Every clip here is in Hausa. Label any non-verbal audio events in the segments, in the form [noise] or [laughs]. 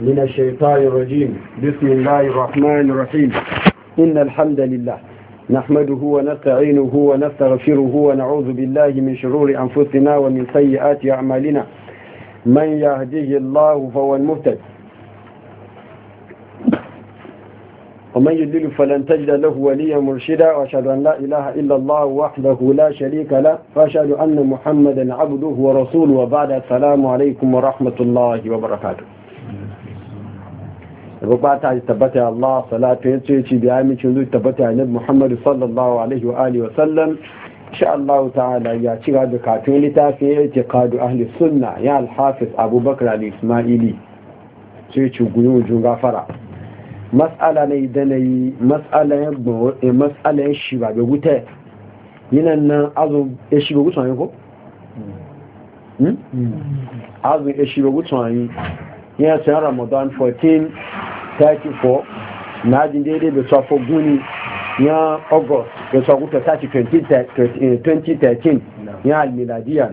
من الشيطان الرجيم بسم الله الرحمن الرحيم إن الحمد لله نحمده ونستعينه ونستغفره ونعوذ بالله من شرور أنفسنا ومن سيئات أعمالنا من يهديه الله فهو المهتد ومن يدل فلن تجد له وليا مرشدا وأشهد أن لا إله إلا الله وحده لا شريك له وأشهد أن محمدا عبده ورسوله وبعد السلام عليكم ورحمة الله وبركاته tabbata ya tabbata ya Allah salatu ya ce ci da mikin zuwa tabbata ya nabi Muhammadu sallallahu alaihi wa alihi wa sallam insha Allah ta'ala ya ci ga da katun littafin ya ce kadu ahli sunna ya alhafis Abubakar al-Ismaili ce ci guyu jun gafara mas'ala ne da yi mas'ala ya gbo eh, mas'ala ya shi ba gute yinan nan azu ya shi ba gutsan ko hmm? Hmm. azu ya shi ba gutsan yin sayan Ramadan 14 34 na jin daidai da safo guni ya august da sakuta tashi 2013 ya almiladiya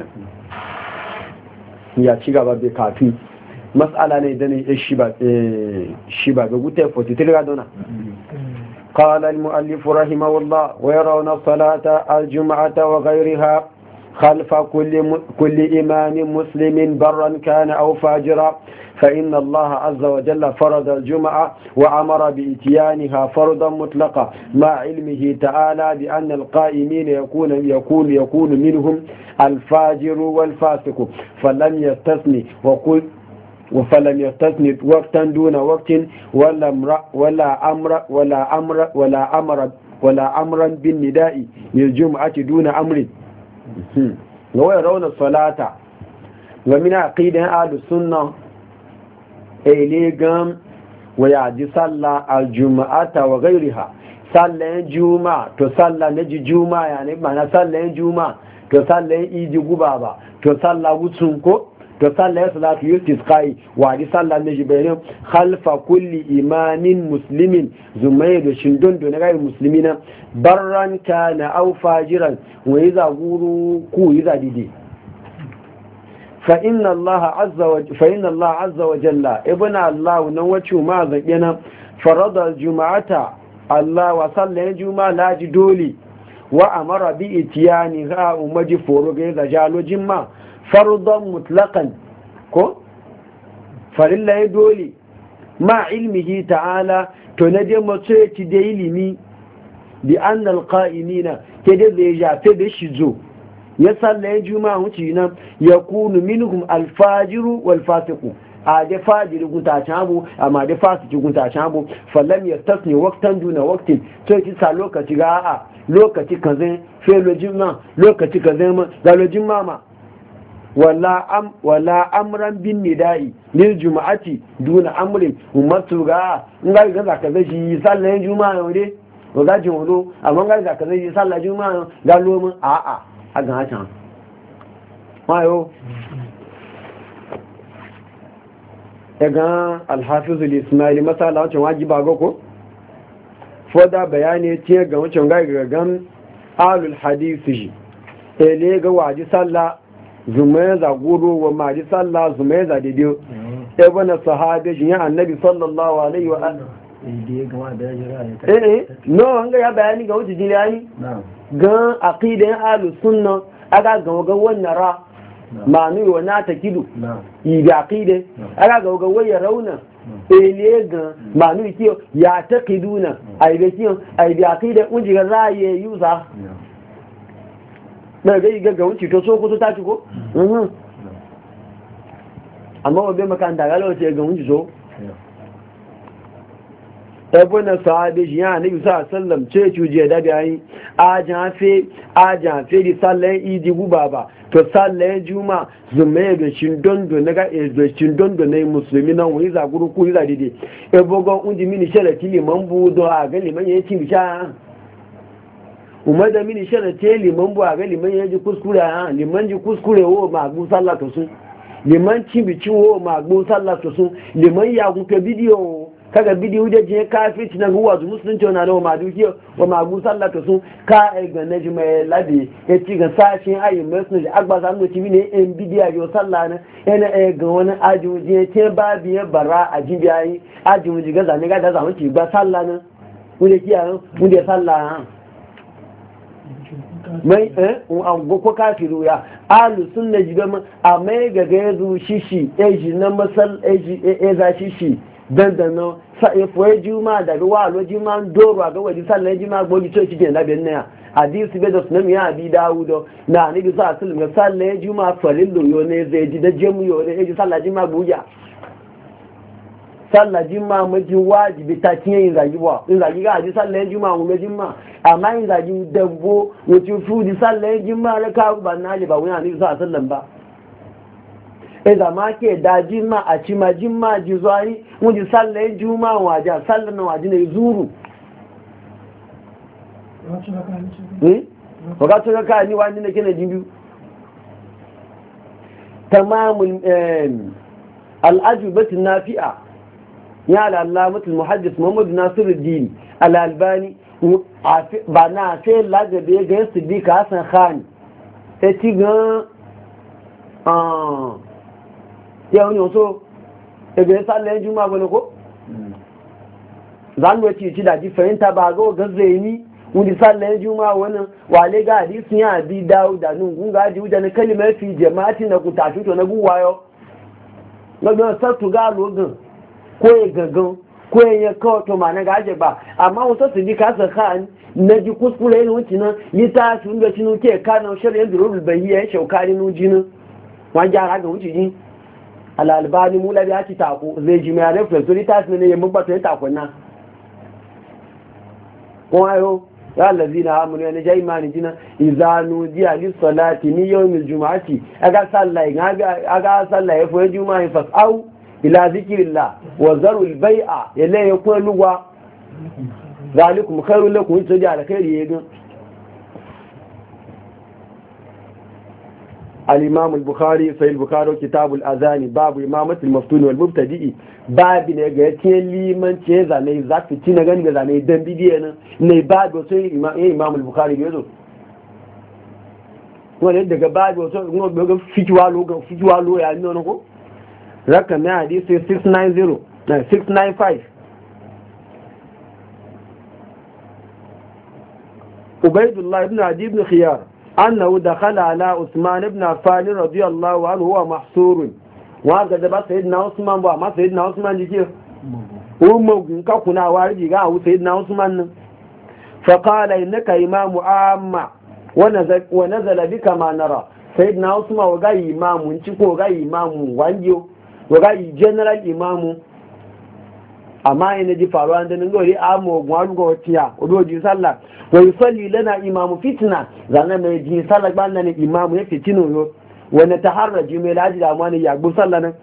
ya ci gaba da kafi matsala ne da ne ya eh, shi ba ga gutai 43 ga dona قال المؤلف رحمه الله ويرون الصلاة الجمعة وغيرها خلف كل, كل إمام مسلم برا كان أو فاجرا فإن الله عز وجل فرض الجمعة وأمر بإتيانها فرضا مطلقا مع علمه تعالى بأن القائمين يكون, يكون, يكون منهم الفاجر والفاسق فلم يستثني وقل فلم يستثني وقتا دون وقت ولا أمر ولا أمر ولا أمر ولا أمر ولا أمرا بالنداء للجمعة دون أمر ga rauna raunar salata ga mina aqidan ahlus sunna ele gam waya ji salla aljuma'ata wa ghairiha sallan juma to salla na ji juma ya ma na sallan juma to sallan idi guba ba to salla wutun ko to sallah ya salatu yustisqai wa di sallah ne jibirin khalfa kulli imamin muslimin zumai da shindon do na gari muslimina barran kana aw fajiran wa iza guru ku iza didi fa inna allaha azza wa fa inna allaha azza wa jalla ibna allah nan wacu ma zakena farada juma'ata allah wa sallah juma'a laji dole wa amara bi itiyani ha umaji foro ga jalo jimma fardan mutlaqan ko farilla ya dole ma ilmihi ta'ala to na je mace ci da ilimi bi annal qa'imina ke dai zai jafe da shi zo ya sallaye juma'a wuce nan ya kunu minhum alfajiru wal fasiqu a da fajiri gunta can abu amma da fasiki gunta can abu fallam ya tasni waktan duna waktin to ki sa lokaci ga a lokaci kazan fe lojin ma lokaci kazan ma ga lojin mama wala am amran bin nida'i lil juma'ati duna amrin ummatu ga ngal ga zaka zai yi sallan juma'a ne to ga jumlo amma ngal zaka zai yi sallan juma'a ga lomin a a a ga hatan mayo daga alhafiz al-ismaili masala wacce ba ga ko da bayani ce ga wacce ga ga gan alul hadisi ele ga waji sallah zumaya za goro wa mari sallah zumaya za daidai mm. na sahabe shi annabi sallallahu alaihi wa an eh, eh, no an ga ya bayani ga wuce jini ayi ga aqidan ga ga wannan ra manu wa na takidu yi ga aqidan aga ga ga waya rauna ele eh, ga manu ki ya takiduna ai be ki ai bi aqidan za ga raye yuza na zai gaggawa wuce to so kusa ta ci ko mhm. amma wabe makaranta ga lokaci ga wuce so na sahabe shi yana nabi sa sallam ce cuje da ayi a jafe a jafe di sallan idi guba ba to sallan juma zume ga shin dondo na ga ga shin dondo na musulmi nan wani za ku za dide ebogon unji mini shala tili man bu do a ga liman yayin cin bisha umar da mini shana ce liman buwa ga liman ya kuskure a liman ji kuskure wo magu sallah to sun liman cibici wo magu sallah to sun liman ya kuka bidiyo kaga bidiyo da je kafirci na guwa zu musulunci na da magu kiyo wa magu sallah to sun ka ai e ga naji mai labi ya e ci ga sashin ayi mai sun agba san go tibi ne en bidiya yo sallah na yana e ga wani te bara ayi ajuji ga zane ga da zamu ci ba sallah na mun da kiyaye mun da sallah mai eh ko kafiru ya alu sunna jiga ma a mai gaga ya zu shishi eji na masal eji e, e za shishi dan dan no sa e fo e ma da ruwa lo juma ndoro aga wadi ma e juma gbogi to ci gen labe ne hadisi be da sunan ya bi dawudo na ni bi sa sallan sallan juma falillo yo ne zai ji da jemu yo ne eji sallan juma buja sallah jimma maji wajibi ta kiyan yin zagi wa in zagi ga ji sallah jimma mu me jimma amma in zagi dabbo wuce su ji sallah jimma ra ka ba na ba wani ne sa sallan ba e da ma ke da jimma a ci ma jimma ji zuwa mu ji sallah juma wa ja sallan na waji ne zuru hmm? wakati ka ka ni wani ne kene jibi tamamul al nafi'a ya al'allamut muhaddis muhammad nasiruddin al'albani ba na sai lagabe ga yin siddiqa hassan khan ya e ci gan ya wani wato daga e yin sallayen juma'a wani ko zan wace ci da ji fahimta ba ga gazzaye ni wani sallayen juma'a wani wale ga hadisun ya bi dawo da nun gunga ji wuda na kalimar fi jama'ati na kutashi to na guwayo ga ga sattu ga logan ko ya gagan ko ya kawo to ma na gaje ba amma wato su ji kasa kan na ji kuskure yin wuce nan ni ta su inda shi nuke kana shirya da rubul bayi ya shauka ni nuji nan wa gyara ga wuce ji alalbani mula da ci tako zai ji mai reflex ni ta su ne ya mabata ya tako na ko ayo ya allazina amanu yana jai mani jina izanu diya li salati ni yawmil jumu'ati aga sallah aga sallah ya fa juma'a fa au ila zikirillah wa zarul bai'a yalla ya kuma lugwa zalikum khairul lakum in taja alkhairi ya ga al-imam al-bukhari sai al-bukhari kitabul azani babu imamatul maftun wal mubtadi bab ne ga yake liman ce zane zafi tina gani ga zane dan bidiye nan ne babu sai imam al-bukhari ya zo wanda daga babu sai ngo ga fikiwa lo ga fitwa lo ya nuna ko mai hadisi 690 695 eh, ubaidullah ibn adi ibn khiyar annahu dakhala ala usman ibn Afani radiyallahu anhu wa mahsur wa ga da ba sayyidina usman ba ma sayyidina usman jike umogun kakuna wa riga, ga sayid sayyidina usman nan faƙala qala innaka imamu amma wa nazala bika ma nara sayyidina usman wa ga imamu ciko, wa ga imamu wangiyo ga general imamu amma ina ji faruwa da nan gori a mu gwaru ga watiya odo ji sallah wa yusalli lana imamu fitna zanan mai ji salla ban nan imamu ya Wani yo wa nataharraju mai laji da ne ya gu salla nan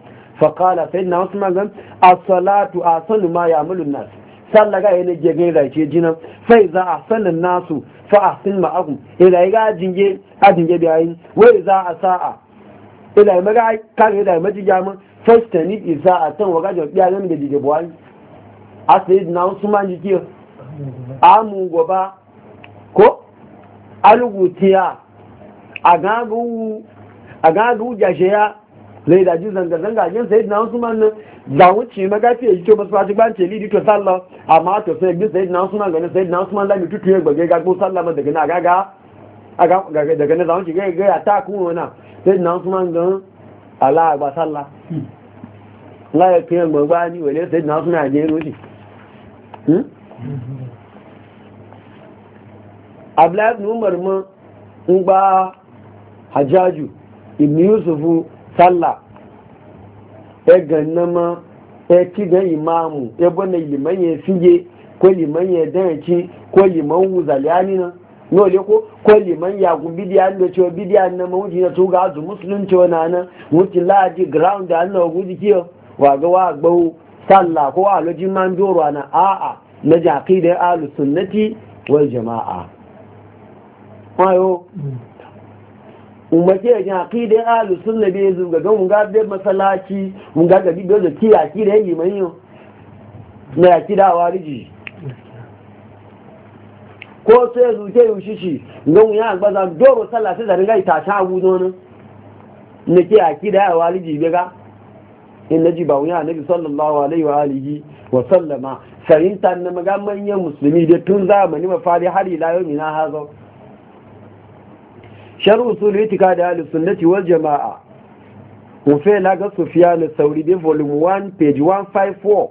fa qala na usman gan as-salatu asanu ma ya'malu mulun nas salla ga yana jege da ke jinan sai za a sanin nasu fa ahsin ma'akum ila ga jinge a jinge biyayin wai za a sa'a ila ga kare da majiya fastanib isa a tan waga da biya nan da a sayid na usman jiki amu gaba ko alugutiya a gagu a gagu jashiya lai da jin zanga zanga yin sayid na usman nan da wuce magafi ya jito basu ban teli dito sallah amma to sai na na lami tutu ya gbage aláàgbàsálà hmm. láyé kí ẹgbọ̀n gbá ní ìwẹ̀lẹ́ ṣe ìdìnà fún àjẹ́ ìròsì abúláàbùn umar mọ́ ń gbá àjájù ìbí yusufu sálà ẹgbẹ̀n mọ́ ẹkí gan ìmáàmù ẹgbọ́n ilìmọ́yẹ fíye kó ìlìmọ́yẹ dẹ́ẹ̀kí kó ìlìmọ́ wùzàlẹ́ ánìyàn no le ko ko man ya gu bidiya da cewa bidiya na mawuji na to ga azu cewa na nan wuti laji ground da Allah gu jiki wa ga wa gbau sallah ko aloji man doro na a'a na jaki da ahlu sunnati wal jama'a ayo umma da aqidin ahlus sunna sunnati zu ga ga mun ga da masallaci mun ga ga bidiyo da kiyaki da yi mai yo na kidawa riji. ko sai zuke yushi shi don ya gbaza doro sallah sai zarin gai a abu wani. Na ke aki da ya waliji be ga in na ji ba wuya na nabi sallallahu alaihi wa alihi wa sallama fahimta na maga manyan musulmi da tun zamani mafari har ila yau na hazo shar usul itika da ahlus sunnati wal jamaa Ufe laga Sufiyanu Sauri, volume 1, page 154,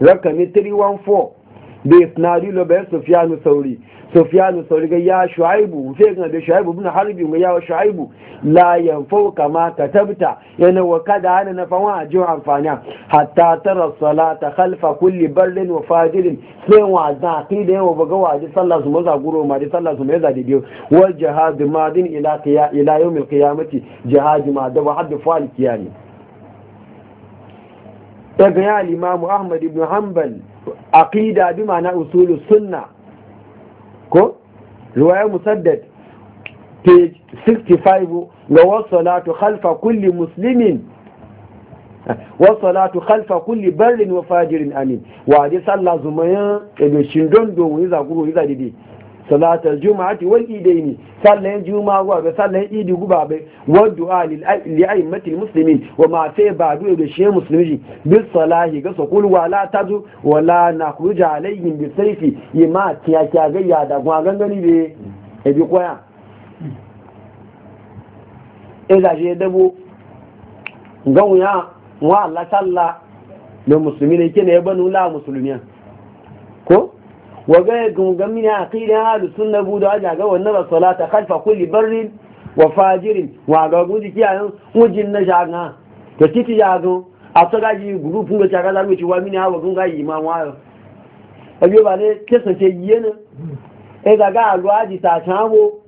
rakami 314. da isnadi lo bayan sufyanu sauri sufyanu sauri ga ya shu'aibu sai ga da shu'aibu ibn harbi ga ya shu'aibu la yanfau kama katabta yana wa kada ana na fawa a jiwa amfani hatta tara salata khalfa kulli barrin wa fajirin sai wa za ki da yawa baga wa ji sallah su maza guro ma ji sallah su maza da biyu wal jihad madin ila qiya ila yawmil qiyamati jihad ma da wa hadd fa'al kiyani daga ya ahmad ibn hanbal aqida bi ma'ana usulu sunna ko riwayar musaddad page 65 ga wasalatu khalfa kulli muslimin salatu khalfa kulli barrin wa fajirin amin wa ji sallah zumayan da shindon domin yi zaguru yi salatar juma'ati wal idaini sallan juma'a guba be sallan idi guba be wa du'a li a'immati muslimin wa ma sai ba du'a da e shi musulmi bis salahi ga sokul wa la tazu wa la nakhruja alaihim bi sayfi yima kiya kiya ga ya da gwa gangani be e bi koya e da je dabo gawuya wa Allah sallah da musulmi ne kene ya banu la musulmiya ko wa ga gungan mini a kiran ahlu sunna budu aja ga wannan salata khalfa kulli barrin wa fajirin wa ga gungi na shaga to titi ya zo a saka ji group ga shaga da mu ci wa mini hawa gunga imam wa abi ba ne kesa ce yene e ga ga alu aji ta shawo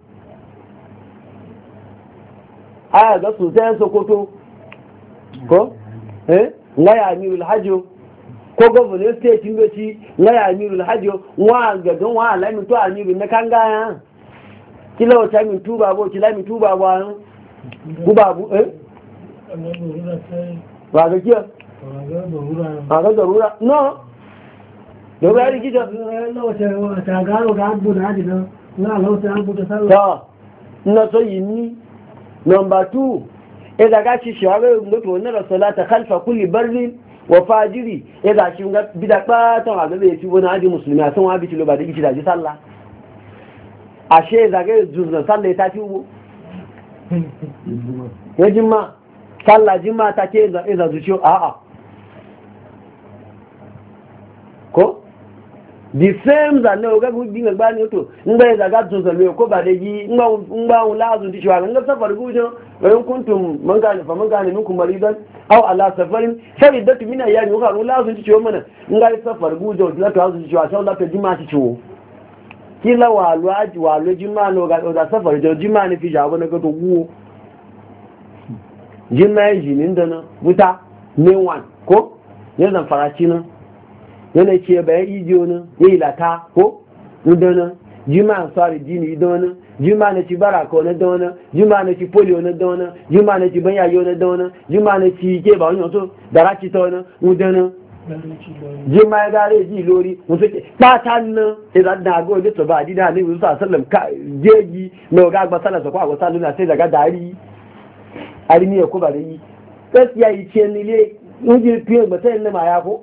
aya ga su sai sokoto ko eh ngaya ni ulhajju ko gwamnan state yin doci na ya amiru alhaji wa gagan wa amiru na kan gaya kila wata min tuba bo kila min tuba bo guba bu eh ba eh? ga kiyo ba ga darura no da ba ri kiyo na wata ta ga ga abu da hadin na lauta abu da sallah na so yini number 2 idan ga ci shawarar mutu na rasulata khalfa kulli barrin wa fajiri ya za shi ga bida batan a gaza ya ci wani hajji musulmi a san wabi cilo ba da da ji sallah ashe ya zagaye juzna sallah ya tafi ubo ya jimma sallah jimma ta ke ya zazu ciwo a'a ko the same that na oga gudu dinga gbani to ngba ya zaga juzna me ko ba da yi ngba ngba lazun ti shi wa ngba safar gudu وإن كنتم من كان فمن كان منكم مريضا أو على سفر فعدة من أيام أخرى لا تنتشوا منه إن قال سفر جوجو لا تنتشوا عشان لا تجمع تشوا kila walu aji walu jimani oga safari jo jimani fi jabo na goto wuo jimani ji ni ndana wuta ne ko ce bayan na ya ko juma na ci barako na dauna juma na ci polio na dauna juma na ci banyayo na dauna juma na ci ke ba wani wato dara ci ta wani wudana juma ya gare ji lori wasu ke tata nan idan na go ne to ba di da ne wasu sallam ka jeji na ga ba sallar sa ko a salluna sai daga dari arimi ya ko ba da yi gaskiya yi ce ni le mun je fiye ba sai nan ma ya ko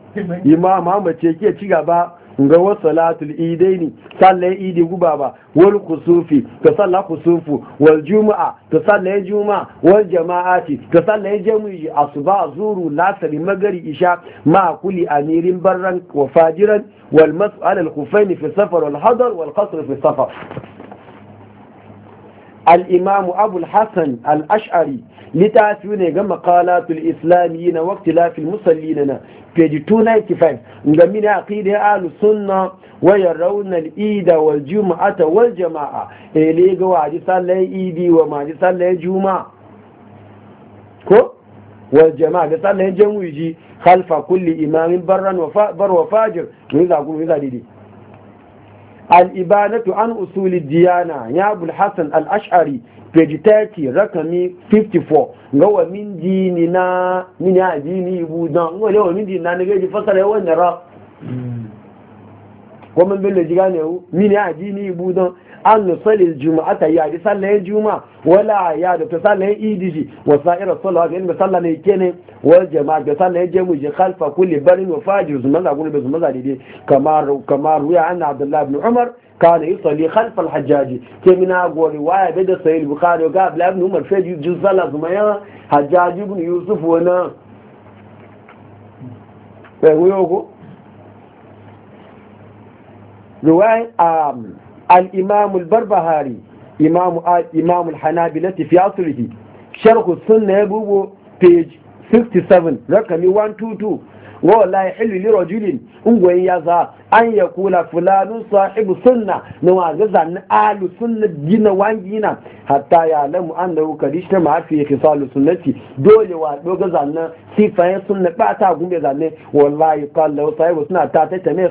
imam Ahmad ce ke ci gaba ga wasu salatul idaini Sallan idi guba ba wal kusufi ta salla kusufu wal juma'a ta sallar juma'a wal jama'ati ta sallar jami'i asuba zuru latari magari isha ma kuli amirin barran wa fajiran wal mas'al al khufain fi safar wal hadar wal qasr fi safar al imam abu al al ash'ari littafi ne ga makalatul islamiyyi na wakti lafil musalli na na page 295 ga mini aqidar Alu, sunna wa Raunar, al-ida wal jumu'ata wal jama'a ele ga waji sallai idi wa maji sallai juma'a ko wal jama'a da sallai jam'i ji khalfa kulli imamin barran wa fajir ne za ku ne za didi al'ibanatu an usuli diyana ya bulhassan al'ashari page 30 rakami 54 ga wa min dini na min ya dini ibu don wale wa min dini na na gaji fasara yawan da ra kuma bello ji gane min ya dini ibu don an nusalli juma'a ta di sallayen juma'a wala ya da ta sallayen idiji wa sa'irar sallawa ga ilmi sallah ne kene wal jama'a ga sallayen jemu je khalfa kulli barin wa fajir zuma za gudu zuma za dide kamar kamar ruya ana abdullahi ibn umar kana yusalli khalfa al-hajjaji ke mina gori waya bai da sahih bukari ga abdullahi ibn umar fai jin sallah zuma ya hajjaji ibn yusuf wana ko riwaya al-imam al-barbahari imam sharhu al-hanabila fi asrihi sharh sunna ya bubo page 67 rakami 122 wala yahillu li rajulin ungwayin ya za an ya kula fulanun sahibu sunna na wa ga zanna alu sunna gina wangina hatta ya lamu an da wuka rishta ma fi khisalu sunnati dole wa doga zanna sifayen sunna ba ta gumbe zanne wallahi qala law sahibu sunna ta ta tame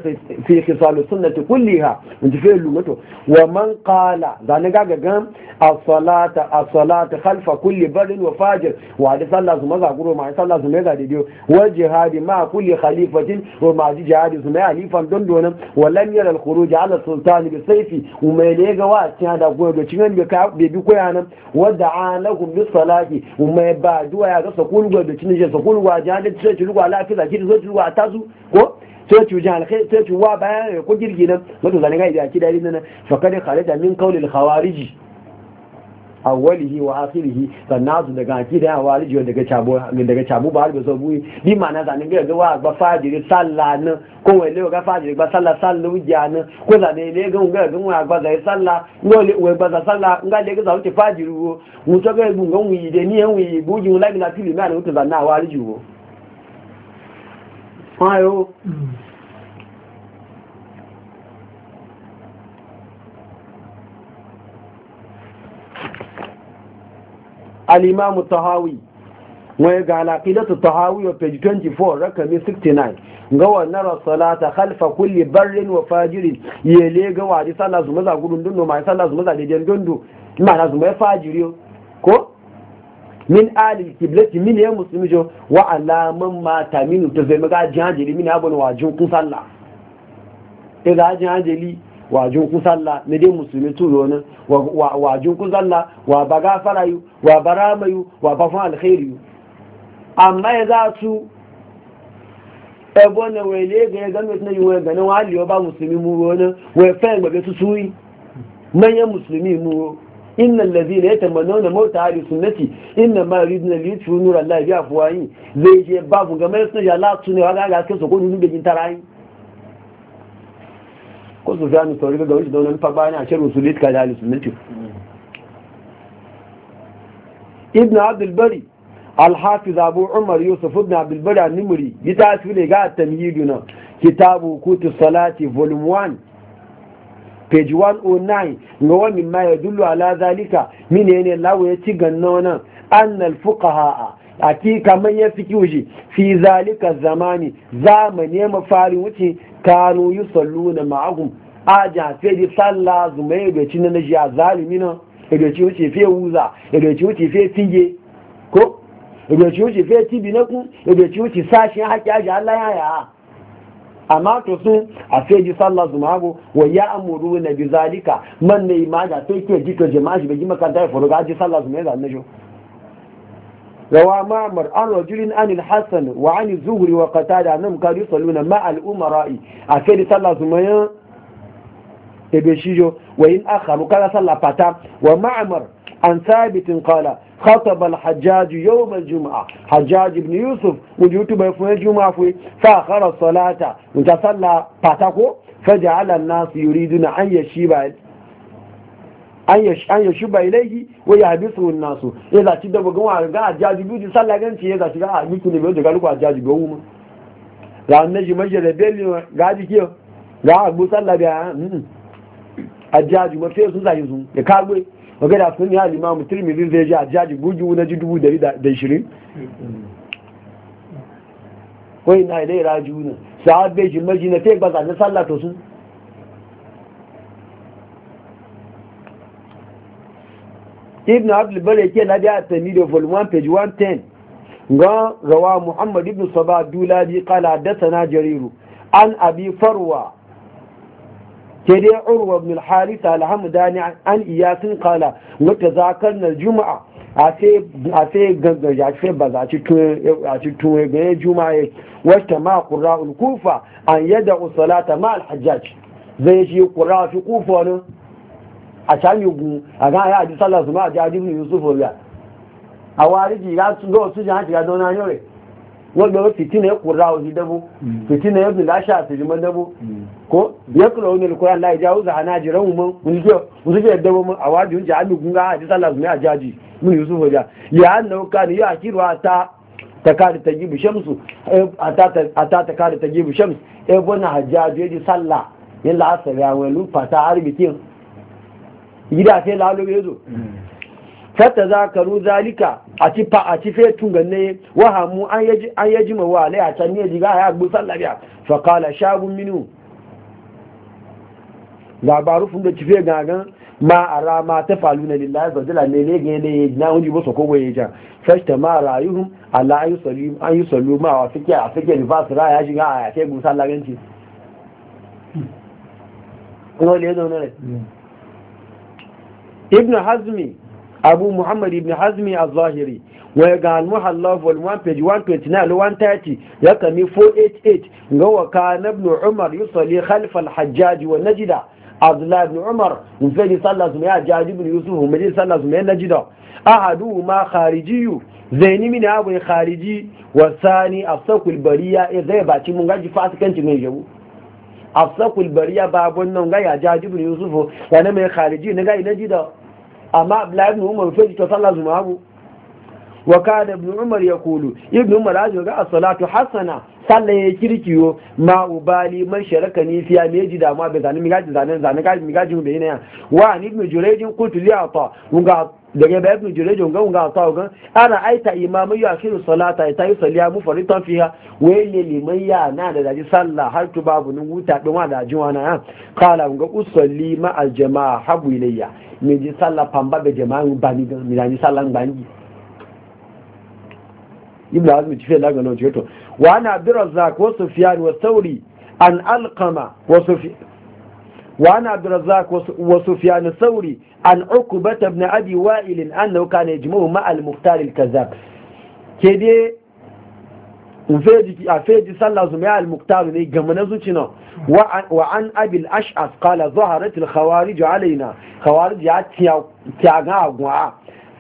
fi khisalu sunnati kulliha inji fe lumato wa man qala zanne ga ga as-salata as-salata khalfa kulli badin wa fajir wa da sallah su maza guro ma sallah su ga diyo wa jihadi ma kulli khalifatin wa ma jihadi su mai alifan don donan wa lam yara al-khuruj ala sultani bi sayfi umaylega wa tiya da go ga cikin bi ka bi koya nan wadda alahum bi salati umma ba duwa ya ga sakulu ga da cinin je sakulu wa ja da cinin lafi lafiya ki zoci ruwa ta su ko sai ci jan alkhair sai ci wa bayan ko girgi nan wato zani ga ya kidari nan fa kad khalida min qawli al khawarij awwalihi wa akhirihi sannan su daga akida ya wali jiyo daga chabu daga chabo ba ba so bi mana zanin ga ga wa ba fajiri sallah na ko wai ga fajiri ba sallah sallu jana ko da ne le ga ga ga zai sallah wai ba nga le ga zauti fajiri wo mu ga gunga mu yi de ni yan wi buji mu la fili ma ne to al-imam tahawi wai ga al-aqidatu tahawi page 24 rakami 69 ga wannan salata khalfa kulli barin wa fajirin yele ga waji sallah zuma za gudun dunno mai sallah zuma za dejen dundu na zuma ya fajiri ko min ali kiblati min ya musulmi jo wa alaman mata minu ta zai maga jihajiri min abun wajen kun sallah idan jihajiri wajin ku sallah ne dai musulmi tulo ne wajin ku sallah wa ba gafara yi, wa barama yi, wa ba fa alkhairi A amma ya za su ebo ne wele ga ga mutum ne yuwa ga ne wa liyo ba musulmi mu wona we fa gbe su suyi manyan musulmi mu إن الذين يتمنون موت أهل سنتي إنما يريدون ليطفئوا نور الله بأفواههم زي جي باب غما يسنجي الله تسني وغا غا ko su gani sauri ga wuce da wani fabani a shirin su litka da alisunnati ibn abdulbari Alhafi zabu umar yusuf ibn abdulbari nimuri yi ta fi ne ga tamyidu na kitabu kutu salati volume 1 page 109 ga wani ma ya dullu ala zalika mine ne lawo ya ci ganna nan annal fuqaha akika man ya fi kiwuji fi zalika zamani zamani mafari wuce kanu yi sallu na ma'ahum a jafe di salla zuma ya e gaci na na jiya zalimi na ya e gaci wuce fiye wuza ya e gaci wuce fiye tinge ko ya gaci wuce fiye tibi na ku ya gaci wuce sashen haƙi aji Allah ya ya amma to sun a fiye di salla zuma go wa ya amuru na bi zalika man ne ma da sai ke jito jama'a shi bai yi kanta ya faru ga aji salla zuma ya zalimi na روى معمر عن رجل عن الحسن وعن الزهري وقتادة عنهم كانوا يصلون مع الأمراء أكيد صلى زميا تبشيجو وإن آخر وكان صلى فتا ومعمر عن ثابت قال خطب الحجاج يوم الجمعة حجاج بن يوسف وجوت بفوه الجمعة فأخر الصلاة وانت صلى فتاكو فجعل الناس يريدون أن يشيب an ya shuba ilaihi wa ya bi su nasu ya zaci da bugun wa ga ajaji biyu sallah ganci ya zaci ga a miki ne bai da galuku ajaji biyu mu ga annan shi mashi da beli ga ji kiyo ga a abu sallah biya hmm. ajaji ma sai sun zaji sun ya kagwe waga da sun ya limamu tirmidhi zai ji ajaji buju na ji dubu dari da wai na ilai rajuna sahabbai shi mashi na sai ba zaci sallah to sun ibn abd abdulbar yake na biya tani da volume 1 page 110 ga rawa muhammad ibn saba dulabi qala dasana jariru an abi farwa ke dai urwa ibn al-harith al-hamdani an iyasin kala wata zakarnar juma'a a sai gangaja sai ba za a ci tuwe ganin juma'a wata ma kura kufa an yada usalata ma al-hajjaj zai ji kura fi kufa wani a can yugu a kan ya ji sallah su ma a yusuf ola a wari ji ya su ga wasu jihar shiga zauna yore wanda wa fitina ya kura wa ji dabu mm. fitina ya bila sha su jima dabu mm. ko ya kula wani alkuran la ya a a a ya gida sai lalobe zo fata za ka ru zalika a ci fa a ci fetun ganne wahamu an yaji an yaji ma wa lai a can ne diga ya gbu sallabiya fa qala shabun minu labaru fun da cife gagan ma ara ma ta na lillahi wa jalla ne ne ga ne na wuri bo soko waye ja fashta ma rayuhum ala ayu salim ayu ma wa fike a fike rivas ra ya shiga a sai gbu sallaganci hmm. ko le zo ne hmm. ibn hazmi abu muhammad ibn hazmi al-zahiri waya ga al-muhalla volume 1 page 129 130 ya kami 488 ga wa kana ibn umar yusalli khalf al-hajjaj wa najda abdullah ibn umar mufadi sallah zuma ya jaji ibn yusuf mufadi sallah zuma ya najda ahadu ma kharijiyu zaini min abu khariji wa sani afsakul bariya e zai baci mun gaji fasikanci ne yau afsakul bariya babun nan ga ya jaji ibn yusuf wa na mai khariji na ga najda amma abdullahi ibn umar fai to sallah zuma abu wa kada ibn umar ya kulu ibn umar ya ga as-salatu hasana sallan ya kirkiyo ma ubali man sharaka ni fiya me ji dama be zanin migaji zanin zanin gaji migaji mu bayina wa ni ibn jurayjin qultu li ata unga daga ba ibn jurayjin unga unga ta unga ana aita imamu ya shiru salata ya tayi saliya mu faritan fiha wa ne liman ya na da daji salla har tu babu nun wuta din wa daji wana kala unga usalli ma al jamaa habu ilayya me ji sallah pamba be jama'an bani mi daji sallah bangi ibn azmi ci fela ga nauce to wa ana abdurrazzaq wa sufyan wa sauri an alqama wa sufyan wa ana abdurrazzaq wa sufyan thawri an uqba ibn abi wa'il annahu kana yajma'u ma al-muqtal al kede صلى زمياء المختار يقمنا زوجنا وعن قال ظهرت الخوارج علينا خوارج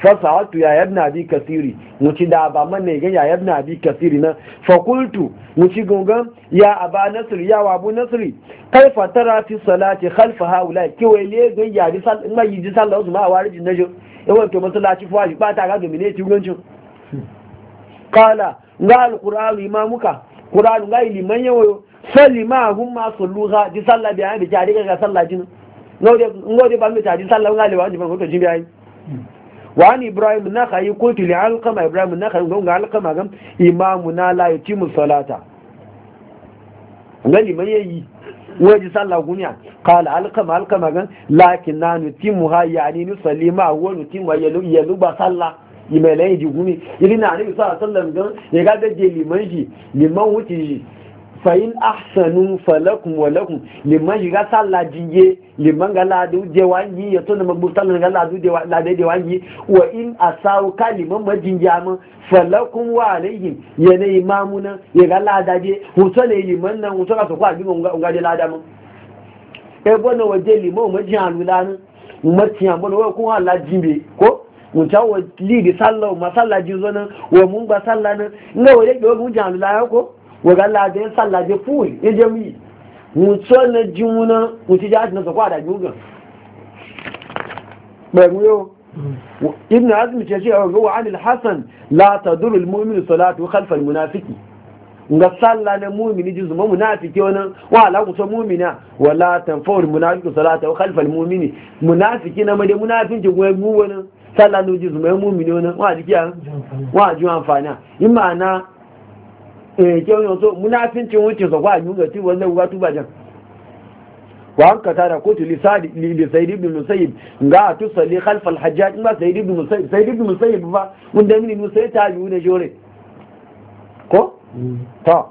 fasahatu ya yabna bi kasiri ci da ba man ne gan ya yabna bi kasiri na fakultu ci gungan ya aba nasri ya wabu nasri kaifa tara fi salati khalfa haula ki wai le ga ya bi sal ma yi ji sallahu su ma warji najo e wato masallaci fa ba ta ga ne, ti gungancin kala ga alquran imamuka quran ga liman yawo ma hum ma salluha ji sallah bi ayi bi ga sallah jin ngode ngode ba mi ta ji sallah ngale wa ji ban ko to jin bi ai وعن إبراهيم النخعي قلت لعلقمة إبراهيم النخعي قلت لعلقمة إمامنا لا يتم الصلاة قال لمن يجي waje sallah gumiya qala alqama alqama gan lakin na nutimu ha yani nusalli ma wa nutimu yalu yalu ba sallah imelaji gumi irina ali sallallahu alaihi wasallam gan ya ga da liman shi liman wuce fa'in ahsanun falakun walakun liman shiga sa lajiye liman ga ladu je wangi ya tona magbuta ga ladu je ladu wa in asau ka liman majinja mun falakun wa alaihim ya ne imamuna ya ga lada je huto ne liman nan huto ka so kwa bi mun lada mun e bona waje liman majin alulanu matiyan bona wa kun Allah jibe ko mun ta wa li di sallah ma sallah jin wa mun ba sallah nan ngawa yake wa mun jan alulanu ko wọ́gá láàdé sàlàdé fúùlì ẹjẹ́ mú yìí mú tí ó lè jí mú náà mú ti jáde náà sọ̀kọ́ àdàjú gan pẹ̀lú yóò mm. ibn azmi ce shi ga wa anil hasan la tadur al mu'min salatu khalf al munafiqi nga salla na mu'mini ji zuma munafiki wannan wa la ku so mu'mina wa la tanfa al munafiqu salatu khalf al mu'mini munafiki na made munafiki go mu wannan salla no ji zuma mu'mini wannan wa ji wa ji amfana imma na eh kyau yanzu munafincin wuce su kwa yunga ti wannan gwa tuba jan wa an kata da kotu li sayyid ibn musayyib ga a tusa khalf al hajjaj ma sayyid ibn musayyib sayyid ibn musayyib ba mun da mini musayyib ta yi ne jore ko ta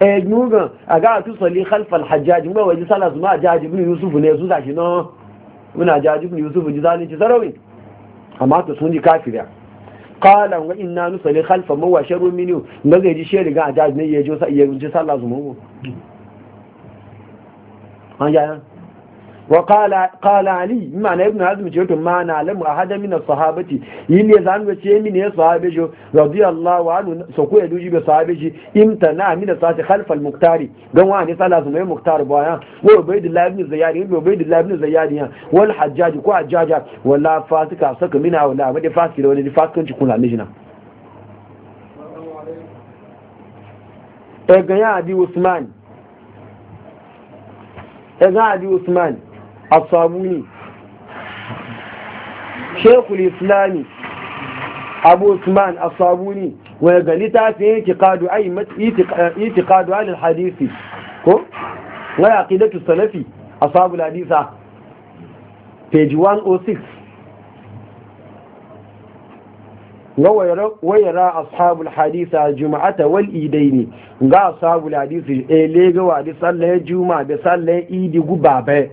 eh yunga aga tu salli khalf al hajjaj ma mm. eh, waji sala su ma jaji ibn yusuf ne su da shi no muna jaji ibn yusuf ji zalunci sarawi amma to sun ji kafiriya kala wa inna nusalli khalfa man wa sharu minu ga zai ji shi ga a jaji ne ya ji sallah zumumu an ya wakala ali ma'ana ibn hazm ce to ma a hada mina sahabati yi ne za mu ce mini ya sahabe shi radiyallahu anhu so ko ya duji be sahabe shi imtana mina sati khalf muktari dan wa ne sala su mai muktar bayan wa ubaydillah ibn zayyad ibn ubaydillah ibn zayyad ya wal hajjaj ko hajjaja wala fasika saka mina wala ma da fasira wani da fasikanci kuna mijina Eganya Abi Usman Eganya Usman a asabuni shekul islami abu usman asabuni wani gani ta fi itikadu a hadisi ko wani akidatu salafi a samu hadisa page 106 wayara أصحاب hadisa الجمعة wal قال ga ashabul إليه وعلي صلى wa da إيدي juma'a da idi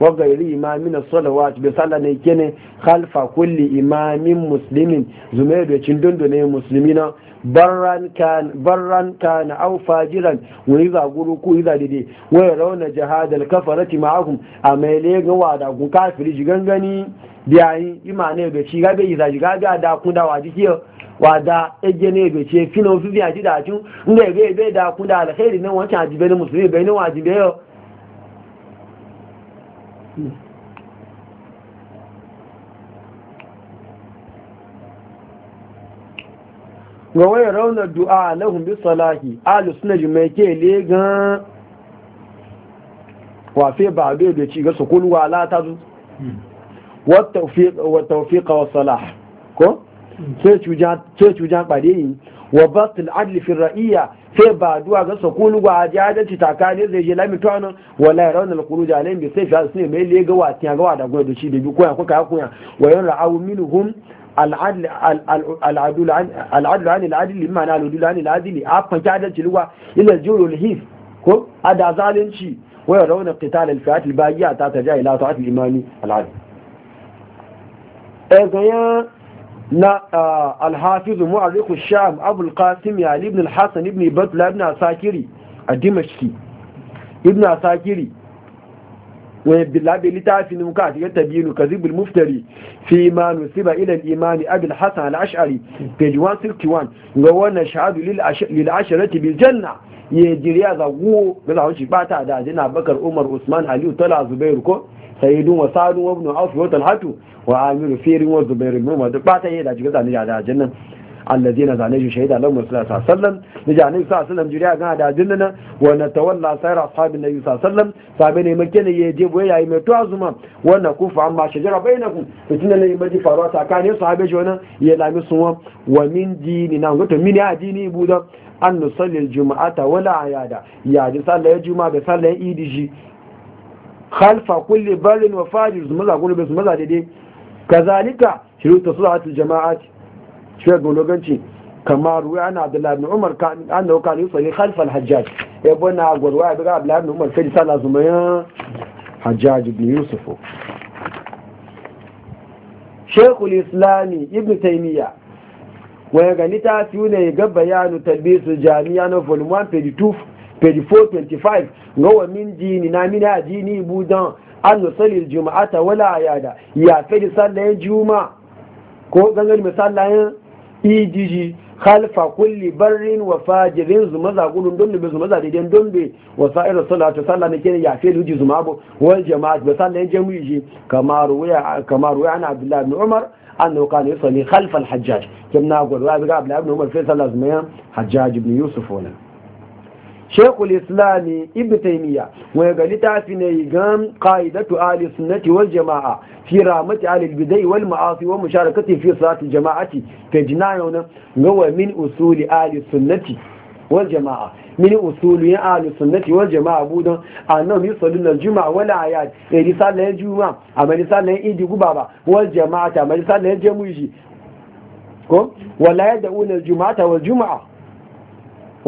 وغير إمام imamin salawat bi sallane kene khalfa kulli imamin muslimin zumai da cin dundune muslimina barran kan barran kan aw fajiran wa iza guru ku iza dide wa yarawna jihad al kafarati ma'ahum amele ga wada ku kafiri إذا biyayi أدا da ci gabe iza gabe da kun da ce fina ofifi aji da ju nga be be da kun da alheri ne wancan ajibe ne musulmi be ne wajibe yo ga wani raunar du'a lahun bi salahi alu suna jimaike le gan wafe ba bai da ci ga su kulwa la ta zu wa tawfiqa wa salah ko hmm. sai cujan sai yi wa batil adli fi ra'iyya sai ba duwa ga kulu ga taka takane zai je lami tuwanin wala ya al kuruja alayhim bi sayfi asni mai le ga wati ga wada go da shi da bi koya kuka koya wa yan ra'aw minhum al'adl al'adl al'adl an al'adl lima na adl an adl a kan jadalci luwa ila al hif ko ada zalunci wa raunar qital al-fi'at al-baghiya ta ja ila ta'at al-imani al'adl eh na alhafizu mu'arriku sham abul qasim ya ibn al-hasan ibn batla ibn asakiri a dimashki ibn asakiri wani bilabe littafi ne muka ta muftari fi ma nusiba ila al-imani abul hasan al-ash'ari page 161 ga wannan shahadu lil asharati bil janna ya jiriya zago ga bata da jina bakar umar usman aliyu tala zubairu ko sayidu wa sadun wa ibnu auf wa talhatu wa amiru firin wa zubair ibn umar duk bata yi da jiga zane da aljanna allazina zane shi shahida lahum sallallahu alaihi wasallam da jani sa sallam juriya ga da aljanna wa natawalla sayra ashabin nabi sallallahu alaihi wasallam sabe ne makke ne yaje boye yayi mai to azuma wa kufa amma shajara bainakum fitina ne maji faruwa tsakanin sahabe shi wannan ya lami sunwa wa min dini na wato min dini buda an nusalli aljum'ata wala ayada ya ji sallar juma'a da sallar idi shi khalfa kulli barin wa fajir su maza gurbe su maza daidai kazalika shiru ta sulatul jama'at shi ga loganci kamar ruwa ana abdullahi ibn umar an da wakali yusalli khalfa al-hajjaj ya bana gwarwa ya biga abdullahi ibn umar sai sallah zumaya hajjaj ibn yusuf shaykhul islami ibn taymiya waya ga litafi ne ga bayanu talbisu jami'a na volume 1 page 425 ga wa min jini na mina jini budan an nusalil juma'ata wala ayada ya fadi sallayen juma ko mai misallayen ijiji khalfa kulli barrin wa fajirin zuma za gudun don be zuma za daidai don be wasa irin salatu sallah ne kenan ya fi luji zuma bu wal jama'a ba sallayen jami'i ji kamar waya kamar waya ana abdullahi ibn umar أنه كان يصلي خلف الحجاج كما نقول Abdullahi قبل ابن عمر فيصل لازم حجاج بن يوسف هنا shekul islami ibn taymiya wani ga littafi ne gan qa'idatu Ali sunnati wal jama'a fi ramati ahli bidai wal ma'asi wa musharakati fi salati jama'ati ta jinayo nan ga wa min usuli Ali sunnati wal jama'a min usuli Ali sunnati wal jama'a budan annam yusalluna juma'a wal ayat e eh, risalan juma'a amali salan idi gubaba wal jama'ata amali salan jamuji ko wala yad'una al juma'ata wal juma'a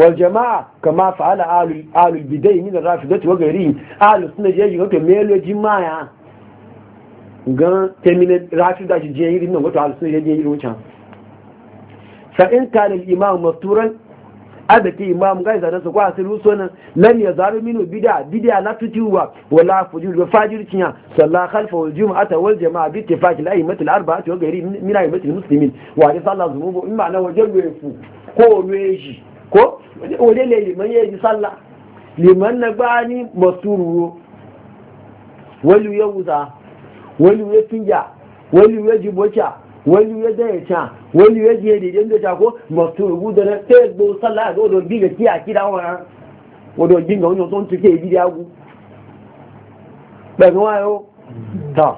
والجماعة كما فعل آل, آل البداية من الرافضة وغيرهم آل السنة يجي هو ميلو جماعة قال تمين الرافضة جيهير إنه قلت آل السنة يجي وشان فإن كان الإمام مفتورا adake imam gai zane su kwa asiru sunan lam ya zaru minu bida bida la tutiwa wala fujur wa fajirciya salla khalfa wal jum'ata wal jama'a bi ittifaqi al-a'immati al-arba'ati wa ghairi min a'immati al-muslimin wa ko waje ne liman ya yi sallah liman na gbani masuru wali ya wuza wali ya tinja wali ya jibocha wali ya dayacha wali ya jiye dide da ta ko masuru da na te gbo sallah ga odo bi ga ki akida wa odo jinga onyo ton tuke bi agu. gu ba ga wayo ta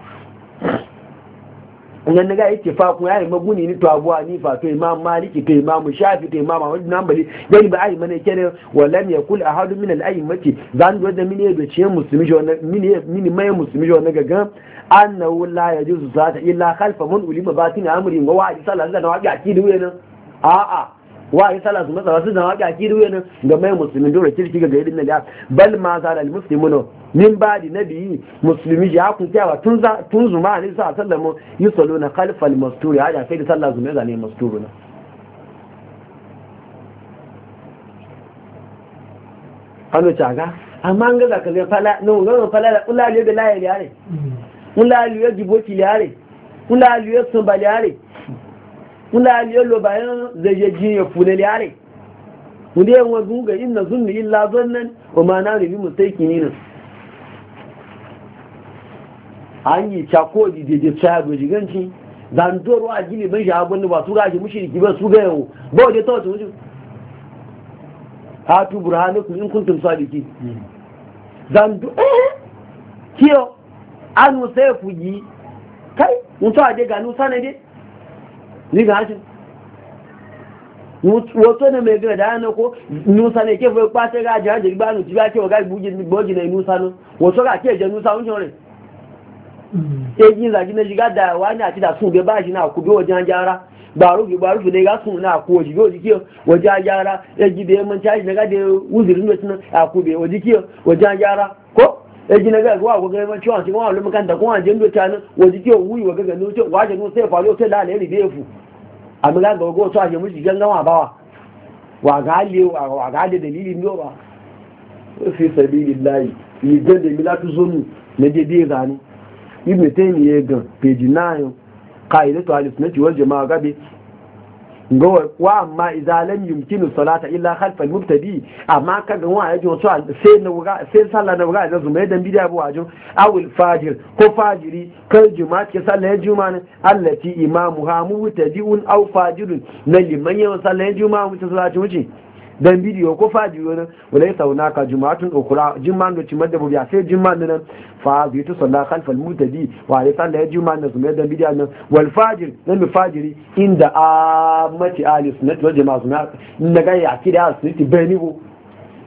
nan na ga ittifaqun ya imam guni ni to ni fa to imam maliki to imam shafi to imam ahmad bin hanbali dai ba ai mana kene wa lam yakul ahad min al a'immati zan do da mini da ciyan muslimi jo na mini mini mai muslimi jo na gaga annahu la yajuzu zata illa khalfa man ulima batin amri wa wa'id sallallahu alaihi wa sallam wa akidu yana a a wa ai sala su masa wasu da waki akiri wani ga mai musulmi dole kirki ga gairin na da bal ma za da no min ba di nabi musulmi ya kun kyawa tun tun zuma ne yi salo na khalfal masturi a sai da sallah zuma zane na. hannu caga amma an gaza ka zai fala no gaza fala ulaliyo da layar yare mm. ulaliyo jiboti yare ulaliyo sun bal yare kula liyo lo bayan zai je jin ya fune liyare mu dai wa zuga inna zunni illa zannan O ma na rubi mustaqinin an yi chako di de tsaya go jiganci dan doro a gili ban shi abun ba su gashi mushriki ba su ga yau ba da tawo su hatu burhanukum in kuntum sadiqin dan do eh, kiyo an ya ji kai mutu a je ganu sanade ni ga shi wato ne mai gina da yana ko nusa na ke fai kwace ga jihar jirgi ba nuci ba ke na nusa nan wato ga ke nusa wuce rai e yi na shiga da wani a da sun ba shi na kudo wajen gyara ba rufi ba rufi na e e ko shi na ga da uzirin wajen ko ejina ga wa gogo ma ciwa ciwa wa lumu kan da kuma jin do tan waji ke wuyi wa gaga nuce wa je nuce fa lo sai la ne ribe fu amma ga gogo to aje muji ganga wa bawa wa ga le wa ga le dalilin do ba fi sabilillah yi ga da milatu zonu ne je bi gani ibn taymiyyah ga page 9 qaidatu al-sunnah wal jamaa gabe wa amma idza lam yumkinu salata illa khalfa al-mubtadi amma ga wa yaji wasu sai na wuga sai sallah na wuga da zuma dan bidiya bu wajo awil fajir ko fajiri kal juma'a ke sallah juma'a ne allati ha mubtadi'un aw fajirun na liman yawan sallah juma'a mutu wuce dan bidiyo ko fajiyo nan walai sauna ka jumatun ukura jimman da cimar da bubiya sai jimman nan fa zai ta salla khalfal mutadi wa ya salla ya jimman nan su dan bidiyo nan wal fajir nan bi fajiri inda a mati ali sunnat wal jama'a sunnat inda ga ya kida sunnati bani ko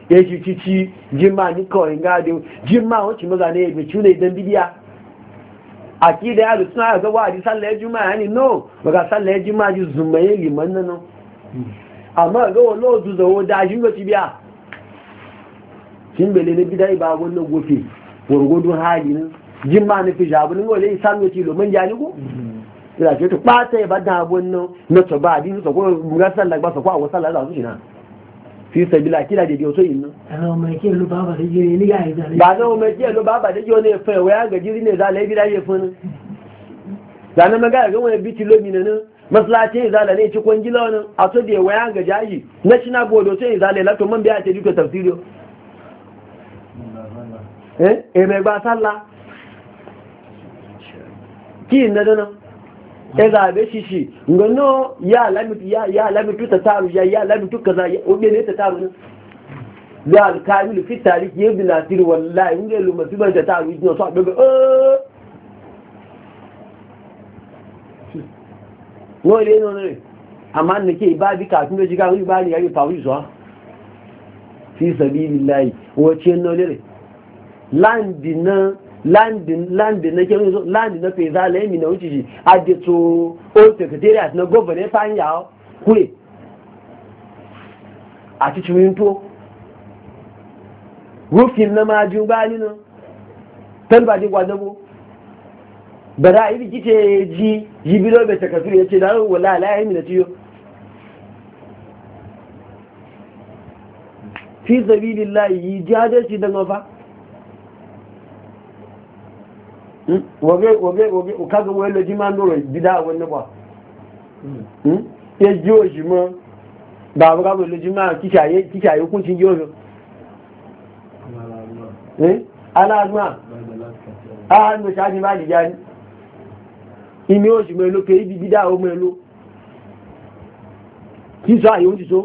ya ci ci ci jimman ni ko inga da jimman ci maza ne bi cune dan bidiyo akida ya da suna ga wa di sallah juma'a ni no ba ga sallah juma'a ji zumaye liman nan amma ga wani otu zawo da shi ba biya shin bele ne gida ba wannan gofe gwargwadon hali nan jin ma nufi shabu nan yi sanu ne tilo man jani ko mm-hmm. ila ce to bata ya bada wannan na to ba dinu to ko mura sallah ba so ko awu sallah za su shina fi sabila kila da biyo so yin nan ana mai ke baba da jiri ni ga ida ba na mai ke baba da jiri ne fa waya ga jiri ne za lai bi ye fun zanan maga ga wani biti lo mi nan masalacin izala ne ci kwan gila wani a so da waya ga jayi na shi na godo sai izala ya lato man biya ce duka tafsiri eh e mai ba sallah ki na dana e ga be shi shi ngano ya lamitu ya ya lamitu ta taru ya ya lamitu kaza ya obe ne ta taru ya al kamil fi tarikh ibn asir wallahi ngelu masiban ta taru ne so abebe eh wọ́n ilé inú rẹ̀ àmá nìkẹ́ ìbáàbí kàtún méjì káàkiri bá ní ayé pàwọ́ ìṣọ́ fi sàbí ìlàyé wọ́n tí ẹnà lérè láàndì láàndì náà pèsè alẹ́ ìmì náà òjìjì àdètò olùsẹ̀kẹ̀tẹ̀rẹ̀ àti náà gọ́ọ̀bọ̀n ẹ̀fà ń yà ọ́ tó rúfin náà máa ju bá nínú tẹ́lifàdé gbàdánwó ba za a yi rikice ji jibilo bai takasuru ya ce da wala alayi mina ciyo fi sabilin layi jihadar shi don wafa hmm? wage wage wage kaga wani lodi ma nuru bida a wani ba hmm? ya jiwo shi ma ba abu kaga lodi ma kikaye hukuncin jiwo shi hmm? ala azuma a hannun shafi ma da jani imi oṣù mẹ́lú pé ibi bídá o mẹ́lú kí sọ àyè oúnjẹ tó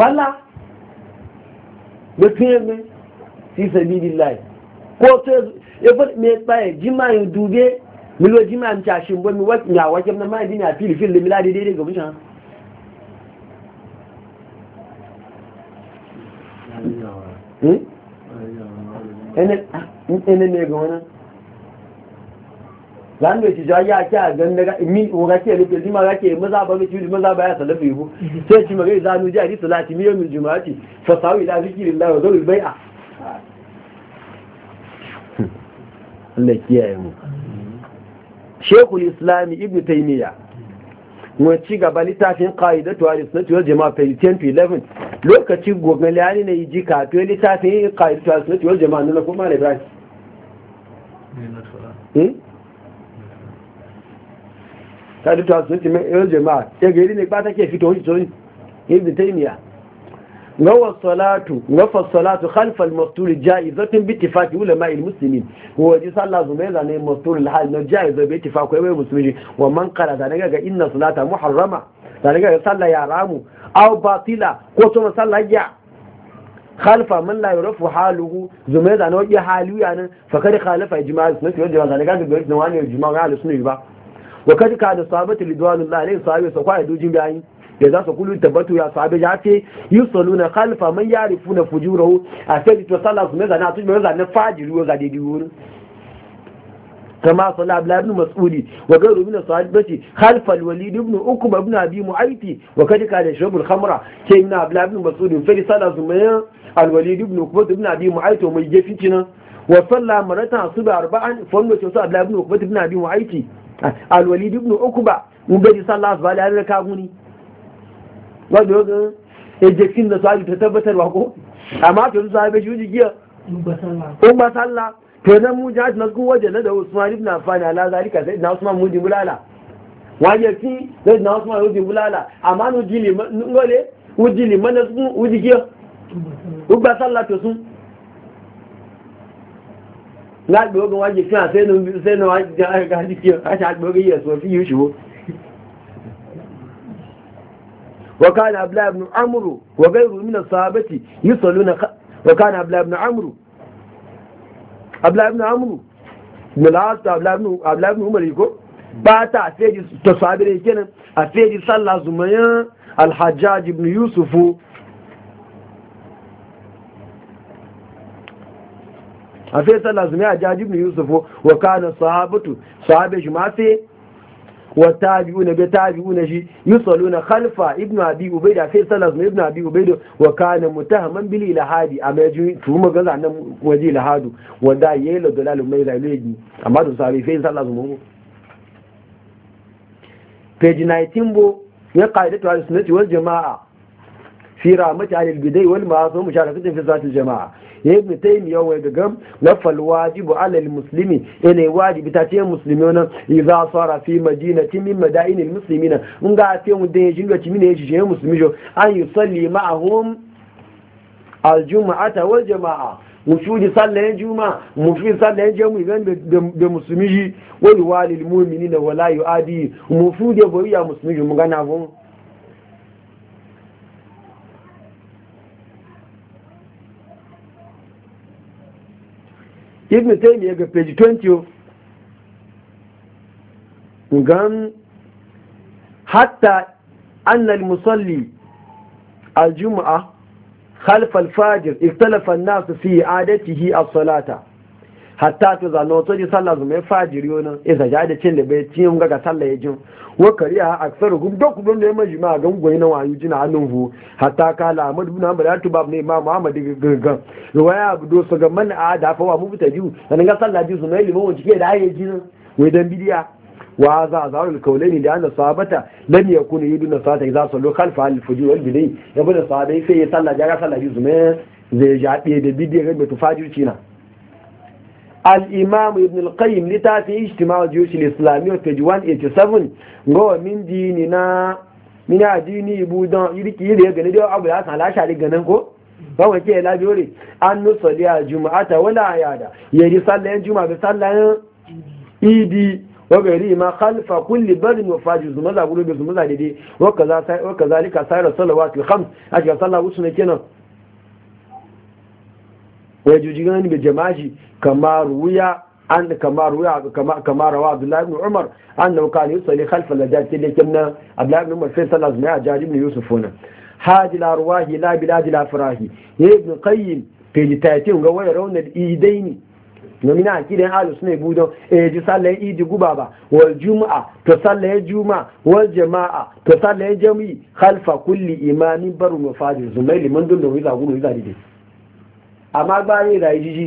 wálá gbẹ̀kún ẹgbẹ́ sí sẹ̀bí líláì kó tó ẹgbẹ́ mẹ́pa ẹ̀ jímà yìí dúgbé mílò jímà ń bọ́ mi wọ́n ní àwọn jẹ́mọ́ máa dín ní àfíìlì fíìlì mi ládé déédéé gọ̀mùsàn ẹni ẹni ẹgbẹ̀rún náà zan da cija ya ke a ganin daga min o ga ke rufe jima ga ke maza ba miki maza ba ya salafi bu sai ci magai zanu ji a ji hadisi lati mi yawmin ce fa sawi ila zikrillah wa zalul bai'a [laughs] Allah kiyaye mu shekul islami Ibn Taymiyyah mun ci gaba littafin qa'idatu al-sunnah wal jama'a page 10 11 lokaci gogal yani ne yi ka to littafin qa'idatu al-sunnah wal jama'a ne kuma Ibrahim tàbí tó àtúntò ti mẹ́rin jẹ̀má ẹgbẹ̀ ilé nípa tàkì fi tó ń sọ ibi tẹ́mìyà ngọ́wọ̀ sọ́látù ngọ́fọ̀ sọ́látù khalifal mọ̀túrì já ìzọ́tún bí ti wúlẹ̀ máa ilmùsùlùmí wọ́n jí sálà ní náà já ìzọ́ bí mùsùlùmí wọ́n khalifa man la yurafu haluhu zumai zane wajen haliyu yanin fakari khalifa ijma'a sunan yau da zane gaga gari da wani ijma'a ga halisun yi ba wa da kana sahabatu ridwanullahi alayhi sahabi sa kwa dujin bayani da za su kulu tabbatu ya sahabi ya ce yusaluna khalfa man yarifuna fujurahu a sai to sallah su ne zana su ne zana mas'udi wa zade diwurin كما صلى عبد ibn مسعود وغيره من صحابته خلف الوليد بن عقبة بن أبي معيط abu كان يشرب الخمر كينا عبد بن مسعود في صلاة زمان الوليد بن عقبة بن أبي معيط ومن يجفتنا وصلى مرة أصبع أربعا فنوى شوصى abu بن ukub ibn abi mu'ayti alwali duk ne uku ba mu gaji sallah su bali an raka guni wanda yau gan ejeksin da su hajji ta tabbatarwa ko amma to su sahabe shi wuji giya in ba sallah to nan mu ji hajji na su waje na da usman ibn affan ala zalika sai na usman mu ji bulala waje fi sai na usman mu ji bulala amma nu ji liman ngole wuji liman na su wuji giya in sallah to sun láàgbé ogun wájé fí àṣẹ ẹnu àṣàgbórí وكان عبد بن عمرو وغيره من الصحابة يصلون خ... وكان عبد بن عمرو عبد بن عمرو من العاص عبد بن عبد بن عمر يكو باتا سيدي الصحابة كان سيدي صلى الحجاج بن يوسف a salasu lazumi a jajib yusufu wa kana sahabatu sahabe shi mafe wa tabi'una bi tabi'una shi yusalluna khalfa ibnu abi ubayda fesa lazumi ibnu abi ubayda wa kana mutahamman bil ilhadi amma yaji tuma magana nan waje ilhadu wanda yayi la dalal mai zalaji amma to sahabe fesa lazumi page 19 bo ya qaidatu al-sunnati wal jama'a fi rahmat alil bidai wal ma'asu musharakatin fi zatil jama'a ya ibn taymiya wa ga na fal wajibu alal muslimi ene wajibi ta ce muslimi wannan idza sara fi madinati min madainil muslimina mun ga ce mun da yajin ga cimine yaji je muslimi jo an a ma'ahum al juma'ata wal jama'a musuji sallayen juma mufi sallayen jamu idan da musulmi wani walil mu'minina wala yu'adi mufude boyya musulmi mun ga na fun ibn taymiya ga page 20 gan hatta anna musalli al-jum'a khalf al-fajr ikhtalafa an-nas fi 'adatihi salata hatta ta zano to ji sallah zumai fajiri wani isa e ja da cin da bai ciyin ga ga sallah ya jin wa kariya a aksar gum dokun don da ya ma gan goyi na wayu jina hannun hu hatta kala Amadu ibn hanbal ya tubab ne imam ahmad ruwaya abu do su ga man a da fa wa mu fita biyu sanin ga sallah ji zumai liman wace ke da ayi nan, wai dan bidiya wa za a zarar kaulaini da annas sahabata lam yi yudun sata idza sallu khalfa al fujur wal bidai yabo da sahabai sai ya sallah ja ga sallah ji mai zai jaɓe da bidiyar da tufajirci na الإمام ابن القيم لتاتي اجتماع الجيوش الإسلامية page 187 هو من ديننا من ديني بودان يريك يلي يغني ديو أبو الحسن على شعري غننكو فهو كي لا بيوري أن نصلي الجمعة ولا عيادة يري صلى الجمعة بصلى إيدي وغيري ما خلف كل بر وفاجز مزا قلوب مزا دي وكذلك سائر الصلوات الخمس أشياء صلى وسنة كنا wai jujigan bi jama'i kamar wuya an kamar wuya kamar rawa Abdullah ibn Umar annahu kana yusalli khalfa lajat da kinna Abdullahi ibn Umar sai sallallahu alaihi wasallam ibn Yusuf wannan hadi la ruwahi la biladi la farahi ya ibn qayyim page 13 ga wayar raunal idaini nomina akidan ahlus suna budo e ji sallan idi guba ba wal juma'a to sallan juma'a wal jama'a to sallan jami'i khalfa kulli imamin baru mafadi zumaili mun dun da wiza gulu wiza dide amma gbari a ìjíjí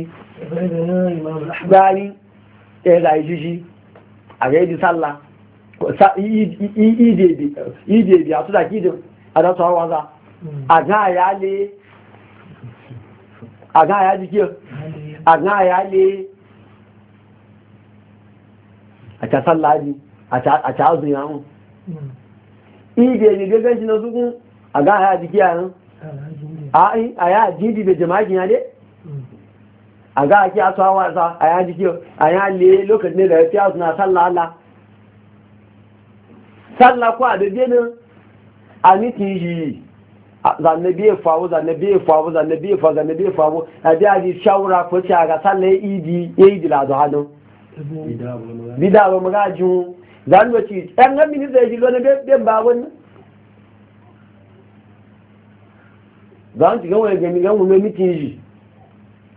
gbari ìrà ìjíjí àgẹ́ ìdí sálà ìdí èdè àtúdà le, a ọwọ́za àgá àyá jí kíọ àgá àyá lè àtà sálà jí àtà ọdún ìyàwó ìdí èdè gẹ́gẹ́ jìnà súnkún àgá àyá a kíọ àyá jí ìdí ìbẹ̀ jẹ̀máà jìnà dé a ga ake asuwa wasa a yan jiki a yan le lokacin ne da ya fiya suna sallah Allah sallah ko a dade ne a mitin yi zanne biye fawo zanne biye fawo zanne biye fawo zanne biye fawo a biya ji shawara ko ci a ga sallah idi ya yi dilado hannu bida ba maga jun zanwa ci ɗan ga minista ya ji lona ben ba wani zan ci gawa ya gami gan wume mitin yi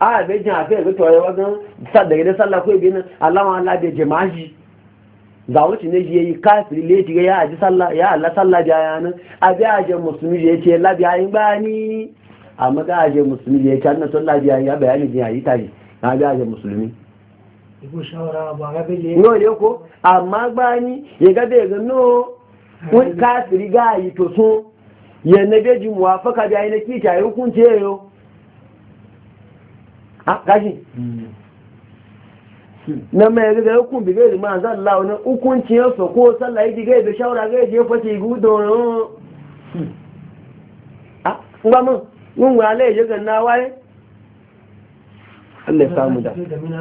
a bai jin afi ga tawaye wajen sadda gidan sallah ko ibi nan alama Allah bai jima'i za wuce ne shi yayi kafiri le shi ya aji sallah ya Allah sallah da ya nan a bi ajin musulmi ya ce la bi ayin bani amma ga ajin musulmi ya ce annan sallah da ya bayani ji yayi tare na bi ajin musulmi iko shawara ba ga bai no ne ko amma bani ya ga bai ga no wani kafiri ga yi to so ya na beji muwafaka da yayi na kita ya hukunce yau a gashi na mai riga ya bi gairi ma zan la wani ko sallah yake gairi shawara gairi ya fashe gudu a yin ya ga na waye samu da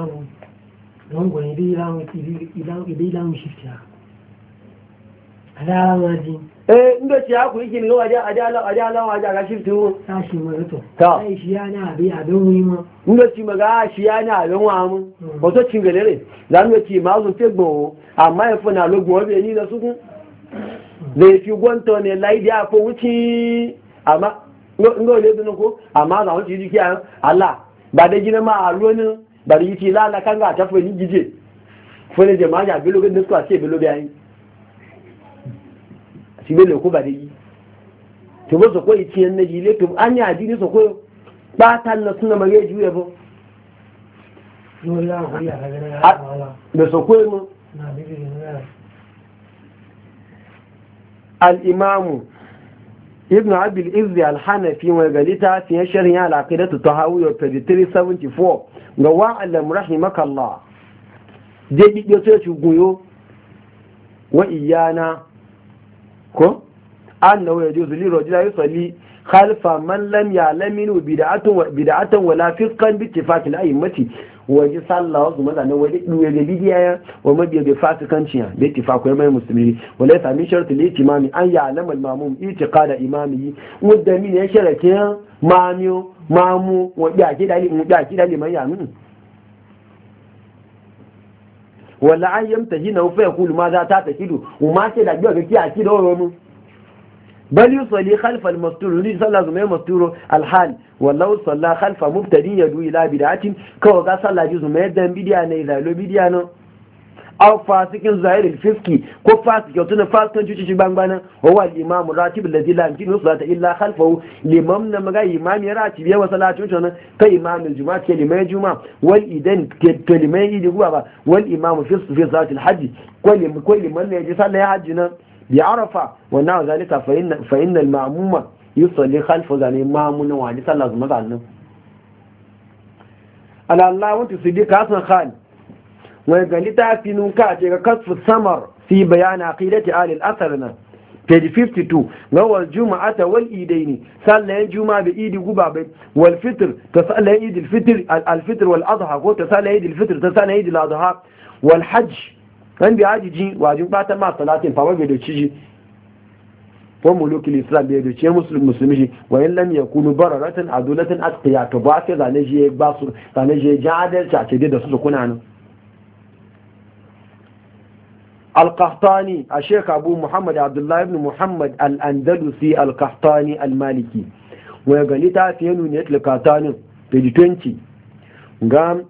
ramadi eh inda ce ya kuyi kin lawaje ajala ajala waje ga shi tuwo tashi mai to ta shi ya na abi abin wi mu inda ci maga shi na abin wa mu wato mm. cingale ne zan ga ci ma sun tegbo amma ya funa logun wabe ni na suku da mm. fi gwanto ne laidi a ko wuci amma ngo le dun ko ba ma a ruwanin ba da yiti lala kan ga ta fa ni gije fone jama'a a ti mélòó kó bàdé yìí tòbó sọ̀kọ́ yìí tiẹ̀ nẹ́jì ilé tó á ní àdí ní sọ̀kọ́ pátá lọ sínú ọmọ yẹn ju ẹ bọ́. al'imamu ibn abil izzi alhanafi mai galita ta hawu yau 374 ga wa'alam rahimakallah zai ɗiɗɗe sai shi guyo wa iyana ko annahu yajuzu li rajula yusalli khalfa man lam ya'lamu bid'atan bid'atan wala fiqan bi ittifaq al-a'immati ji sallahu wa maza ne waje ɗuwe da bidiya ya wa mabiya da fasikanci ya bi ittifaq ko mai musulmi wa laysa min shartu li imami an ya alama imamum itiqada imami wanda min ya sharake mamiyo mamu wa bi'a kidali mu bi'a kidali man ya'minu wala na yìí náà fẹ́ kúlù máa ta tààtẹ̀ kìlù wọ́n ce da dàgbé ọ̀gẹ́ kí àkídà da mu bal yusalli khalfa al-masturu li salla zuma masturu al-hal wallahu salla khalfa mubtadi yadu ila bid'atin kawa ga salla ji zuma dan bidiya ne da lo bidiya no aw fasikin zahiril fiski ko fasik yau tuna fasikan cuci shi bangbana wa wa ratib alladhi la yumkinu salata illa khalfahu limam na maga imam ya ratib ya wasalatu tuna ka imam Juma ke limai Juma? wal idan ke limai idi guba ba wal imam fi fi salatil hajj ko lim ko liman ne ji sallah hajji na bi arafa wa na zalika fa inna fa inna al ma'muma yusalli khalfa zani ma'muna wa ji sallah zuma zannan ala Allah wa kasan khali. wai ga littafi nunka ce ga kasfu samar fi bayana aqidati ahli al-athar na page 52 ga wal ta wal ne, sallayen juma'a bi idi guba bai wal fitr ta sallayen idil fitr al fitr wal adha ko ta sallayen idil fitr ta sallayen idil adha wal hajj kan bi hajji wajin bata ma salatin fa bai da ciji ko mulukul islam bai da ce musulmi musulmi shi wa in lam yakunu bararatan adulatan atqiya to ba sai zane je ba su zane je jadalci a ce da su kuna nan alkahtani a shek abu muhammad abdullahi ibn muhammad al'andalusi alkahtani almaliki wani gani ta fiye nuna ya tilkatanin gam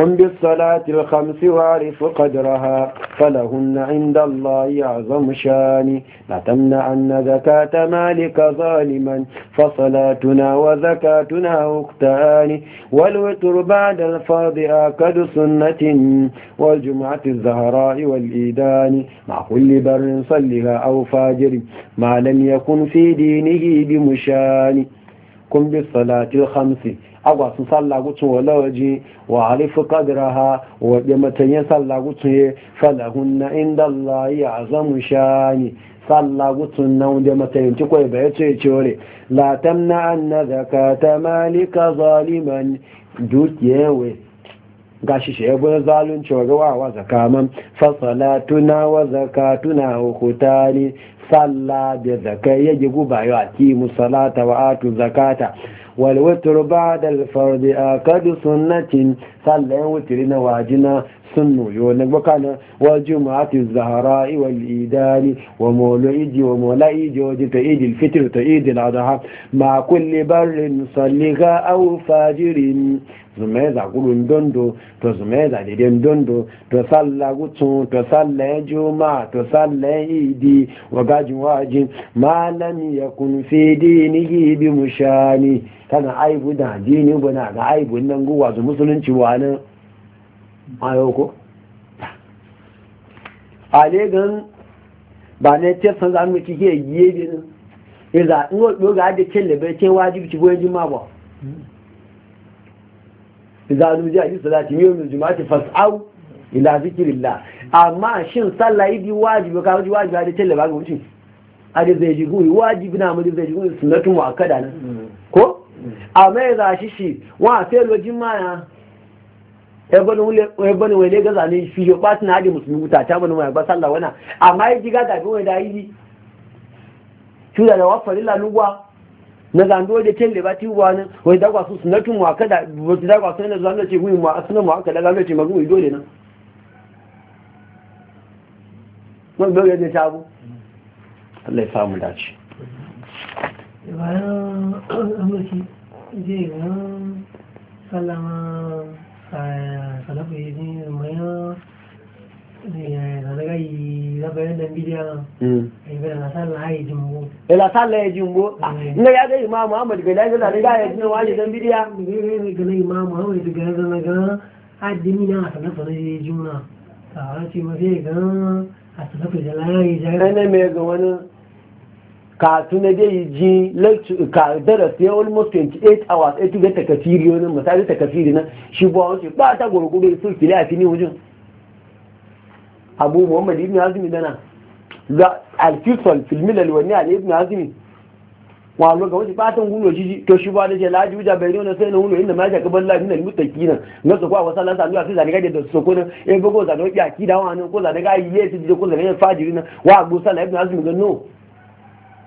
قم بالصلاة الخمس وعرف قدرها فلهن عند الله أعظم شان لا تمنعن زكاة مالك ظالما فصلاتنا وزكاتنا وقتان والوتر بعد الفرض آكد سنة والجمعة الزهراء والإيدان مع كل بر صلها أو فاجر ما لم يكن في دينه بمشان kun bi salatil hamsi agwa sun salla gutun wala wa alifu qadraha wa bi matanya salla gutun ye hunna inda Allah ya azamu shani salla gutun nan da matayin ci koi bai ce ciore la tamna anna zakata malika zaliman dukiyewe gashi shi yabo zalunci wa gawa wa zakaman fa salatuna wa zakatuna hukutani صلى بذكاء يجب بأيو أتيم الصلاة وآتوا الزكاة والوتر بعد الفرد آكد سنة صلى وترنا واجنا sunnu yo na gbaka na wa jumu'ati zahara'i wal idani wa mawlidi wa mawlaidi wa ta idil fitr ta idil adha ma kulli barin salliga aw fajirin za gulu ndondo to za dide ndondo to salla gutun to salla juma to salla idi wa gaji waji ma lam yakun fi dinihi bi mushani kana aibu da dini bana ga aibu nan guwa zu musulunci wa nan bayoko ko ale ba ne ce san za mu ke yiye din iza in wo do ga da kelle bai ce wajibi ci goyen juma ba iza e du ji ayi salati yau mu ta fas'au ila zikrillah amma shin sallah idi wajibi ka wajibi wajibi da kelle ba ga wuce da zai ji guri wajibi na mu zai ji guri sunnatu akada nan mm. ko amma za shi shi wa sai lojin ma wani wani wele ga zane fiyo ba su na hadi musulmi wuta ta manu mai ba sallah wana amma ya jiga da bin da yi shi da wa farilla lugwa na zando da ten da ti wa nan wai da gwasu sunatun mu aka da wasu da gwasu ne zanda ce gumi mu asna mu aka da zanda ce magu dole nan mun dole ne ta abu. Allah ya samu dace bayan amurki je ga sallama sannan yi ne mayan ila salla ya jimbo ina ah, ah, ah, ya ga imamu ta ga lafiya zane ga ya jina wani dan bidiya ga na imamu ahmad ga ya zana ga addini na asalafa na ya juna a wani ce mafi ga asalafa da layar ya jari ne mai ga wani katu na dai ji ka darasi ya almost 28 hours ya tuga ta kafiri wani misali ta kafiri na shi ba wace ba ta gurgure su fili a fini wajen abu muhammad ibn azumi dana za alfisal filmin alwani a ibn azumi walo ga wace batan gulo jiji to shi ba da ce laji wuja bai ne sai na hulo inda ma ya kaban lafi na mutaki na na su kwa wasan lansa zuwa sai zane da soko na e eh, bugo zane ya ki kida wani ko zane ga yi ya ci ko zane ya fajiri na wa abu sallah ibn azumi ga no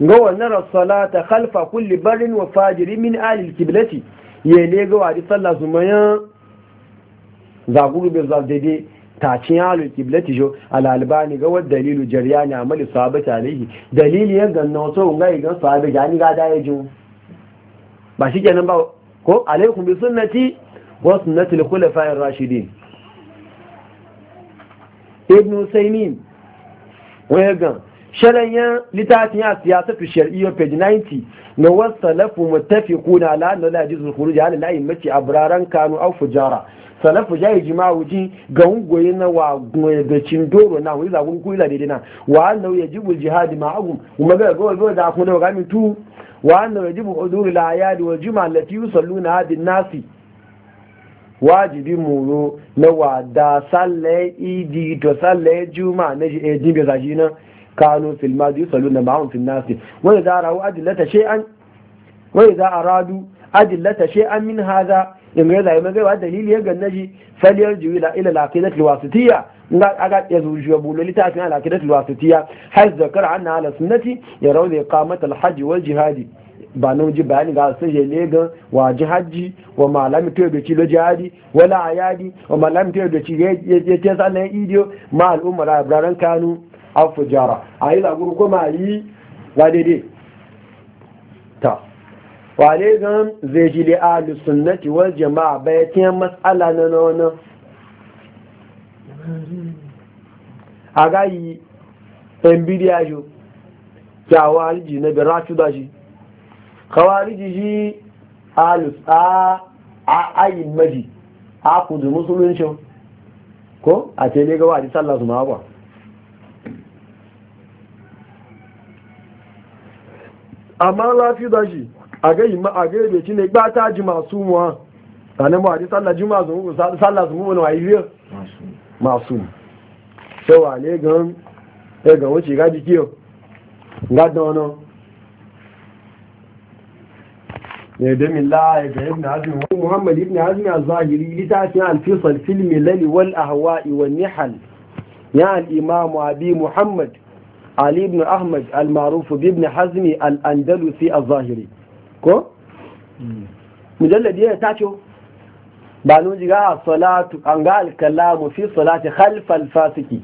ga wannan salata khalfa kulli barin wa fajiri min alil kiblati ya ne ga wadi sallah su mayan zaguru bai ta cin alil kiblati jo alalbani ga wadda dalilu jariyani amali sahabati alaihi dalili ya ganna wato ga ga sahabi ga ni ga da ya jin ba shi kenan ba ko alaikum bi sunnati wa sunnati al khulafa'ir rashidin ibn usaymin waya gan shirayen littafin ya siyasa fi shari'iyyo page 90 na wasu salafu mutafi kuna la'adun da jisun kuru jihar la'ayin mace a buraren kanu au fujara salafu jayi jima wuji ga ungoyi na wa gwagwacin doro na wani zagun kula daidai na wa annan ya jibul jihadi ma agun kuma ga gawar gawar da kuma da wagamin tu wa annan ya jibul ya da wa jima lati sallu na hadin nasi wajibi muro na wada sallai idi to sallai juma na jibin eh, zaji na kanu fil madi yusalluna ma'ahum fil nas wa idza ra'u adillata shay'an wa idza aradu adillata shay'an min hadha in ga zai magai wa dalili ya gannaji faliyar juwila ila laqidat alwasitiyya nga aga ya zuri shi abu lolita kan laqidat alwasitiyya har zakar anna ala sunnati ya rawli iqamat alhajj wal jihadi ba nan ji bayani ga sun je legan wa jihaji wa malami to da ci jihadi wala ayadi wa malami to da ci ya ce sanan idiyo ma al'umma da ibrahim kanu afujara a yi zaguru kuma yi ga daidai ta wale gan zai ji da ahalus sunnati wal jama'a bai tiyan matsala na nuna a gayi yan bidiya shi ta hariji na bin rashu da shi kawariji shi ahalus a ayin maji a kudu musulunci ko a tele wa a sallah su ba. amma lafi da shi a gai ma a gai da shi ne ba ta ji masu muwa sanin mu hadisi sallah ji masu mu sallah su mu na wayi biyo masu so wa le gan e gan wuce ga jiki yo ga dono ne da min la ga ibn azim muhammad ibn azim az-zahiri litafin al-fisal fil milal wal ahwa'i wan nihal ya al-imam abi muhammad ali ibn ahmad Almarufu maruf ibn hazmi al-andalusi a zahiri ko mujalladi ya tacho ba nun jiga salatu an al-kalamu fi salati khalf al-fasiki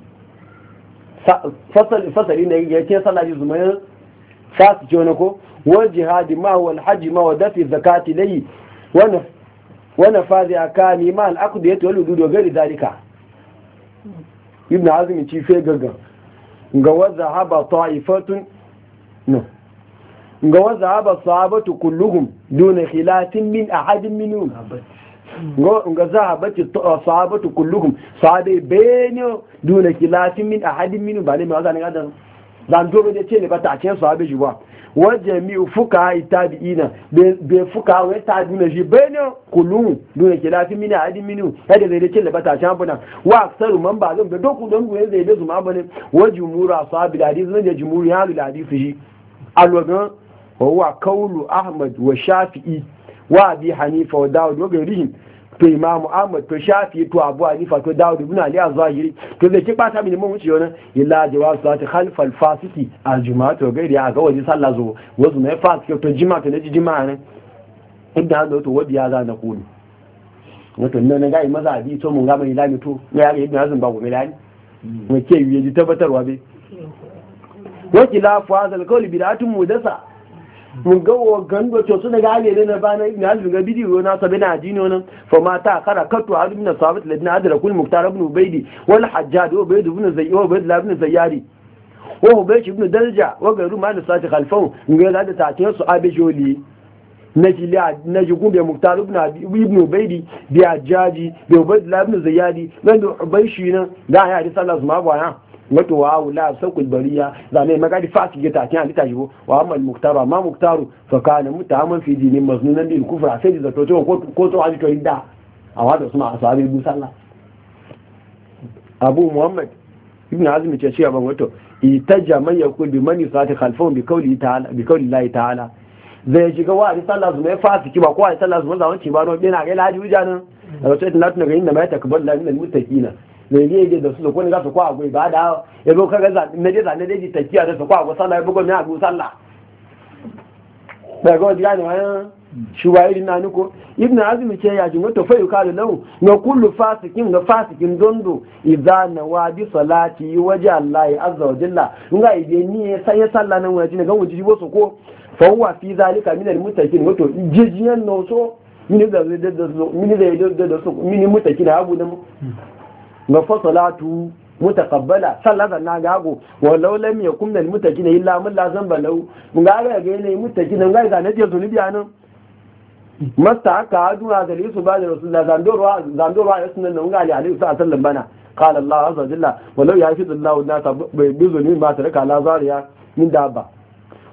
fasali fasali ne yake salati zumayin fasiki ne ko wa jihadi ma wal hajji ma wa dafi zakati dai wannan wannan fazi akani ma al-aqdiyatu wal hudud wa ghairi dalika ibn hazmi ci fe gaggan ga wadda haba sahabatu kulluhum duna khilatin min ahadin minhum ga zahabati uh, sahabatu kulluhum sahabe benyo duna khilatin min ahadin minhum ba ne ma zanin adam zan dole ne ce ne ba ta ce sahabe shi ba wa jami'u fuka tabi'ina be fuka wa tabi'ina shi bayna kulun dole ke lafi mini adi mini hada zai da cilla bata shan bana wa aksaru man ba zan da doku don goyen zai da su ma bane wa jumhur ashabi hadisi zan da jumhur ya da hadisi shi alwagan wa huwa qawlu ahmad wa shafi'i wa abi hanifa wa daud wa ghairihim to imam ahmad to shafi to abu hanifa to dawud ibn ali az-zahiri to zai ki bata mini mun wuce wannan illa jawaz salati khalf al-fasiki al-jumu'a to gairi a ga waje sallah zo wazu mai fasiki to jima to ne jima ne inda hado to wadi ya za na kuni wato nan ga yi bi? to mun ga mai lami to ya ga ibn azum ba gobe lani mu ke yi ji tabbatarwa be wa khilafu hadha al-qawl bid'atun mudassa mun ga wa gando to suna ga ne na bana ibn hazm ga bidiyo na sabe na addini wannan fa ma ta kara katu hadu min sahabat ladina adra kul muktar ibn ubaydi wal hajjaj ubayd ibn zayyad ubayd ibn zayyari wa ubayd ibn dalja wa gairu ma da sati khalfahu mun ga da ta ce su abi joli na jigun bai muktar ibn ubaidi bai ajaji bai ubaidi labin zayyadi nan da ubaishi nan da ya hadisa Allah su ma mato wa wula sauƙul bariya zane magadi fasu gita kin halitta shi wa amma muktaru amma muktaru fa kana mutaman fi dinin maznunan bil kufra sai da zato cewa ko to hali to idda a wada suna asabi bu sallah abu muhammad ibn azmi ce shi ban wato itajja man yakul bi man yusati khalfahum bi qawli ta'ala bi qawli allah ta'ala zai shiga wa ali sallah zuma fasu ki ba ko ali sallah zuma zaman ki ba no bina ga ladi wujanan rasul sallallahu alaihi wasallam ga inna ma yatakabbalu min al-muttaqina zai yi da su da kone za su kwa agwai ba da ya kaga na je zane daji takiya da su kwa agwai sallah ya bugon ya agwai sallah daga wani gane wani shi wa irin nani ko ibn azumi ce ya jin wata fayu kalu lahu na kullu fasikin fasikin dondo idza na wadi salati waje Allah azza wa jalla nga ide ni ya sai sallah nan waje ne ga wuji bo su ko fa huwa fi zalika min al mutakin wato jijiyan no so mini da da da mini da da da so mini mutakin abu ga fasalatu san sallata na gago walau lam yakum lil muttaqina illa yi la zamba lahu mun ga ga ga ne muttaqina ga ga ne zunubi anan masta aka hadu a gare su ba da rasulullah zandorwa zandorwa ya sunan mun ga alaihi sallam bana qala allah azza jalla walau yafidu allah an-nasa bi zunubi ma taraka la zariya min dabba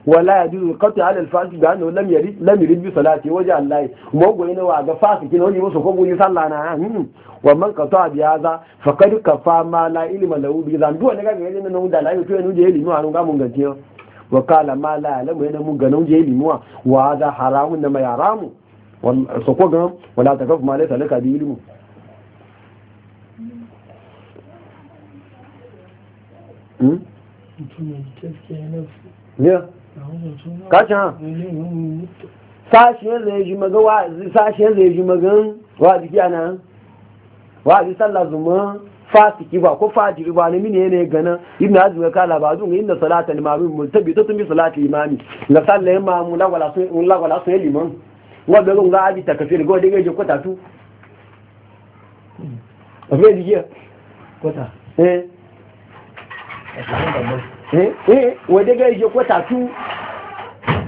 wala yajuzu qatl ala al-fasik bi annahu lam yarid lam yarid bi salati waja Allah mo goyi ne wa ga fasiki ne waje musu ko goyi sallah na hmm, hmm. wa man qata bi hadha faqad kafa ma la ilma lahu bi zan duwa ne ga ga ne nan da la yato ne je limu an ga mun gaje wa qala ma la alamu ne mun Mm-hmm. ne kashin sashen zai ji maga wa'azi sashen zai ji magan wa'azi kenan wa'azi sallah zuma fasiki ba ko fajiri ba ne mine yana gana ibn azmi ka kala ba dun inda salata limamin multabi to tun bi salati imami la sallah imamu la wala sun la wala sun liman wa da gunga abi takfir go de je kota tu afi je kota eh eh, eh wadda ga yake kwata tu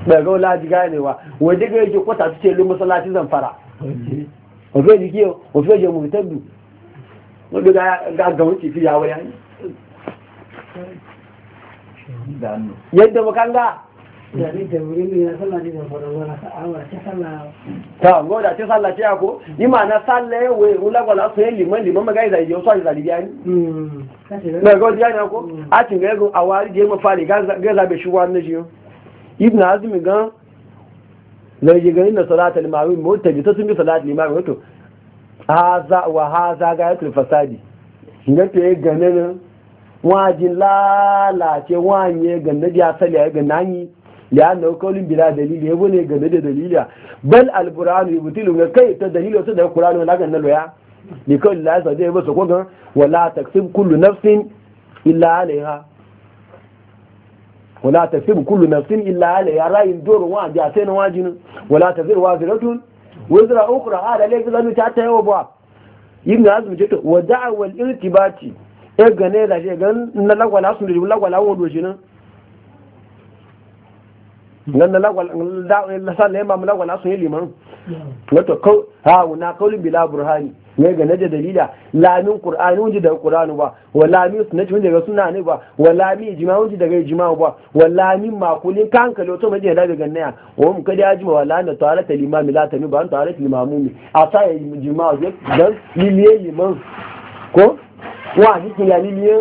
daga wala ji ganewa wadda ga yake kwata tu ce lu masallaci zamfara ofe ji kiyo ofe je mu tabu wadda ga ga ga wuce fi yawo yani yadda makanga ta ngoda ce sallah ce ako ni ma na sallah we ula la so yin liman liman maga izai yo so izai biya ni hmm, na go diya ni ako hmm. a tin ga go awari je ma fari ga ga zabe shi wa ne jiyo ibn azim ga la je ga inna salatul ma'ruf mutaji to sun bi salatul imam to haza wa haza ga yatul fasadi ngato ya gane na wajin lalace wanye ganda ya sallah ya gane ni لأنه قول بلا دليل يبني قمد دليل بل القرآن يبطل كي تدليل وصد القرآن ولكن نلويا لكل لا يستطيع بس ولا تكسب كل نفس إلا عليها ولا تكسب كل نفس إلا عليها رأي دور واحد يعتين واجن ولا تزر وازرة وزر أخرى هذا ليس لأنه تحت يوبوا yin عزم ce to wa da'awal irtibati e gane da shi gan na lagwala sun nan na lagwal da sallah imam lagwal sun yi liman wato kau ha na kaulin bila burhani ne ga naje dalila lamin qur'ani wunji daga qur'ani ba wala min sunnati wunji daga sunna ne ba wala min ijma wunji daga ijma ba wala min makulin kan kalo to maje da ga naya wa mun kada ajma wala na tare ta limami la ta mi ba tare ta limamu ne a ta ijma je dan liliye liman ko wa ni ya liliye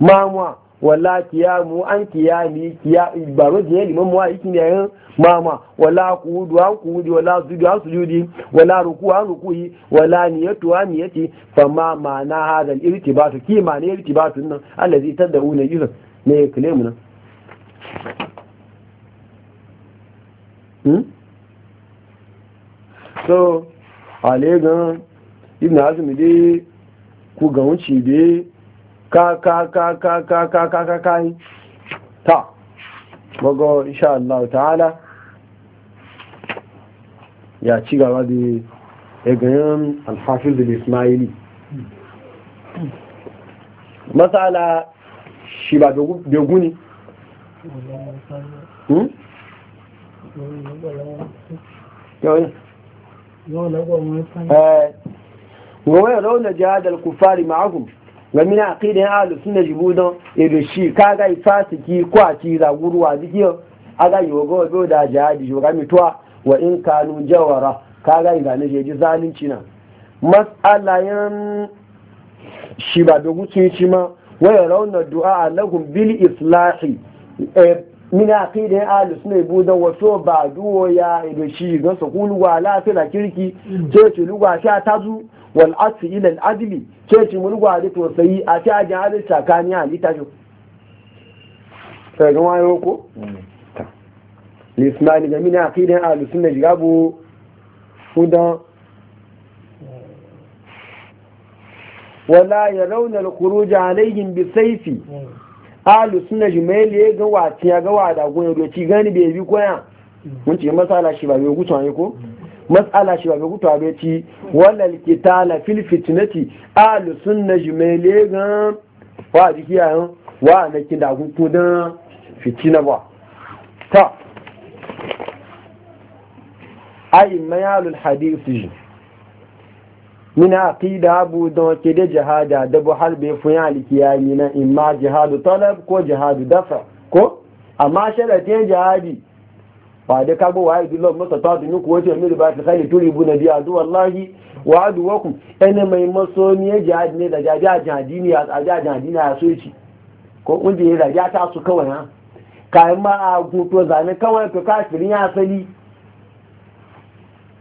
mamwa wala kiyamu an kiyami kiya baro je liman mu aiki ne yan mama wala qudu an qudi wala sujudu an sujudi wala ruku an yi wala niyatu an niyati fama mana hada al-irtibatu ki mana irtibatu nan allazi tad'una yusuf ne claim nan hmm? so alegan ibn azmi dai ku ga wuce dai ka ka ka ka ka ka ka ka ka ta gogo insha Allah ta'ala ya ci gaba da egayen alhafiz al-ismaili matsala shi ba begu ne gowa ya raunar jihadar kufari ma'ahum gami na da ya alu suna jibu don ido shi ka ga fasiki ko a ci zaguruwa zikiyo a ga yiwu ga wabe da jihadi shi tuwa wa in kanu jawara ka ga gane jeji zalunci na yan shi ba da gutsun shi ma waya rauna du'a a lagun bil islahi eh, mina da ya alu suna ibu don wato ba duwo ya ido shi don su kulu wa lafi kirki ce ce lugwa sha tazu wal asu ila al adli ke ci mun gwade to sai a ta ajin hadin tsakani a lita shi sai ga wayo ko mm, lismani ga mina aqidan ahlus sunna jigabu hudan wala ya yarawna al khuruj alaihim bi sayfi mm. ahlus sunna jumeli ga wati ga wada gon yoci gani be bi koya mm. mun ce masala shi ba be gutan ko matsala shi ba gutu a beti wannan kitala ti. A ahlu na jimele gan wa a jikiya yan wa na kin da gutu dan fitina ba ta ai mayalul hadisi min aqida abu don ke da jihada da bu halbe fuya alkiyami na imma jihadu talab ko jihadu dafa ko amma sharatin jihadi wàdé kágbó wà áìdí lọ mọ́sọ̀tọ́ àdínú kò tí ẹ̀mí ìrìbá ti sáyẹ̀ tó rìbú nàbí àdúwà láyé wà á dùn wọ́kùn ẹni mai mọ́sọ́ ní ẹjẹ́ àdínẹ́ ìdàjẹ́ ajé àjàndínì ajé echi. àṣọ ìṣì kò ń jẹ́ ìdàjẹ́ àtàṣù kawai hàn kàì má kawai tó káàkiri yá asali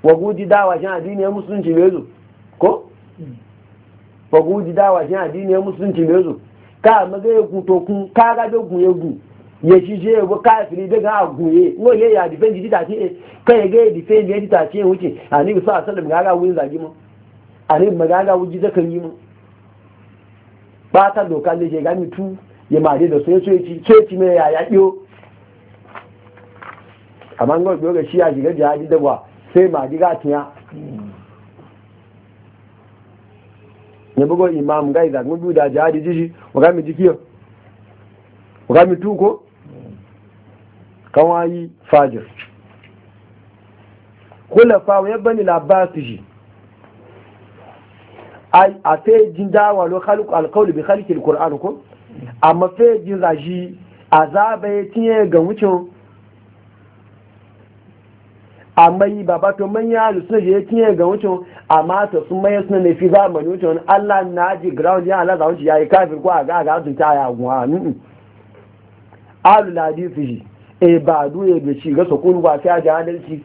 wọ́gùn jí dáwà jẹ́ àdínì musulunci musulunci ya yẹ̀ṣiṣẹ́ ẹ̀wọ́ káàkiri bẹ́ẹ̀ gan àgùnyé wọ́n lè yà dìfẹ́ǹdì títà tí ẹ kẹ́yẹ̀gẹ́ dìfẹ́ǹdì ẹ̀ títà tí ẹ wọ́n ti ya ìfọ́ àṣọ́lẹ̀ mẹ́gàgà wí ìzàgí mọ́ àní mẹ́gàgà wí jíjẹ́ kan yí mọ́ pátá dòka lè ṣe ìgbàmì tú yẹ máa dé lọ́sọ̀ tó ti mẹ́ àyà pé ó àmọ́ ńgọ́ ìgbé ọ̀rẹ́ sí àṣìṣẹ́ jẹ́ àdídẹ́wà ṣé máa dí káàkiri ya bugo imam gai zagun biyu da jihadi jishi wa gami jikiyo wa gami ko? kawai fajir kulafa wa yabba ni labasihi ai a fejin dawa lo khaliq bi khaliq Kur'an ko amma fejin raji azaba ya tiye ga wucin amma yi baba to manya suna je tiye ga wucin amma to sun maye suna ne fi zamani wucin Allah na ji ground ya Allah zawunci yayi kafir ko ga ga sun ta ya gwa Ladi alul hadisi e ba duye da shi ga sokon ruwa ta da adalci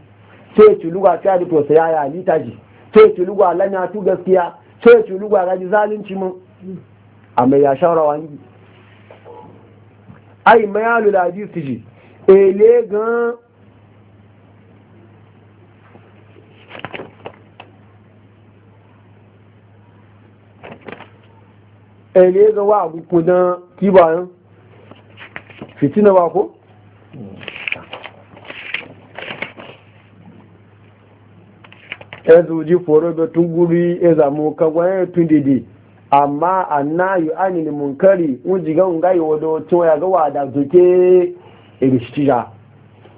sai ci luwa ta da to sai ya halita ji sai ci luwa lanya tu gaskiya sai ci luwa ga zalunci mun amma ya shawara wani ai mayalu da hadis ji ele gan ele ga wa gukunan kibayan fitina ba ko ezu ji foro be tunguri eza mu tun didi. amma annayu anil munkari unji ga ngai wodo to ya ga da. zuke ibishija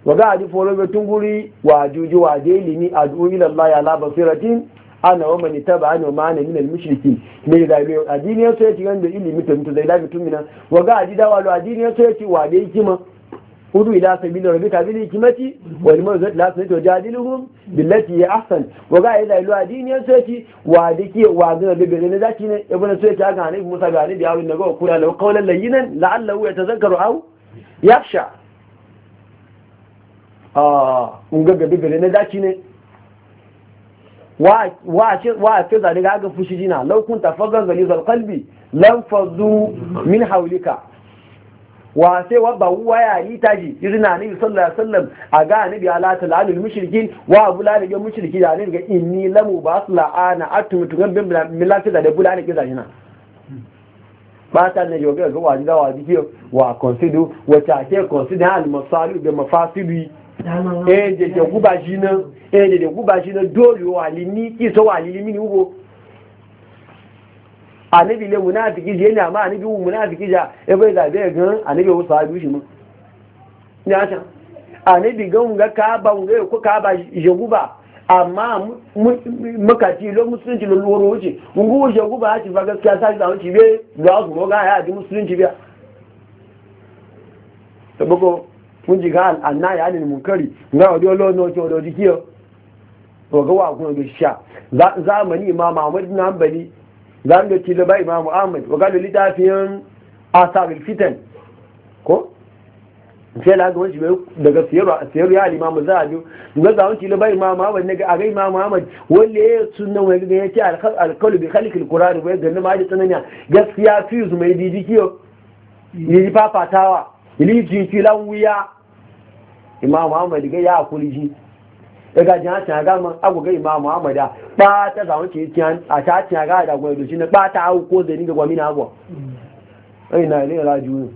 waga ji foro be tunguri wajuji wade ni adu ila allah ya la basiratin ana wa man taba ana ma ana min al mushrikin me da be adini ya so ya ci ganda ilimi to mutu zai da mutumina waga ji dawalo adini ya so ya ci wade kima kudu ila sabil rabbika bil hikmati wal mawzat la sunatu jadiluhum billati hi ahsan wa ga ila ilu adini sai wa dake wa ga da gare ne zaki ne ibn sai ta ga annabi Musa ga annabi Harun daga kula Da qawlan layyinan la'allahu yatazakkaru aw yakhsha ah un ga da gare na zaki ne wa wa ce jina wa sai wa ba waya yi taji irina nabi sallallahu alaihi wasallam a ga nabi ala talalul mushrikin wa abu la ga mushriki da ne ga inni lamu ba su la'ana atum gan bin milati da bula ne kiza shina ba ta ne yoga ga wa da wa dike wa consider wa ta ke consider al masalu bi mafasili E eh, je je guba jina eh, je je guba jina dole wa lini ki so wa lini ni wo anabi ne munafiki je ne amma anabi munafiki ja e bai zabe gan anabi wasu sahabi shi mun ne a can anabi gan ga kaba ga ko kaba jaguba amma makaci lo musulunci lo luwar wuce mun go jaguba a ci ba gaskiya sai da wuce be da su roga ya ji musulunci biya to boko mun ji ga anna ya ne munkari ga odo lo no to do dikiyo to ga wa kun do sha zamani imam Ahmad bin Hanbali za mu ci da imamu ahmad wa gado littafin asabul fitan ko sai la ga wani daga siyarwa siyarwa ya za a ga daga ci da imamu ahmad ne ga a ga imamu ahmad wanda ya sunna wai ga ce alkalu bi khalqil qur'an wa ga ma ji tsananiya gaskiya fi su mai didi kiyo yi fafatawa ili ji ki lan wuya imamu ahmad ga ya kulji daga jihar cin aga man agogai imamu muhammada ba ta zaun ce tiyan a ta cin aga da gwai doshi na ba ta hau ko zai ga na agwa ai na ilai la ne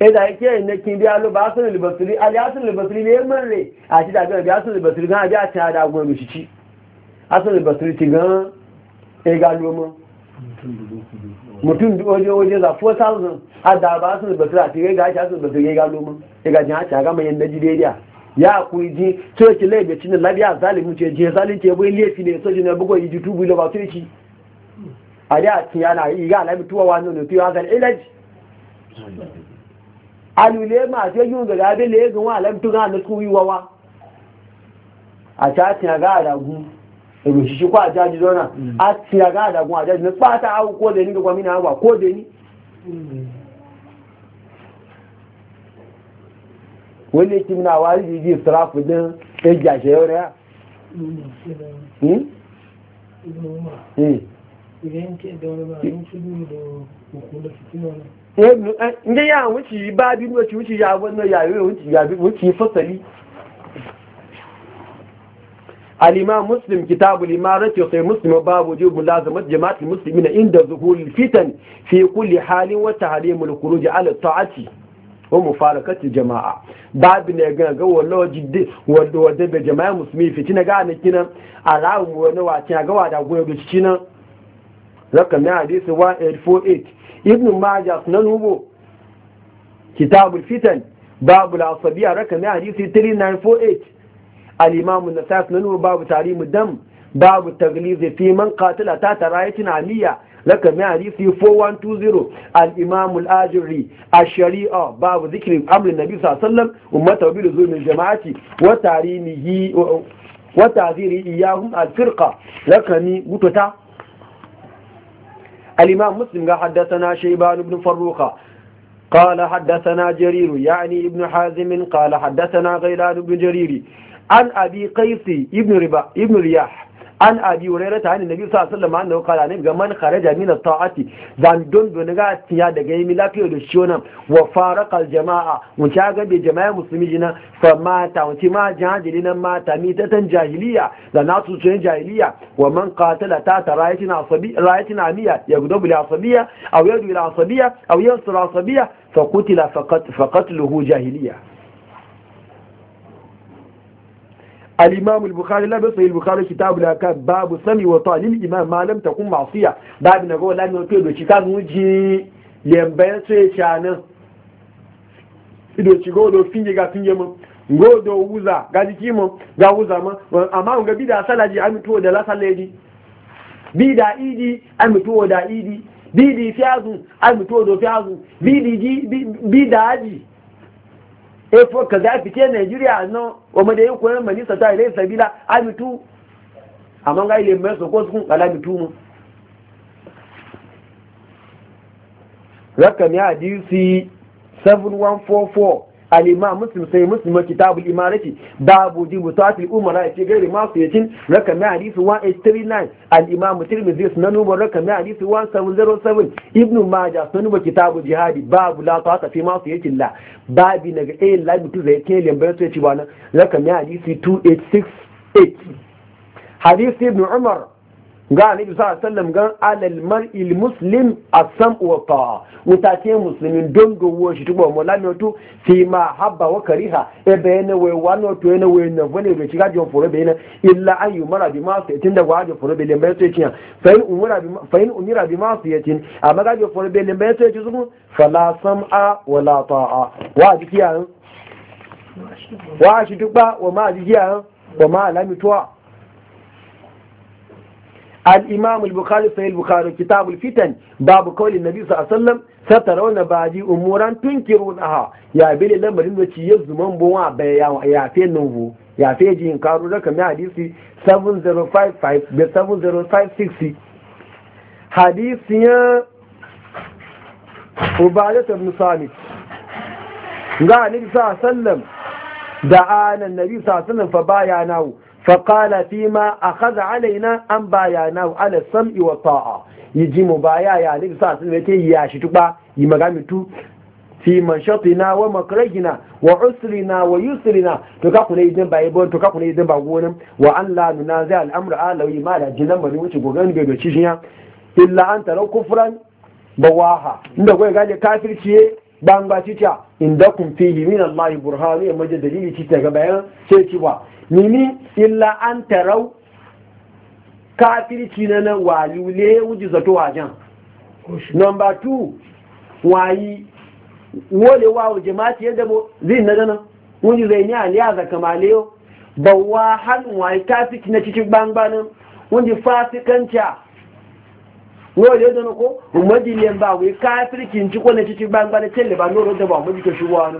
e da yake yin na kin biya lo ba su ne libasiri a biya su libasiri ne man re a ci da biya su libasiri gan a biya cin da gwai doshi ci a su libasiri ti gan e ga loma mutum duk oje waje za 4000 a da ba su libasiri a ti ga ci a su libasiri ga loma e eh, ga jihar cin aga man yan na jidediya ya ku ji so ki laibe cin labiya zalimu ce je zalunci ya bai laifi so ji na bugo iji tubu lo ba so ki a da ti yana yi ga labi tuwa wa no to alule ma je yun ga be le gun wa labi tuwa na ku yi wawa a ta ti ga adagun ero shi ko ajaji dona a ti ga adagun ajaji ne pata ni mi na wa ko de ni wani yake muna wari da yi sarafi din ɗan gyashe yau raya? Hmm? Hmm. Idan ke da wani ba, shi da wani wuce wuce ya wannan yayo wuce wuce fasali. alima muslim kitabu lima rake sai muslim babu jirgin lazamar jama'atul muslimi na inda zuhul fitan fi kulli halin wata hali mulkuru ji ala ta'ati wa mufarakati jama'a babu ne ga ga wallo jiddi wadda wadda be jama'a musulmi fitina ga ne kinan alawu wani wacin ga wada goyo ga cinan rakam ne hadisi 1848 ibn majah sunan hubo kitabul fitan babu al-asabiya raka ne hadisi 3948 al-imam an-nasai sunan hubo babu tarimu dam babu taglizi fi man qatala ta tarayatin aliyya لكن حديث 4120 الإمام الآجري الشريعة باب ذكر أمر النبي صلى الله عليه وسلم أمته بلزوم الجماعة وتعليمه وتعذيره إياهم الفرقة لكن متتا الإمام مسلم حدثنا شيبان بن فروخة قال حدثنا جرير يعني ابن حازم قال حدثنا غيلان بن جرير عن أبي قيس ابن, ربا ابن رياح an abi hurairah ta hanin nabi sallallahu alaihi wasallam annahu qala ne ga man kharaja min at-ta'ati dan don don ga tiya daga yi lafiya da shi wannan wa faraqa al-jama'a mun ta ga bi jama'a musulmi jina fa ta, mun ma jahili nan mata mi ta tan jahiliya da na su tun jahiliya wa man qatala ta tarayatina asabi rayatina amiya ya gudu bil asabiya aw yadu bil asabiya aw yansur asabiya fa qutila faqat faqatluhu jahiliya الامام البخاري لا بس البخاري كتاب لا كان باب babu sami تكن معصيه باب نقول لا takun ma'siya babu na gola ne ido chigo do finje ga finje mo ngodo wuza ga dikimo ga wuza ma amma ga bida salaji amito da la salaji bida idi amito da idi bidi fiazu amito do fiazu bidi ji bida aji efo ka za fice a nan wa mu da yi koyon malisa ta ilai sabila amitu amma ga ilai mai soko sun kala mitu mu rakami hadisi 7144 alima muslim sai muslim kitabul imarati babu di mutatil umara yace gairi masu yakin rakami hadisi 1839 al imam tirmidhi sunan numar rakami hadisi 1707 ibn majah sunan kitabul jihadi babu la ta fi masu yakin la babi naga eh la mutu zai ke lembar sai ci bana rakami hadisi 2868 hadisi ibn umar ga annabi sallallahu alaihi sallam gan alal mar'il muslim asam wa ta'a mutace muslimin don gowo shi tubo mo lami to fi ma habba wa kariha e bayana we wano to ene we na vole be shiga jon foro bayana illa an yumara bi ma fi tinda wa jon foro bayana bai sai kiyan fa in umira bi fa in umira bi ma fi yatin amma ga jon foro bayana bai sai ki zugun fala sam'a wala ta'a wa jikiyan wa shi tuba wa ma jikiyan wa ma lamituwa الإمام البخاري في البخاري كتاب الفتن باب قول النبي صلى الله عليه وسلم سترون بعدي أمورا تنكرونها يا بلي لما رنوتي يزمن بوا بيا يا في نوفو يا في جين كارو رقم حديثي 7055 ب 7056 حديث يا عبادة بن صامت قال النبي صلى الله عليه وسلم دعانا النبي صلى الله عليه وسلم فبايعناه فقال فيما أخذ علينا أن بايعناه baya السمع والطاعة يجي مبايع يعني بساعة سنوية ياشي تبا يمغامي تو fi manshatina wa makrahina wa usrina wa yusrina to ka kula idan ba yabo to ka kula idan ba gonan wa an la nunazi al amru alawi ma da jinan bari wuce gogan ga gaci shi ya illa an tara kufran bawaha inda goyi gaje kafirci banga ban ba cica inda kun fihi min allahi burhanu ya maje dalili ci ta ga bayan sai ci ba mini illa an tarau kafirci na nan wayu ne wuji zato wajen nomba 2 wayi wole wawo jama'ati yadda bo zai na dana wuji zai ni aliya za kamaleyo bawa han wayi kafirci na cikin bangbanin wuji fasikanta wole yadda na ko umajiliyan ba wai kafircin cikon na cikin bangbanin celle ba noro da ba umajika shi wani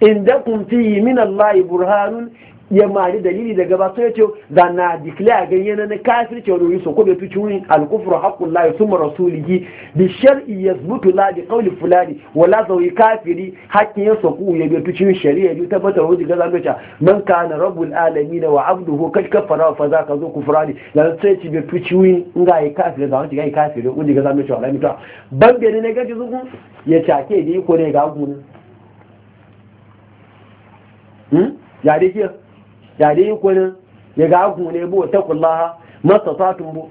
inda kun fi min Allah burhanun ya mari dalili daga ba sai ce da na declare ganye na kafir ce wani so ko bai tuci wani layi sun mara rasulihi bi shar'i ya zubutu ladi qawli fulani wala zawi kafiri hakkin ya soku ya bai tuci shari'a ya tabbatar wajen gaza gacha man ka na rabul alami alamin wa ko abduhu kad kafara fa ka zo ku kufrani da na sai ci bai tuci wani ga yi kafiri da wani ga kafiri wajen gaza gacha wala mita ban gani na gaji zuku ya take da yi ko ne ga gunin hmm ya dai ya yi kunin ya ga aku ne bu ta kullaha mastata'tum bu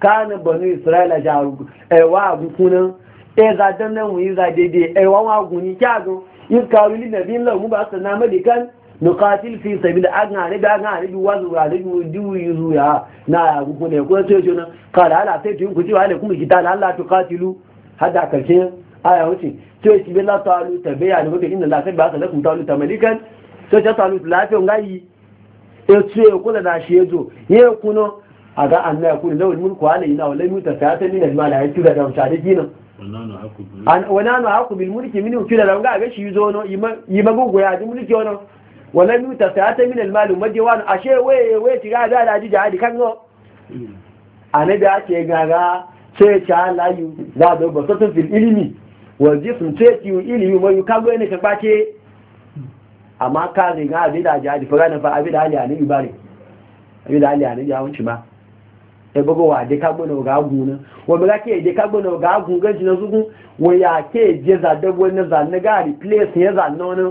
kana banu isra'ila jaru eh, ewa gukunan e eh, za dan nan wi za dede ewa eh, wa guni kyago in karu li nabi la mu ba sana malikan nuqatil fi sabil agna ne da agna ne duwa zuwa ne du yuzu ya na gukune ko sai jona kala ala sai tun ku ji wa alaikum kitala Allah tuqatilu hada karshe aya wuce tí ó ti bẹ́ látàlú tẹ̀bẹ́yà ní gbogbo ìnìyàn láti gbàtà lẹ́kùn tàlú tàmẹ́líkàn tí ó tẹ́tàlú láàfíà ńgá yìí ètò èkó lẹ́nà ṣe é yẹ́ ẹkùn náà àgá àmì ẹkùn ìlẹ́ òní múlùkọ́ àlẹ́ yìí náà lẹ́mí tẹ̀fẹ́ àti ní ẹ̀dùn àlẹ́ àti ìrẹ̀dà òṣà dé jìnà wọn náà àkùbí múlùkì mínú kí lẹ́nà ńgá àgẹ́ṣì yìí zọ́nà yìí mẹ́gbogbo àti múlùkì ọ̀nà wọn lẹ́mí tẹ̀fẹ́ àti ní ẹ̀dùn àlẹ́ òmọdé wa àṣẹ ìwé ti rá àgbà àdíjà àdì kan náà àníbi àti ẹ̀gàn àgá ṣe é ṣe àlàyé láàbẹ̀ bọ̀ sọ́tún wajisun teki ilimi mai kago ne ka bace amma ka riga abin da jihadi fara na fa abin da hali a nabi bare abin da hali a nabi yawanci ba ya gogo wa de kago na ga gunu wa ba ke de kago na ga gun ganci na zugun wa ya ke je za da wani za na ga replace ya za na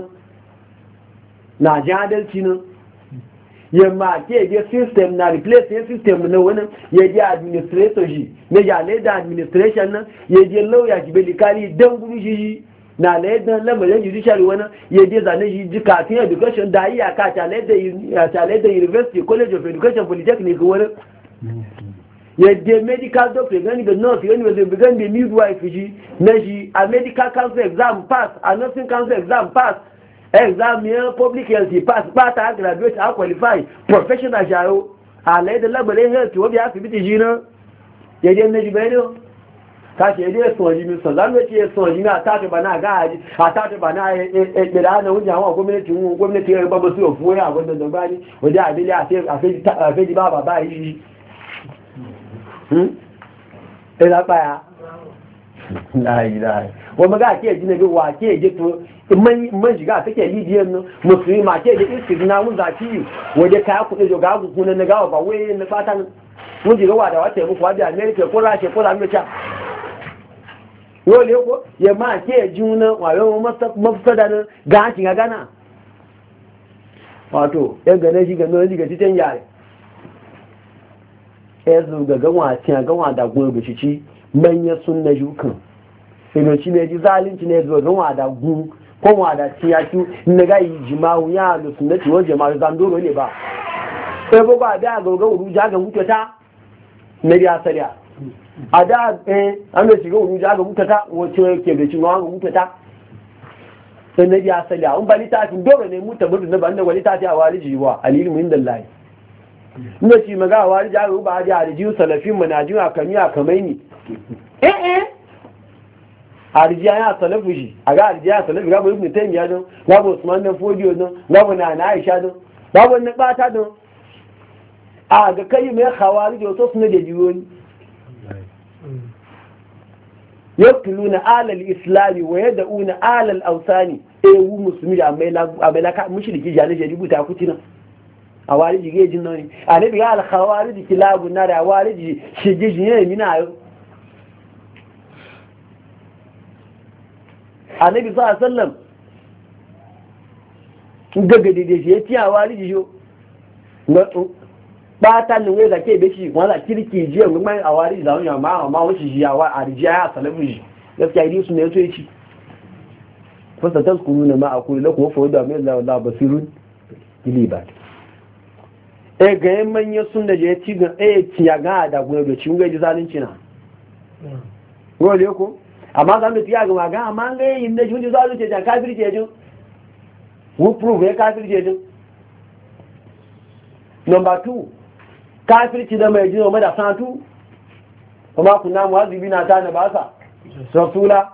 na jihadalci nan ya mace ya je system na replace ye system na wani ye je administrator ji me ya da administration nan ya ji lauya shi bai likali don guru shi na leda ji judiciary wani ye je zane ne ji kafin education da ya ka ta leda university college of education polytechnic wani ye je medical doctor gani da nurse gani da gani da midwife ji na ji a medical council exam pass a nursing council exam pass exam public health pass pátá a graduate a qualify professional ṣàrò àlẹ́ ìdè lágbẹ̀lẹ́ health wọ́n bí asibiti yìí náà yẹ́dẹ́ méjì bẹ́ẹ̀ ni ó káṣí ẹ̀dẹ́ ẹ̀sùn ọ̀jì mi sàn lánàá tí ẹ̀sùn ọ̀jì mi àtàtùbà náà gáàjì àtàtùbà náà ẹgbẹ̀rẹ̀ àwọn oúnjẹ àwọn gómìnàtì wọn gómìnàtì ẹ̀rọ gbogbo sí òfin wọ́n àwọn dandan bá ní ọjà àbílẹ̀ àfẹ́jì bá bàbá yìí ẹ̀lápáyà láàyè láàyè wọ́n mọ́ gáà kí ẹ̀jì náà wà kí ẹ̀jẹ̀ tó man shiga a take libiyar nan musulmi ma ke da iskiri na mun zafi yi waje kaya kuɗi jo ga gugu na gawa ba waye na fatan nan mun shiga wa da wata muku wajen amerika ko rashe ko lamurka yole ko ya ma ke juna wayo da nan ga hankin ga gana wato yan gane shi gano shi ga cikin yare ya zuga gawa ganwa cikin gawa da gobe shi ci manyan sun na jukan sai ne ji zalunci ne zuwa ganwa da gun kowa da ci ya ki na ga yi jima'u ya da sun dace wajen jama'a zan doro ne ba sai e ba ba da ga gauru ja ga mutu ta na ya sariya a da eh an da shiga wuru ja ga mutu ta wace yake da cin ga mutu ta sai na ya sariya an bali ta tun doro ne mutu mutu na ban da wali ta ta waliji wa alilmu inda dallahi ina ci maga ja ga ba ji aliji salafin jiwa kamiya kamai ni eh eh arjiya ya salafu shi a ga arjiya ya salafu gabo ibn taymiya don gabo usman dan fodiyo don gabo na na aisha don gabo na bata don a ga kai mai khawari da to suna da jiyoyi yaktuluna alal islami wa yad'una alal Ausani ewu eh, musulmi da mai la mai la mushriki jani je rubuta ku tina a wariji ge jin nan ne anabi al khawarij kilabun na da wariji shige jin ne mina ayo annabi sa sallam gaga dede shi ya tiya wa riji ba ta ni wai zake be shi wala kirki jiya ngun mai a wari da wani ma ma wuce shi ya wa rijiya ya salamu shi gaskiya idi su ne to yaci ta sa tazkuruna ma a aqulu lakum fa wada min la la basirun ba. e ga yan manya da je ci ga e ci ya ga da gwe do ci ngai zalunci na wole hmm. ko amma za mu tiya ga maga amma ga yin da jun za su ce can kafir ce jun wu prove ya kafir ce jun number 2 kafir ci da mai jin mu mada santu kuma kunna bi na ta na basa rasula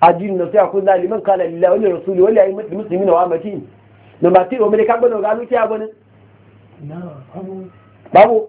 ajin na sai zali man kala lillahi wani rasuli wal ayyimat muslimina wa amati number 3 o me ka gbọ́dọ̀ ga lu ti agbonu no babu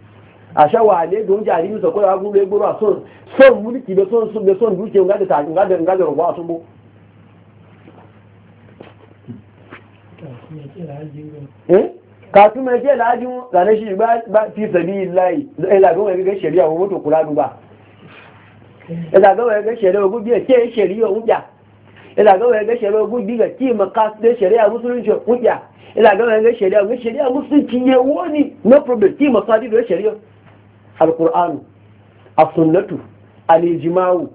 àṣà wà lé a àríwí sọ̀kọ́ ìwà gúnlẹ̀ gbóró àsọ́n sọ́n mú ní kìbẹ̀ sọ́n sọ́n sọ́n dúkìá ńgádẹ̀ tà ńgádẹ̀ ńgádẹ̀ rọ̀gbọ́ àsọ́gbó. kàtúmọ̀ ẹ̀jẹ̀ láàájú lànà ṣì bá fi sẹ̀lí láì ẹ̀làgbọ́n ẹ̀gẹ́gẹ́ ṣẹ̀lí àwọn mọ́tò kúrá dùgbà ẹ̀làgbọ́n ẹ̀gẹ́gẹ́ ṣẹ̀lí ogún bí ẹ̀kẹ́ ṣẹ̀lí ọ̀húnjà ẹ̀làgbọ́n ẹ̀gẹ́gẹ́ ṣẹ̀lí ogún bí ẹ̀kẹ́ ìmọ̀ká ṣẹ̀lí àmúṣúrúṣọ̀ ọ̀húnjà ẹ̀làgbọ́n ẹ̀gẹ́ wani àmúṣúrúṣọ̀ yẹ wọ́n ni no problem tí ìmọ̀ká dídò ṣẹ̀lí ọ̀ Alƙur'anu, as-sunnatu Alkiyasu,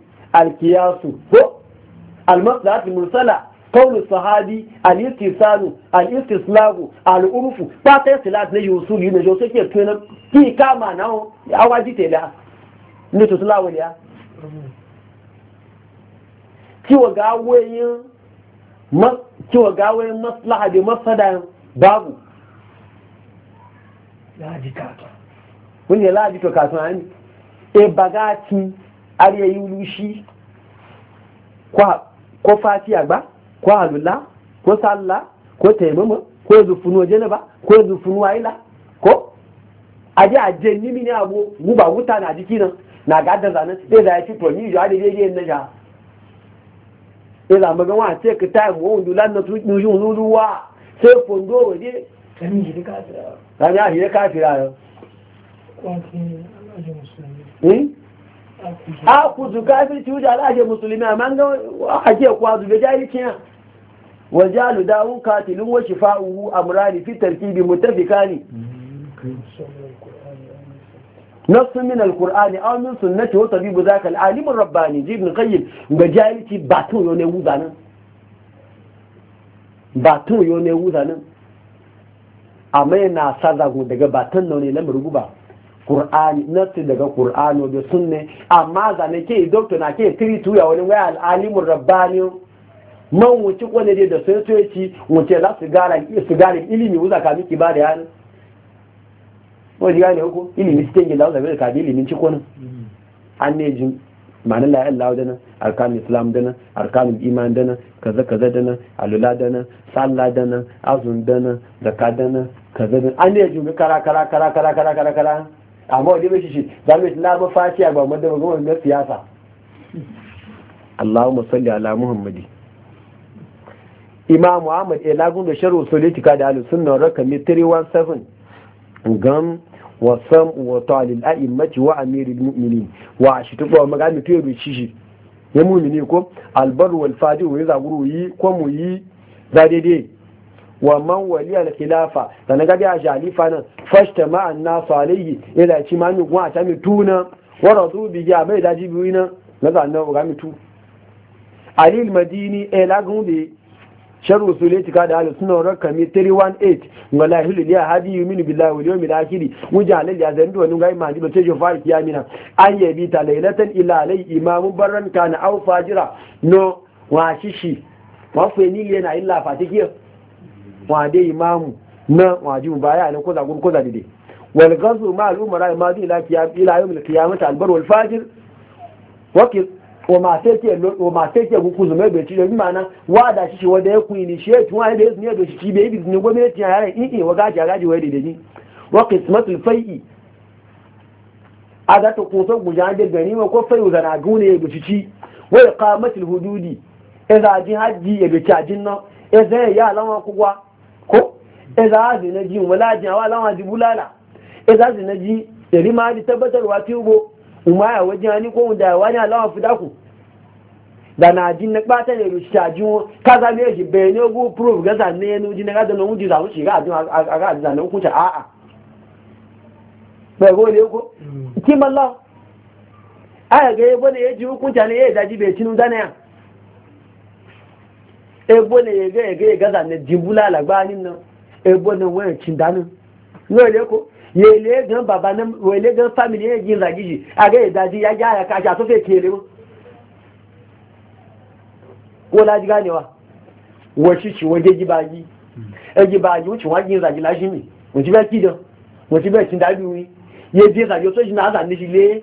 ijmau ko al mursala qawlu sahabi al-istisanu alurufu ba urfu ta yi silas ne yusul ne jo sai ke tuna ki kama na o awaji te da ne to sulawo ya kiwa gawoyin kiwa maslaha da mafsada babu ya ji Wani ya ladi to kasuwanni e bagati ariye yulushi lushi ko Fati agba ko alula ko sallah ko taimama ko zufunu ba ko zufunu waila ko aje aje ni mini abu guba wuta na jiki nan na gadan zanan sai da ya ci to ni ya da yayin na ja sai da magan wa sai ka tayi mu wundu lan na tuju luluwa sai fondo waje kan yi da kafira kan ya yi da kafira Eh? a kuzu kafin cuta al'ajin musulmi a man gan hake kwazu da jayikin ya wajen aluda wuka tilin wa a murari fitar kibi mutafika kani. na sunmin al-kur'ani aunin sunnati wata bibu za ka al'alimin rabbani jibin kayyar ga jayikin ba tun yau ne wuza nan ba yau ne wuza nan a mai na sa zagon daga batun tun na murugu ba Qur'ani nasu daga kurani da sunne amma zane ke doktor na ke tiri ya wani waya al'alimun rabbani man wuce kwane dai da sun ci wuce gara su gara ilimi wuza ka miki ba da yana ko ji gane ko ilimi su gida wuza bai ka ilimi ci kwana an ne jin ma'anar la ilaha dana arkan islam dana arkan iman dana kaza kaza dana alula dana sallah dana azun dana zakka dana kaza dana an ne jin kara kara kara kara kara kara kara amma wajen mai shi mu na ba fashi ba babban ba gwamnati na siyasa Allahumma salli ala Muhammadi Imam Muhammad ya eh, lagun da sharu solitika da ahlus sunna raka 317 gam wa sam wa talil a'immati wa amiril mu'minin wa shi tuba magana to yaro shi ya mu'mini ko albar wal fadi wa yazaguru yi ko mu yi daidai wa man wali al khilafa dan ga da jalifa nan fashta ma an nasu alayhi ila ci ma ni kuma ta mi tuna wa radu bi ya bai daji biyu nan na zan nan ga mi tu ali al madini ila eh, gumbi sharru sulati ka da ahlus sunna rakka mi 318 wala hilu liya hadi yuminu billahi wal yawmil akhir mujahal ya zan do wani imani ba tejo fari Amina. an bi ta laylatan ila alai imamun barran kana aw fajira no wa shishi wa fa ni yana illa fatikiyo wade imamu na waji mu baya ne ko za ko za wal gazu ma al umara ma di la qiyam ila yawm al qiyamah al bar wal fajir wa ki wa ma sai ke wa ma sai ke ku zume be ci mana wa da shi shi wanda ya ku ni shi tun ai da ne da shi be bi ne gwamnati ya yaran i wa gaji gaji wa dide ni wa qismatul fai'i ada to ko san gujan da gani ma ko fai'u zana gune ya bi ci wa iqamatul hududi idza e ji haji ya bi ci ajin no e idza ya lawan kuwa ko ji wala ji ji bulala iza zina ji yari ma tabbatarwa ti ubo umma ya ko da wani alawa fidaku da na ji na kpata ne ji ka za ne ogu proof ga za ne na za mu a ga za ko mm. aya ga ne ne ya ebo ne yege yege yega za ne alagba ni na ebo ne wọn ti dana ní ọ̀lẹ́ kó yèlé gan bàbá náà wèlé gan fámìlì yẹn jí ìlà jíjì ya ìdájí yájá àkàṣà tó ki kéèrè wọn. wọ́n lájú gáà ni wa wọ́n ṣì ṣì wọ́n dé jíbáyí ẹjíbáyí wọ́n ṣì wọ́n jí ìlà yi la mi wọ́n ti bẹ́ẹ̀ kí dán wọ́n ti bẹ́ẹ̀ ti dájú mi yé bí ìlà jí ó tó ṣì náà àzà ní ilé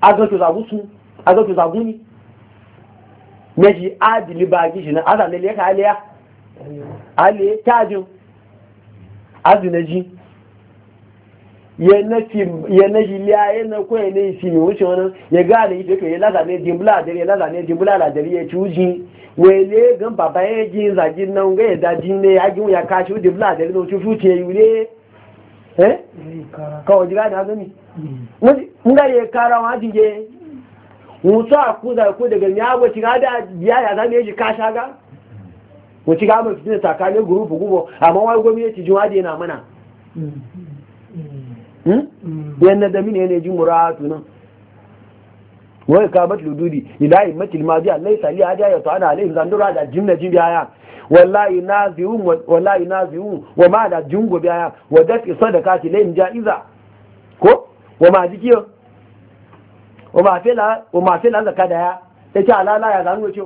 agọ́tòsàgún ni. meji adili bagi shi na azalele ya ka aliya aliye tajin azinaji yana jiliya yana kwaye na isi mai wuce wani ya gane ije ka yi laza ne dimbula da ya laza ne dimbula da dare ya ci uji wele gan baba ya ji zagi na nga ya daji ne ya gi ya kashi dimbula da na wuce fuce yi wule eh kawo jira da gani mun ga ya kara wa jige mutu a kuza ko daga ya wace ga da biya ya zama yaji ka shaga wace ga mun fitina tsakanin gurupu gubo amma wai gwamnati jiwa da yana mana hmm? yan da mine ne ji a nan wani ka bat lududi ilahi matil maji allahi sali aja ya ta'ala alaihi zandura da jinna jin biya wallahi na wallahi wa ma da jingo biya wa dafi sadaqati ja iza, ko wa ma dikiyo o ma fi la zaka da ya ta ce alala ya zanu ce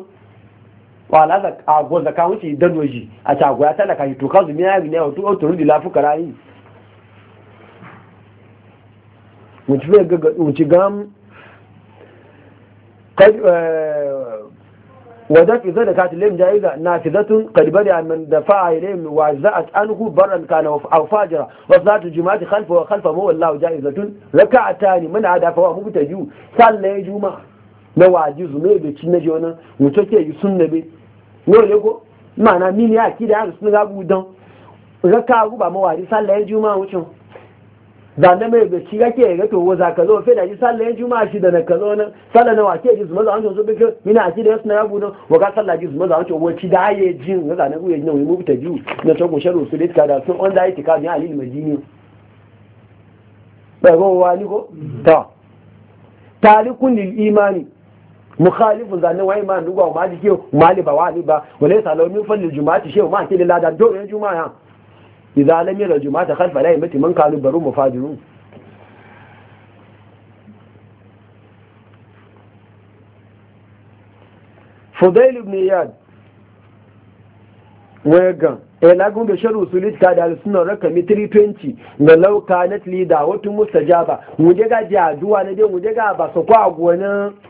wa ala la ago zaka wuce dan doji a ta ago ya talaka shi to ka zumi ya ne to o turu dila fukara yi mutu ga mutu gam kai eh ودفع ذلك لم جائزة نافذة قد بدأ من دفع إليهم وعزأت أنه برا كان أو فاجرة وصلاة الجماعة خلفه وخلفه هو الله جائزة ركع تاني من عدا فهو مبتجو صلى جمعة لو عجز ما يبتش نجونا وتوكي يسن بي نور يقول معنا مين يأكيد هذا سنغابو دان ركعه بما وعدي صلى جمعة وشو da na mai gaci kake ga to za ka zo fe da ji sallan juma'a shi da na kazo nan sallan na wake ji zuma zan zo bika mina aki da yasna yabu nan wa ka sallan ji zuma zan zo wace da aye jin ga na uye na mu ta ju na to go sharu su litka da sun on da yake ka ni alil majini ba go wa ni ko ta talikun lil imani mukhalifun zanne wai ma duga ma ji ke mali ba wa wali ba wala salawmin fallil juma'ati shehu ma ke lada do juma'a idza lam yara jumata khalfa la yamti man kanu baru mufajirun fudail ibn iyad wagan elagun da sharu sulit ka da sunan rakami 320 ga lauka na lida wata mustajaba mu je ga ji aduwa na je mu je ga ba su kwa gwanin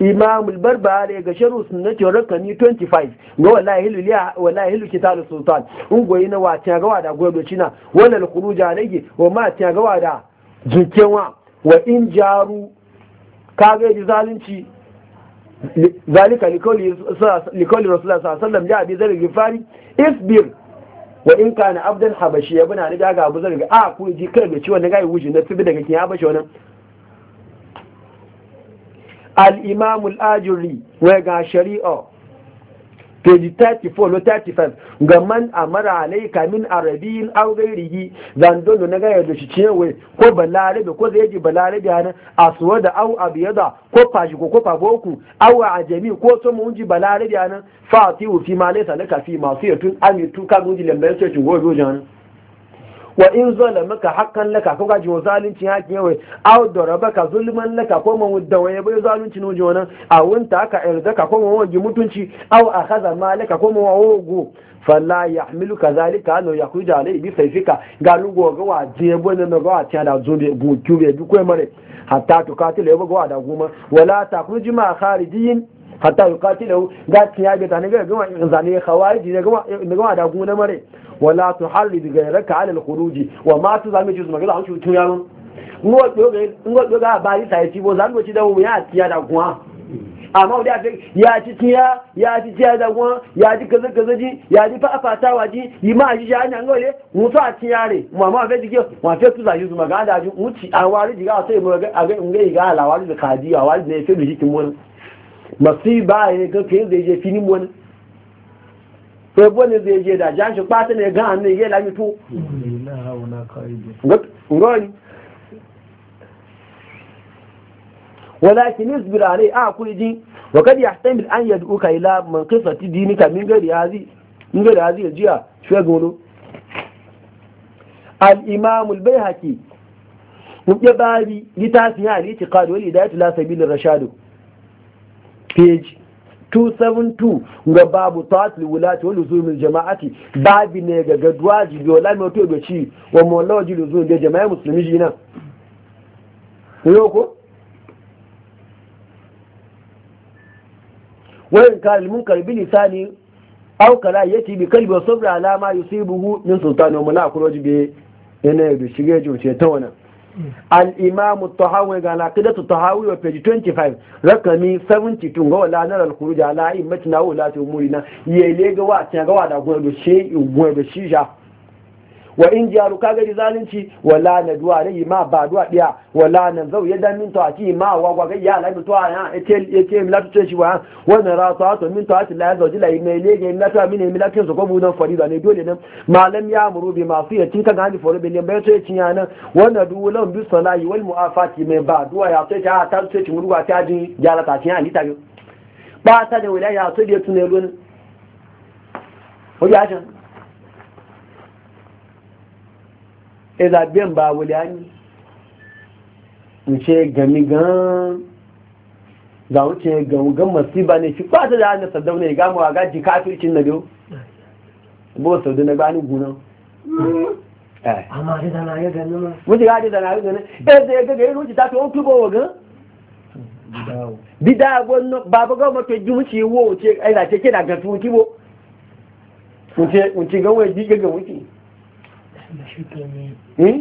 imam al da ga sharu sunna ce rakami 25 ga wallahi liya wallahi hilu kitabu sultan ungoyi na wa tiya gawa da gwado china wala al-khuruj alayhi wa ma ta gawa da jinkenwa wa in jaru kaga yi zalunci zalika likoli rasulullah sallallahu alaihi ya bi zar gifari isbir wa in kana abdan habashi ya bana riga ga abu zar a ku ji kai ga ciwon da ga yi wuji na tibi daga kin habashi wannan al'imamul ajiri wai ga shari'a page 34 no 35 ga man mara alaika min arabiyin aw zan zandondo na gaya da shi wai, ko balarabe ko zai ji balarabe hana suwa da aw abiyada ko fashi ko boku fagoku a ajami ko so mun ji balarabe hana fatihu fi ma laysa laka fi ma an yi tuka mun ji lambar sai ci gobe wajen wa in zola maka hakan laka ko gaji wa zalunci hakin yawai aw doraba ka zulman laka ko ma da waye bai zalunci nuji jona a wunta aka irda ka ko ma waje mutunci aw akhadha malaka ko man wago falla ka zalika an yakhruja alayhi bi sayfika galu go ga waje bone no ga wace da zunde bu kube bi ko mare hatta to katile ba ga da goma wala takhruji ma kharijiyin hatta yuqatilu ga tiya ga tane ga ga zane khawariji ne ga ga da gona mare wala tu halli tuharrid ghayraka 'ala al-khuruj wa ma tu tuzami juz magana an shu yaro ngo doge ngo doge ba yi sai ci bo zan go ci da mu ya tiya da kuwa amma da ta ya ci tiya ya ci tiya da kuwa ya ji kaza kaza ji ya ji fa fata wa ji yi ma ji ja nya ngole mu so a tiya re mu ma fe ji wa fe tu za juz magana da ji mu ci a wari ji a sai mu ga ga ngai ga ala wari da kadi a wari ne fe ji kin mu masiba ya ga ke zai je fini mu ebo ne zai je da jan shi kwata ne ga hannun ya lami to ngoni walakin isbir alai a kulji wa kad yahtamil an yad'uka ila man qisati dinika min gari hazi min gari hazi jiya shegolo al imam al bayhaqi mubya babi litafi ya al itiqad wal hidayat la sabil ar rashad page 272 ga babu tawatul wulati wal luzumil jama'ati babi ne ga gaduwa jibi wala mai to gaci wa mawlawa jibi luzum da jama'a musulmi jina yoko wayan kal munkar bi lisani aw kala yati bi kalbi wa sabra alama ma yusibuhu min sultani wa akwai wajbi yana da shige juce ta wannan al'imamu tahawi ga naƙidatu tahawi wa page 25 rakami 72 ga wala nar al da ala a'immati na wula ta umuri na yele ga wa ga wa da gwa shi gwa shi wa in jaru ka gari zalunci wala na duwa rai ma ba duwa ɗiya, wala na zau ya dan min tawaki ma wa gwa ya la bi tuwa ya etel etel la tuce shi wa wani ra ta to min tawaki la zau ji la mai lege ga na ta min mi la kin so ko fari da ne dole nan malam ya muru bi masiyatin kan hadi foro bi ne bayan to cin nan wani duwa lan bi yi wani muafati mai ba duwa ya to ta ah, ta tuce mu ruwa ta jin jara ta cin ali ta ba ta da wilaya to da ya tunai ruwan. ya jan ẹ̀dà bí ẹ̀mbà wòlé gami gan gan masiba ne shi kwata da hannun sadau a gaji kafircin na biyu bo sau na gani gunan hmm. eh. amma da na yi ganin ma wuce ga da na yi ganin ya gaga yin wuce ta fi wa gan bida babu e ji wuce wo wuce aina ce wuce wuce wuce gaga wuce Eh?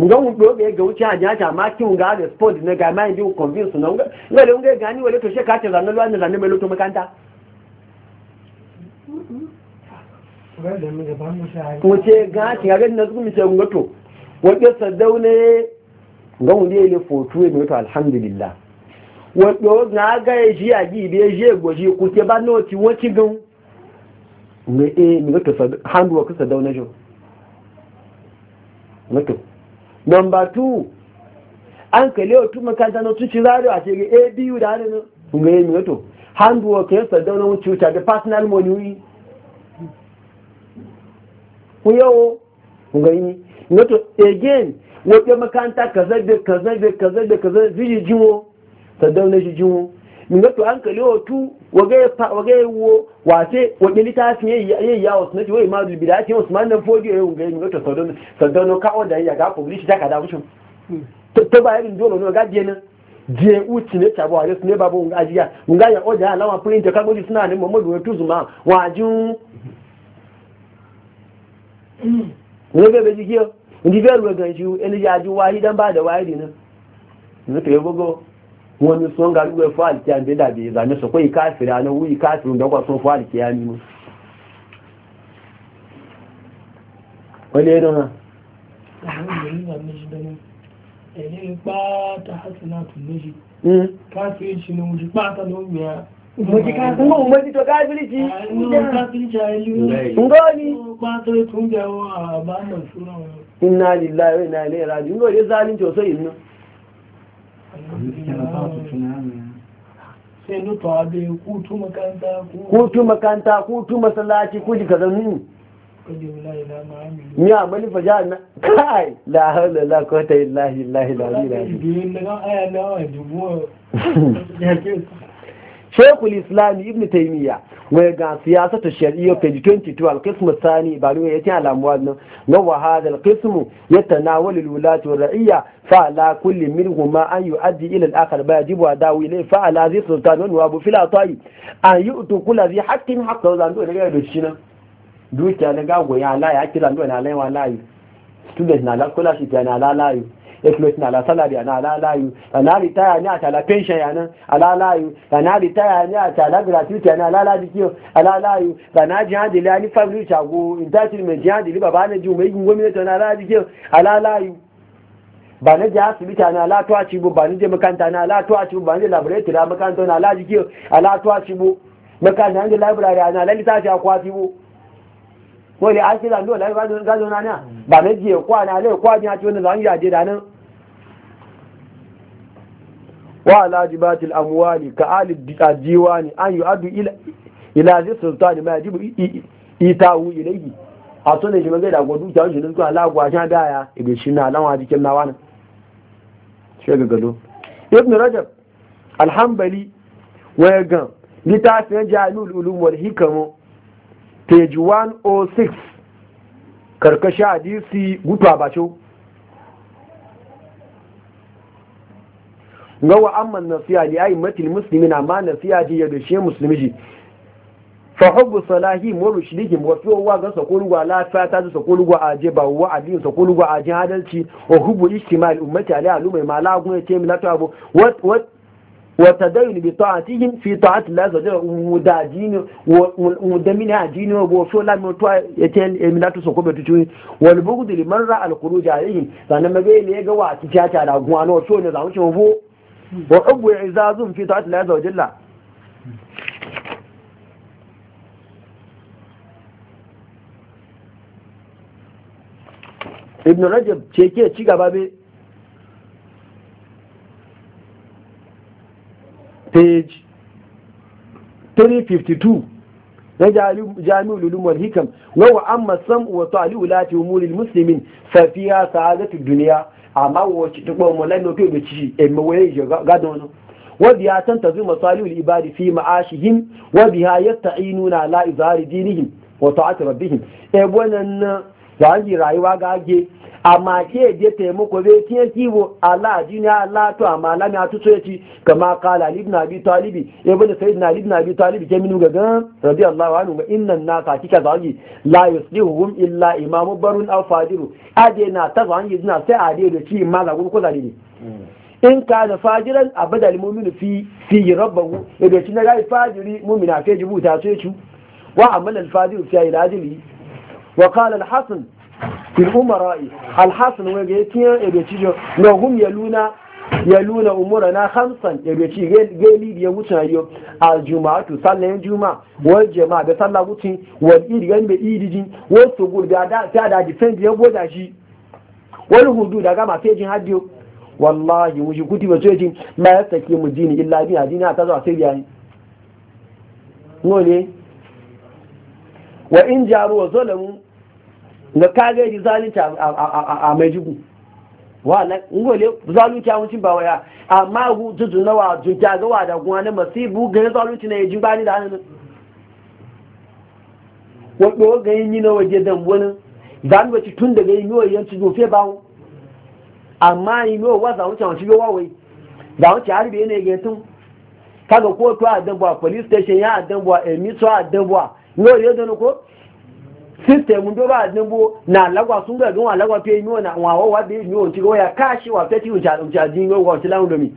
nga wumpe oge ga wuce hajji hajji ma kin ga da sport na ga mai biyu convince na nga nga da nga gani wale to she ka ce zanen luwa ne zanen mai loto makanta wace ga ci ga gani na zuwa mace ngato wadda sadau ne nga wunde ile fotu ne to alhamdulillah wadda na ga ya ji a bi ya je goji ku ke ba no ti wuce gan ne eh ni ga to sadau handu wa jo mutum two an kale otu makanta na tuci zari a ce a biyu da hannun ga yi mutum hand wa ya sadda wuce wuce da personal money wi ku yawo ga yi mutum again wata makanta kaza da kaza da kaza da kaza zai jiwo na shi jiwo ngato hankali otu wage wo wace wage littafin yayi ya wasu nace wai mazul bida ce wasu manan foji yayi eh, ungai ngato sadono sadono ka wanda ya ga publish ta kada mushin to ba irin dole no ga diena je uti ne tabo a yesu ne babu unga ajiya unga ya oda ala wa print ka goji suna ne mamudu tuzu ma, wajun hmm. ne ga beji kiyo ndi ga ruwa ganji eni ya ji wahi ba da wahi ne ne to yego wani sun ga ruwa fa alkiya bai da bai zane su kai kafira na wuyi kafirun da kwasan fa alkiya ne mu wani yana na ẹ̀yẹ́ ipá tàhásì náà tún méjì káàkiri ṣìnà òjì pàtàkì ló ń gbé ya Moji ka kuma umarci to kafirci. Ngoni. Inna lillahi wa inna ilaihi raji'un. Ngoni zalunci so yin nan. sai nufa da ya kutu makanta kutu makanta kutu masallaci kuji ka zaune ya mani faja na kai la hawla la quwwata illa billahi la ilaha illa huwa [laughs] ibn taymiya mai ga siyasa ta shari'a page 22 alkismu sani ba ya ce alamuwa nan na wahada alkismu ya tanawali wani lula ra'iyya ra'iya fa'ala kulli minhu ma an yu'addi ila al'akar ba ba yajibu adawi dawo ila fa'ala zai sultan wa nuwabu fil yi an utu kula zai haqqin haqqa zan do daga da shi nan dukiya na gagoya layi la ya kira ndo na layi wa layi student na lakula shi ta na layi ya tulo ala salari ana ala layu ana ritaya ne a tala pension ya nan ala layu ana ritaya ne a tala gratuity ya nan ala layu ala layu ana jihadi la ni family chago ba na jiwo mai gun gwamnati na ala ala layu ba asibiti na ala to acibo ba je makanta na ala to acibo ba ni laboratory makanta na ala kiyo ala to acibo makanta na library na ala litafi akwati bo wọ́n lè náà ẹ̀kọ́ àná alẹ́ ẹ̀kọ́ dáná wa alajibat al-amwali ka al-diwani an yu'addu adu ila zai sultani ma yajibu itawu ilayhi a to ne shi magai da godu ta shi nan ko ala gwa sha daya ibe shi na lawa jikin na wani shi ga gado ibn rajab al-hanbali waya ga litafin jalul ulum wal hikam page 106 karkashin hadisi gutwa bacho ga wa amman nasiya li ayi matil muslimina ma nasiya ji ya gashe musulmi ji fa hubbu salahi wa rushdihim wa ga sakulu wa la ta ta sakulu wa aje ba wa adin sakulu wa aje hadalci wa hubbu ijtimal ummati ala alu mai la gun ce mi latu abu wat wat wa tadayun bi ta'atihim fi ta'ati la zaja wa mudamina ajini wa so la mi to yace mi latu sakulu tu tuwi wal bughd liman ra al khuruj alayhi sanan mabe ne ga wa ci ta da gun ano so ne zamu ce mu wa hubbu izazun fi ta'ati Allah azza wa jalla ibn rajab ce ke ci gaba be page 352 na Jamiu ulum wal hikam wa amma sam'u wa ta'li ulati umuri muslimin fa sa'adatu dunya amma wace ta kuma mulai mai da ci emme waye je gado wani wabi ya tanta zai masalu ibadi fi ma'ashihim wabi ya yatta inuna la izari dinihim wata ta'ati rabbihim e wannan da an rayuwa ga amma ke je taimako zai ke kiwo Allah jini Allah to amma Allah ya tuso ci kama kala ibn abi talib ibn sayyidina ibn abi talib ke minu gaga radiyallahu anhu ga innan nasa kika zagi la yuslihuhum illa imamu barun aw fajiru na ta zangi dina sai ade da ci mala ko zalili in ka da fajiran abada al-mu'minu fi fi rabbahu idan shi na gai fajiri mu'mina sai jibuta sai ci wa amal al-fajiru fi ilajili wa qala al fil umara'i alhasan wai ga yakin ebe cijo na hum yaluna yaluna umurana khamsan ebe ci geli biya wucin ayo aljuma'atu sallan juma wal jama'a da sallah wucin wal idi gan be idi jin wal subur da da ta da defend ya boda shi wal hudu da gama a jin hadiyo wallahi wuji kuti ba sai jin ma ya sake mu jini illa bi adina ta zo sai ne wa in jaru wa zalamu na kage ji zalunci a mai jigu wala ngole zalunci a mutum ba waya amma hu juju na wa junta ga wa da kuma na masibu ga zalunci na yaji bani da hannun wato ga yin na waje dan wani dan ci tun daga yin yiwa yanci dofe ba amma yi yiwa wa zalunci a mutum yawa wai zalunci har bai ne ga tun kaga ko to a danbuwa police station ya a danbuwa emitso a danbuwa ngole yadda ko system ndo ba nebo na lagwa sun ga lagwa pe nyo na wa wa be mi nyo ti ya kashi wa pe ti o ja ja din go wa ti la ndo mi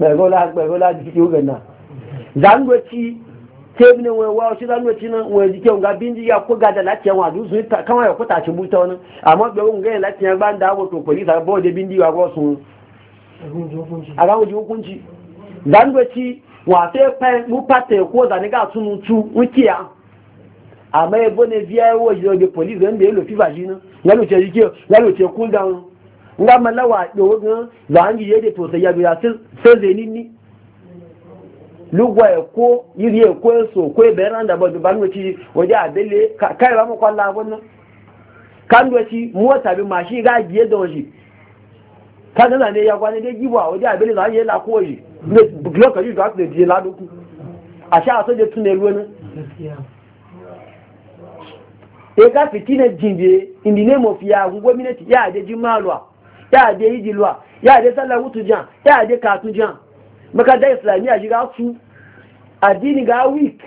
la la wa zango ti na we nga ya ko ga da la ti wa du sun ta kan wa ko ta ti bu amma nga la ti ba nda go to police a bo de binji wa go sun wa àmọ́ ẹgbọ́n ní bí ẹwọ́ ìjọ ìjọ pọ̀lìsì ń bèèrè fífà sí iná lálùtẹ̀ yìí kí ọ lálùtẹ̀ kú dáhùn ńlá máa láwà àpèwọ́ gan láàájì yéde tó ṣe yàgbéra sẹ́sẹ̀ níní lúgbà ẹ̀kọ́ yìí ẹ̀kọ́ èso kó ẹ̀bẹ̀ ráńdà bọ̀ bá nù ti wọ́dẹ́ àbẹ́lẹ̀ káyọ̀ bá ya ga fitina jinje in the name of ya gwamnati ya je jimalwa ya je ijilwa ya je sallar wutu jan ya je katun jan da makadar ya shiga su addini ga week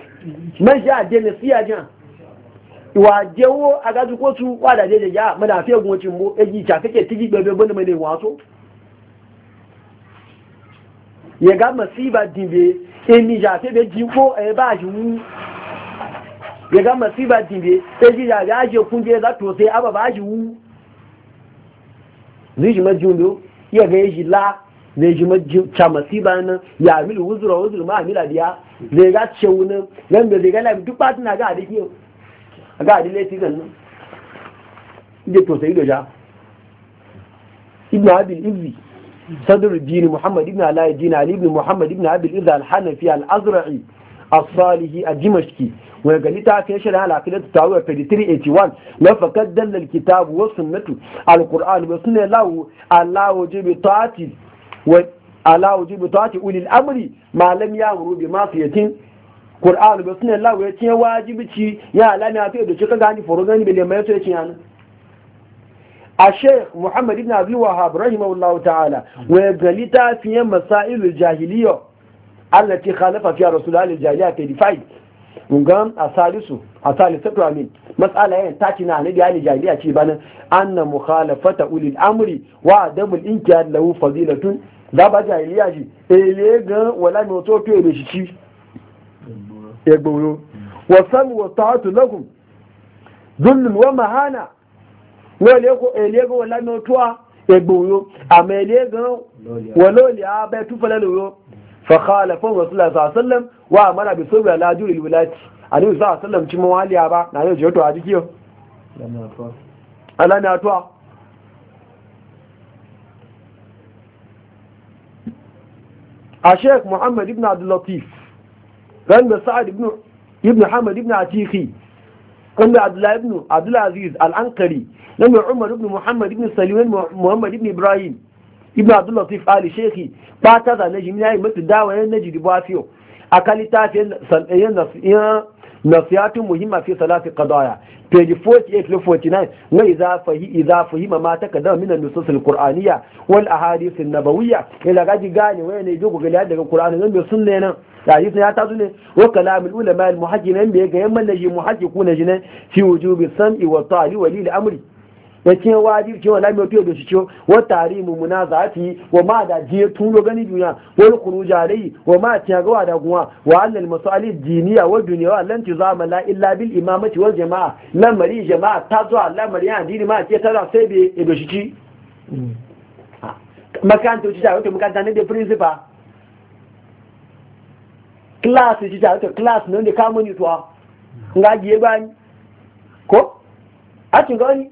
man shi addini na siya jan wa jewo a gaji ko su wada je da ya mana fiye gwamnatin mu eji ta kake tigi bebe bane mai waso ya ga masiba dinbe emi ja fe be jinko e ba shi ya ga masiba tibe sai ji ya gaje kunje za to sai aba ba shi wu zai ji majundo ya ga ji la zai ji majinta masiba nan ya mil wuzura wuzura ma amila biya zai ga ce wuni nan da zai ga lafi duk ba tana ga adiki a ga adile tigan nan ije to sai doja ibn abil ibzi sadr jini muhammad ibn ala ibn ali ibn muhammad ibn abil ibzi al-hanafi al-azra'i الصالحي الدمشقي وقال تعالى شرح العقيدة التعوية في 381 وفقد دل الكتاب والسنة القرآن والسنة له على وجب طاعته على وجب طاعته أولي الأمر ما لم يأمروا بمعصية Qur'an ba suna lawo ya ce wajibici ya alama ta da cika gani foro gani bai mai to ya ce yana a Sheikh Muhammad ibn Abdul Wahhab rahimahullahu ta'ala wa galita fiye masailul jahiliyya allati khalafa fiha rasulullahi jahiliya 35 ngam asalisu asalisatu amin mas'ala yayin taki na annabi ali jahiliya ce bana anna mukhalafata ulil amri wa adamul inkiyar lahu fadilatun da ba jahiliya ji ele gan wala mi to to ele shi egboro wa sam wa ta'atu lakum dhull wa mahana wale ko ele gan wala mi to egboro ama ele gan wala li abe tu fala lo fakhalafin rasulullah sallallahu alaihi wa amara bi sabra la juril wilati annabi sallallahu alaihi wasallam cin mawaliya ba na yau jiyo a jiki yo alana to a sheikh muhammad ibn abdul latif kan da sa'ad ibn ibn ibn atiqi kan da abdullah ibn abdul aziz al-anqari da umar ibn muhammad ibn salim muhammad ibn ibrahim ibn abdullatif ali shekhi ba ta zane shi ya yi mutu dawa yan na jiri bafiyo a kalita fi yan nasiyatun muhimma fi salati qadaya page 48 to 49 wa idza fahi idza fahima ma takadda min an-nusus al-qur'aniyya wal ahadith an-nabawiyya ila gaji gane waye ne jogo gali daga Kur'ani, nan bai sunne nan sun ya tazo ne wa kalam al-ulama al-muhajjin ne ga yamman ne muhajjiku ne fi wujubi sam'i wa ta'li wa lil amri yace wajibi ce wala mai da shi ce wa tarimu munazati wa ma da je tuno gani duniya wal kuru alai wa ma ta ga wa da kuma wa annal masali diniya wa duniya wa lan tuzama la illa bil imamati wal jamaa lamari jamaa ta zo lamari addini ma ce za sai be edo shi ci makanta ci ta wato makanta ne da principal class ci ta wato class ne da kamuni to nga giye bani ko a ci gani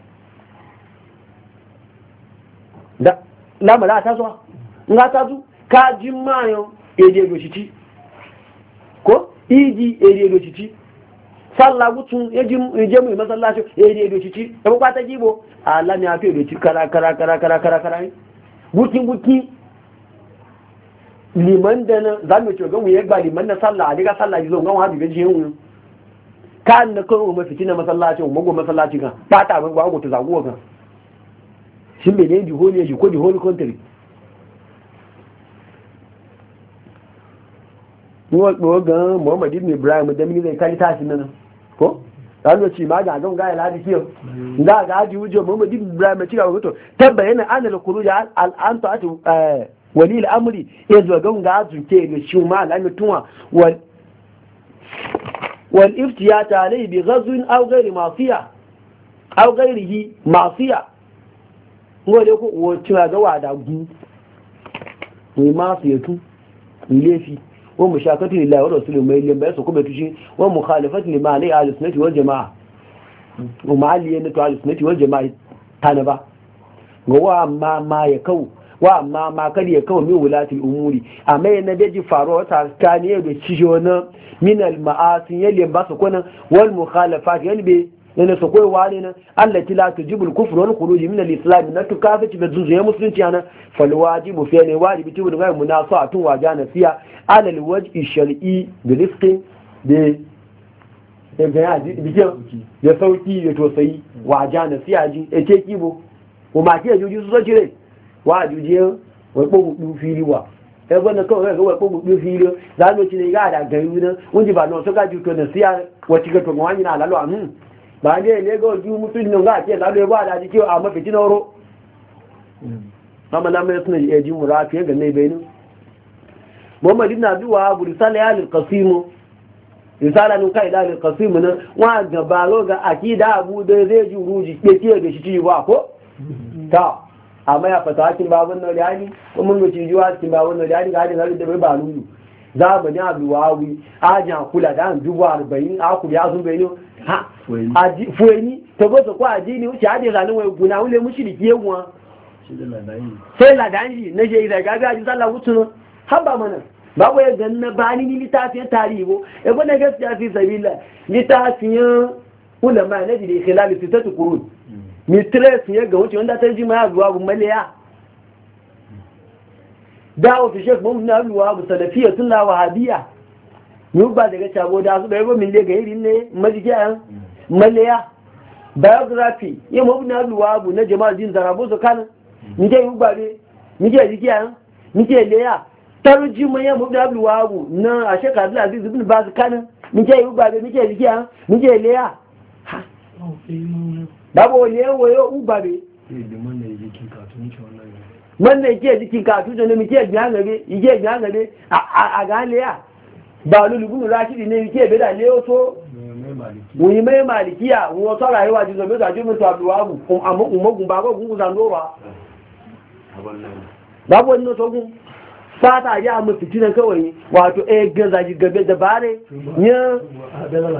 da lamara a zuwa in ka zu ka ji mayan ede goshiti ko iji ede goshiti sallah gutun yaji je mu masallaci ede goshiti da ba ta jibo Allah ne afi goshiti kara kara kara kara kara kara gutin gutin liman da na za mu ce gamu yagba liman na sallah a daga sallah zo gamu habi gaji yin ka an na kawo mafitina masallaci mu go masallaci kan, ba ta ba go ta zaguwa kan. shi mai ne jiholiya shi ko the whole ni wọ́n pọ̀ gan muhammadu ibn ibrahim mini zai kari tashi nan ko da eh, shi ma ga zan gaya ladi kiyo ga ga haji wujo muhammadu ibn ibrahim ci gaba tabba yana an al khuruja al anta ati wali al amri ya zo gan ga zuke ne shi ma al amtuwa wal wal iftiyata alai bi ghazwin aw ghairi masiya aw ghairihi wale kuwa cina ga wada gu fi. masu yatu mai laifi wa mu shakatu ne lai wa rasulun mai liyan bayan su kuma tushe wa mu khalifat ne ma alai ahalus nati wal jama'a wa ma aliyu na tuwa alus nati wal jama'a ta na ba ga wa ma ma ya kawo wa ma ma kar ya kawo min wulatul umuri a mai na da ji faruwa wata ta ne da ci shi wani min al ma'asin yalle ba su kunan wal mu khalifat be. yana su koyi wani na Allah tila ta jibul kufur wani kuru min al-islam na tuka ta ci bezuzu ya musulunci ana fal wajibu fi ne wajibi tibu ga munasa tun waja na siya alal wajhi shar'i bi rizqi bi ga ya ji bi ya sauki ya tosai waja na siya ji e ce kibo ko ma ke juji su soci re wa juji wai ko du fili wa e gwanin kawai e ga wai ko du fili za mu ci ne ga da gayu Wani wunji ba no so ga ju to na siya wa ci ga to ngwani na a nun? ba ne ne ga wajen mutum ga ce lalu ya ba da jikewa a mafici na wuro amma na mai suna ya ji mura fiye ga nai benin muhammadu na zuwa bu risala ya lilkasimu risala nun kai da kasimu na, wa gabaro ga akida abu da zai ji ruji ke fiye da shi ci ba ko ta amma ya fata hakin babun na rani kuma mun ci juwa hakin babun na rani ga hadin da bai ba lulu zamanin abuwa awi ajan kula da an dubu arba'in akuri ya sun bai fueni togoso kwa ajini uche aje zanu we guna ule mushiriki yewa sai ladanji na je ida gaga ajin sallah wutu haba mana babu ya ganna bani ni litafiyan taribo ebo na gaskiya fi sabila litafiyan ulama na da ikhlal fi tatu qurun mitres ya ga mm. wuce wanda ta ji ma zuwa bu maliya da'wa fi shekh mun na ruwa bu salafiyya sunna wahabiyya yóò daga sabo da su bai gomin daga irin ne majigiyan malaya biography yin mabu na luwa abu na jama'a jin zarabo su kanin nike yi gbare nike jigiyan nike leya taruji mai yin mabu na luwa abu na a shekar da aziz ibn ba su kanin nike yi gbare nike jigiyan nike leya dabo ne wayo ugbare wannan ke jikin na mike jiyan ike jiyan gabe a ga ya ba lulugun rashidi ne ike beda ne o to wuyi mai malikiya wọn tọ́ rayuwa jizo bí sàájú mẹ́ta àbúwáwù fún àmọ́gùn bá gọ́gùn kúta ba babu wani gun fata ya mu fitina kawai wato eh gaza ji gabe da bare ya abi alala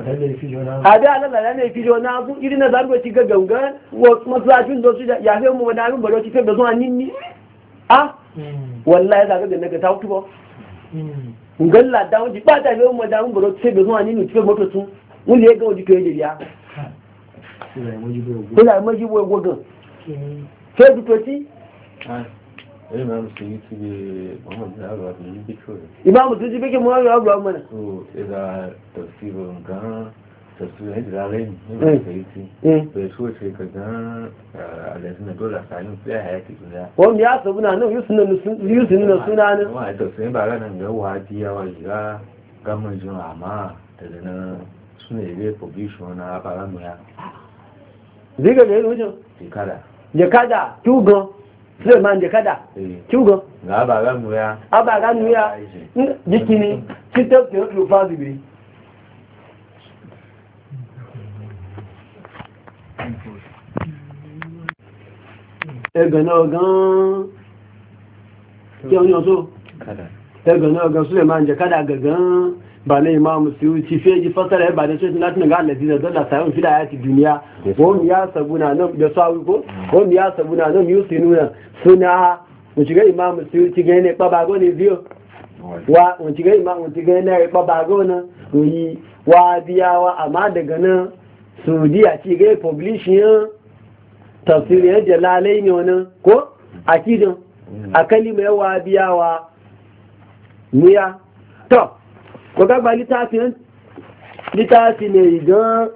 da ne fijo na bu irin na zango ci ga ganga wasu masalacin da su ya fi mu wani abin baro ci kai da zuwa ninni ah hmm. wallahi zaka ga naga ta hutu ba hmm. ngan la da wonji ba da be mo da ngoro tse be zuwa ni ni tse moto tun mun le ga wonji kede ya ila mo ji bo gogo tse du to ti imam sun yi su be muhammad da abu abu yi bi ko imam sun ji be ke muhammad abu abu mana so ila tafsirin gan tattalin da zarayin ne da yi bai so ce ka na dole a sanin fiye a yaki suna wanda ya sabu na nan na suna ne wa a tattalin ba ranar ga wadi yawa amma daga nan suna yi provision na bara mu ya ziga da yi wucin jikada jikada ga bara mu ya a bara mu ya jikini cikin ẹgbẹ̀nà ọgán kí ọyọ́ tó ẹgbẹ̀nà ọgán súlẹ̀ máa ń jẹ kádà gẹ̀gán bà ní imamu sí ó ti fẹ́ jí fọ́sára ẹ̀bà láti dọ́là fídà dùnìyà yá sàbúnà náà náà nuna suna sí ó ti gẹ́ ní pàbàgọ́ ní bíọ́ wa ti gẹ́ ní pàbàgọ́ náà wa wa tafsiri ya jalalai ne wani ko akidin a kalima yawa biyawa niya to ko gagba littafin litafi ne gan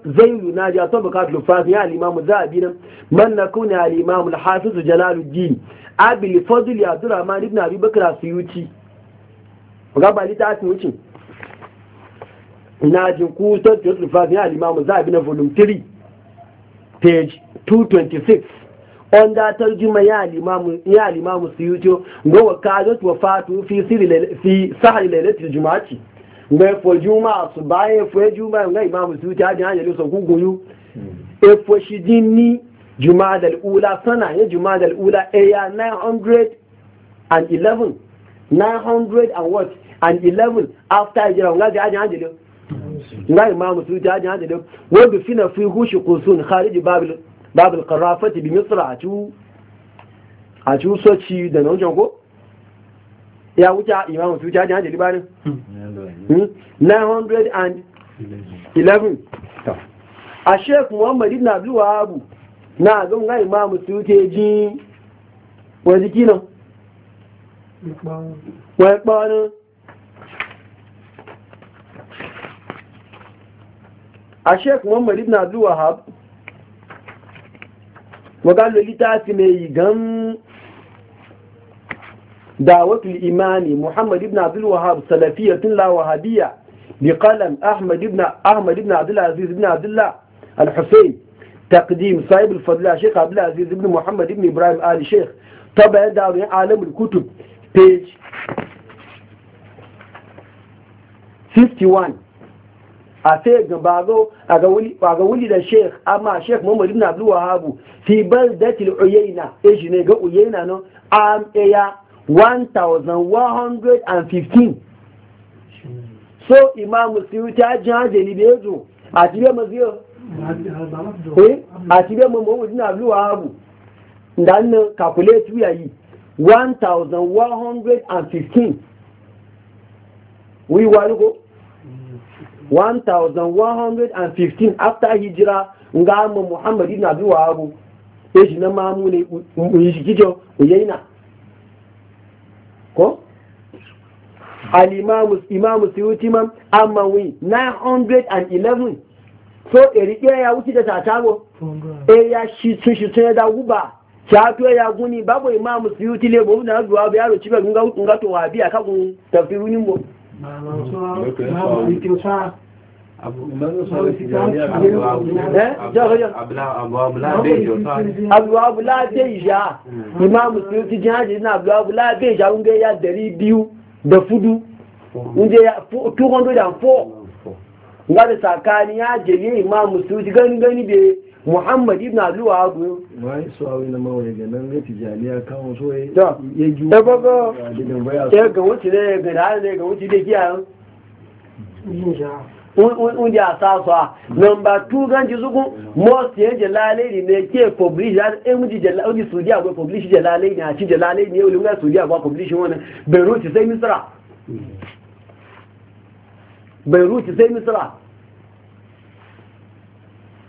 yi na ji a to bukatu lufafi ya alimamu za a biyan man na kuna alimamu na hafizu jalaluddin abili fadli ma ibn abi bakra suyuti ko gagba littafin wucin na ji kusa to lufafi ya alimamu za a biyan volume 3 page 226 wanda tarjuma ya alimamu ya alimamu suyuto gowa kazat wafatu fi sirri fi sahri lailatul jumu'ati ngai efo juma su baye fo juma e ngai imamu suyuto ajin ajin so guguyu e fo ni juma da al'ula, sana ya juma da al'ula, e ya 911 900 and what and 11 after hijira ngai ajin ajin ngai imamu suyuto ajin ajin wo bi fina fi gushu kusun kharij babil babul karafati bi misra a ciwu a ciwu soci da na wucin ko ya wuce imamu su wuce hajji hajji libanin 911 a hmm? sheik muhammad na zuwa wahabu na zan ga imamu su wuce ji wani jiki wani kpawanin a sheik muhammad na zuwa wahabu waga lo littafi mai gan dawatu imani muhammad ibn abdul wahab salafiyatun la wahabiyya bi qalam ahmad ibn ahmad ibn abdul aziz ibn abdullah al-husayn taqdim sahib al-fadla sheikh abdul aziz ibn muhammad ibn ibrahim ali sheikh taba dawatul alam al-kutub page 51 a sai gabago a ga wuli da sheikh amma sheikh muhammad ibn abdul wahabu fi baldatil uyayna e shi ne ga uyayna no am eya 1115 so imam suyuti a jihaje ni be yazo a tibe maziyo a tibe muhammad ibn abdul wahabu dan nan calculate ayi 1115 wi ko 1115 after hijira nga amma muhammad ibn abi wahab ya shi na mamu ne yi shi kijo uyaina ko al-imam imam suyuti man amma 911 so erike ya wuti da tatago e ya shi tun shi tun da guba shafiyo ya guni babu imam suyuti le bo na zuwa biya ro cibe nga nga to wabi akagun tafsirun mu Abuwabu labe isha, imamu sirti jihadi na abuwabu labe isha wunde ya dari biyu da fudu, wunde ya 204, nga da tsakani ya jeliye imamu sirti gani gani bai muhammad ibn aluwa agu wani suwawi na mawaye ga nan ga tijaliya kan wasu ya yi ya bago ya ga wuce ne ga da ne ga wuce da kiya undi sa number two ganji zuku most yan jalalaini ne ke publish ya e muji jalalaini sudi agwa publish jalalaini a ci jalalaini ya ulunga sudi agwa publish wannan beirut sai misra hmm. beirut sai misra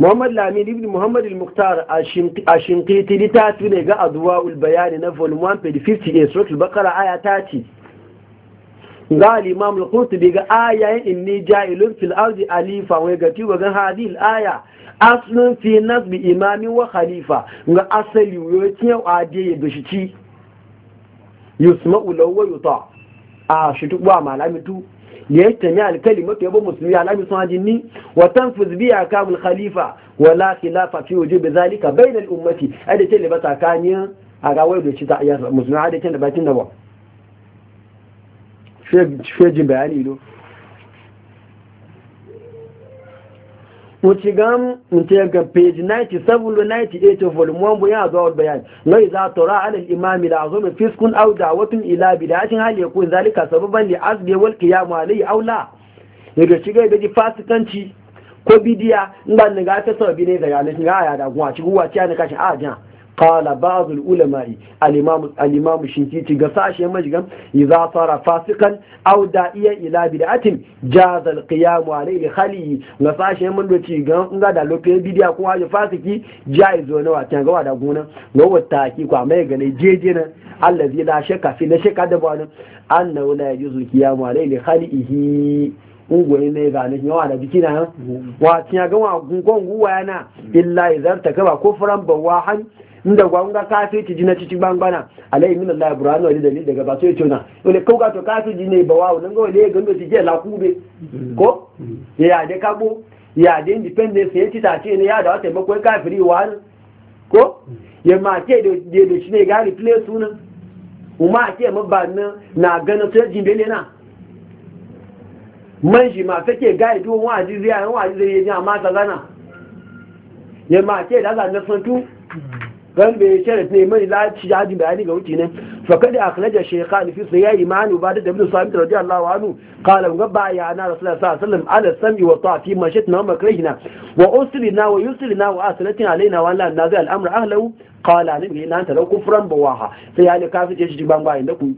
muhammad lamid ibn muhammad al-muqtar a shinkiti littafi ne ga aduwa ulbayani na volume 1 page 58 suratul bakara aya ta ce ga al-imam al-qurtubi ga ayayin inni ja'ilun fil ardi alifa wa gati wa gan hadhihi al-aya aslun fi nasbi imamin wa khalifa ga asali yo tiya ade ya ci. yusma'u law wa yuta a shi Malami malamitu ya yi tani alkali mafi yabon musulmi a lamisun hajjini watan fuzbiya kamun khalifa wa lafi lafa fi oje bai zalika bai na al'ummaki a da da basa kaniyar a ga waje da shi ta ayyar musulmi a da da bakin da ba wuce gan mutum ga page 97 to 98 of volume 1 buyan zuwa bayan ngai za ta ra alal imami la azum fiskun aw da'watun ila da hal yakun zalika sababan li azli wal qiyam alayhi aw la daga shiga da ji fasikanci ko bidiya in ba ni ga ta ne da yana ga ya da kuma ci guwa ci ne kashi a jan qala ba'd al-ulama al-imam al-imam shinkiti ga sashen majigan idza fasikan. fasiqan da iya ila bid'atin jaz al-qiyam alayhi li khali ga sashen mun doci ga ga da lokaci bid'a ko haje fasiki jaiz wani wa kan ga wa da guna? no wata ki kwa mai ga ne jeje na Allah allazi la shakka fi la shakka da bani anna la yajuz al-qiyam alayhi hali khali'ihi ungwani ne ga nan yawa da biki na wa kiyagan gama gungon guwa yana illa idan ta kaba ko furan bawahan inda gwangon kafirci ji na cici gbangbana alayhi min Allah burhanu wani dalil daga ba sai tona wani kauka to na ne ba wawo nan ga wani ya gando ci ke lakube ko mm. ya de kabo ya de independence ya ci tace ne ya da wata bakwai kafiri wani ko ya ma ke da shi ne ga replace sunan ke na ganin sai jimbele na man e ma a ya ji a mata ya ma ke da zanen ran bai sharafi ne mai laci ya ji bayani ga wuce ne fa kada akhlaja shaykhan fi sayyi imani ubadat ibn sabit radiyallahu anhu qala ba ya na rasulullah sallallahu alaihi wasallam ala sami wa ta'ati mashitna wa makrihna wa usrina wa yusrina wa asratina alaina wa la nazi al-amr ahlahu qala nabi la anta law kufran bawaha sai ya ne kafice shi ban bayin da ku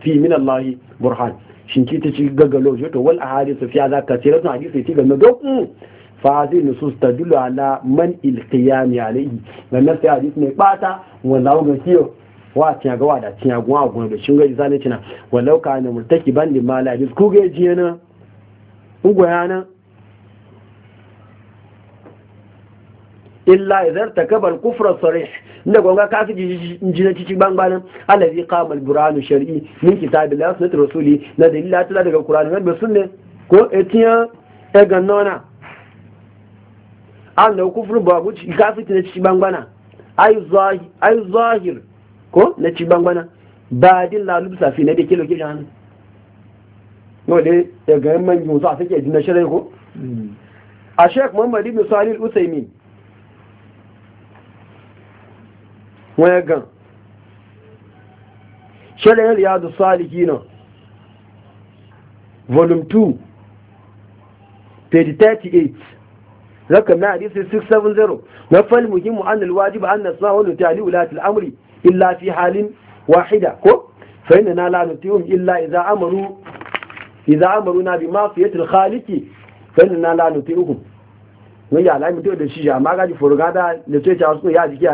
fi min Allah burhan shin ki ta ci gaggalo to wal ahadithu fi hadha kathiratun hadithu ga na dokun mm, fa'azin nusus ta dulu ala man ilkiyami alaihi ga nasu ya hadisi mai bata wanda ga kiyo wa tiya ga wada tiya gwa gwa da shin gaji zane cina wallau ka ne murtaki ban da mala hadis ku ga jiya na ugwaya na illa idan takabal kufra sarih inda gonga ka fi jina cici bangbanin allazi qama al-qur'anu shar'i min kitabillahi sunnati rasuli na dalila ta daga qur'ani wanda sunne ko etiya e gannona an da kufrin ba ku kafirci na ci bangana ai zahir ko na chibangwana badin ba din la lubsa fi na da ke lokaci no de ya ga man yi a sake jina shirai ko a sheikh muhammad ibn salih al waya ga gan ya riyadu salihina na volume 2 page 38 رقم حديث 670 نفى المهم أن الواجب أن نسمع ونتعلي ولاة الأمر إلا في حال واحدة كو فإننا لا نطيعهم إلا إذا أمروا إذا أمرونا بمعصية الخالق فإننا لا نطيعهم wọ́n yà láì mítò ìdòṣì yà máa gájì fòrò gádá lè tó ìjà ọ̀sùn yà jíkẹ́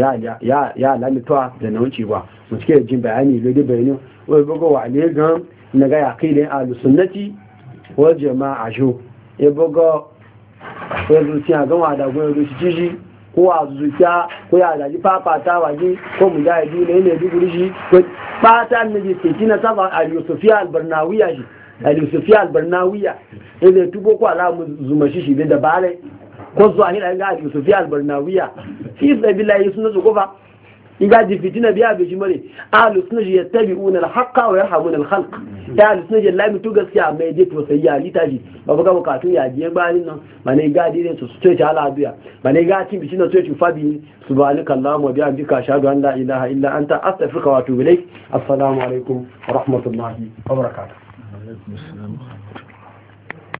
hàn yà lámìtọ́ àdẹ̀nà ń ṣìwà mọ̀ sí kẹ́ jìn bàyání ìlódé bẹ̀rẹ̀ ní wọ́n gbogbo wà ní gan nàgáyà kílẹ̀ alùsùnnẹ́tì wọ́n jẹ máa àṣò Ya ebogo zuciya a gama da gwen rushi jiji ko a zuciya ko ya zaji fafata waje ko mu jaya biyu ne ne duk rushi ko fata ne je ke kina saba a yusufiya albarnawiya shi a yusufiya albarnawiya ne zai tubo ko ala mu zuma shi shi da bare ko zuwa hira ga yusufiya albarnawiya fi sabila yi suna zuko ba يجادي في فتنة بيا بجمالي قال سنجي يتبعون الحق ويرحمون الخلق قال سنجي لا متوجس يا ميديت وسيا لتاجي بابا وقاتو يا جيم بالنا من يجي دي سوتش على أبيا من يجي تيم بشنا سوتش فابي سبحانك اللهم وبحمدك أشهد أن لا إله إلا أنت أستغفرك وأتوب إليك السلام عليكم ورحمة الله وبركاته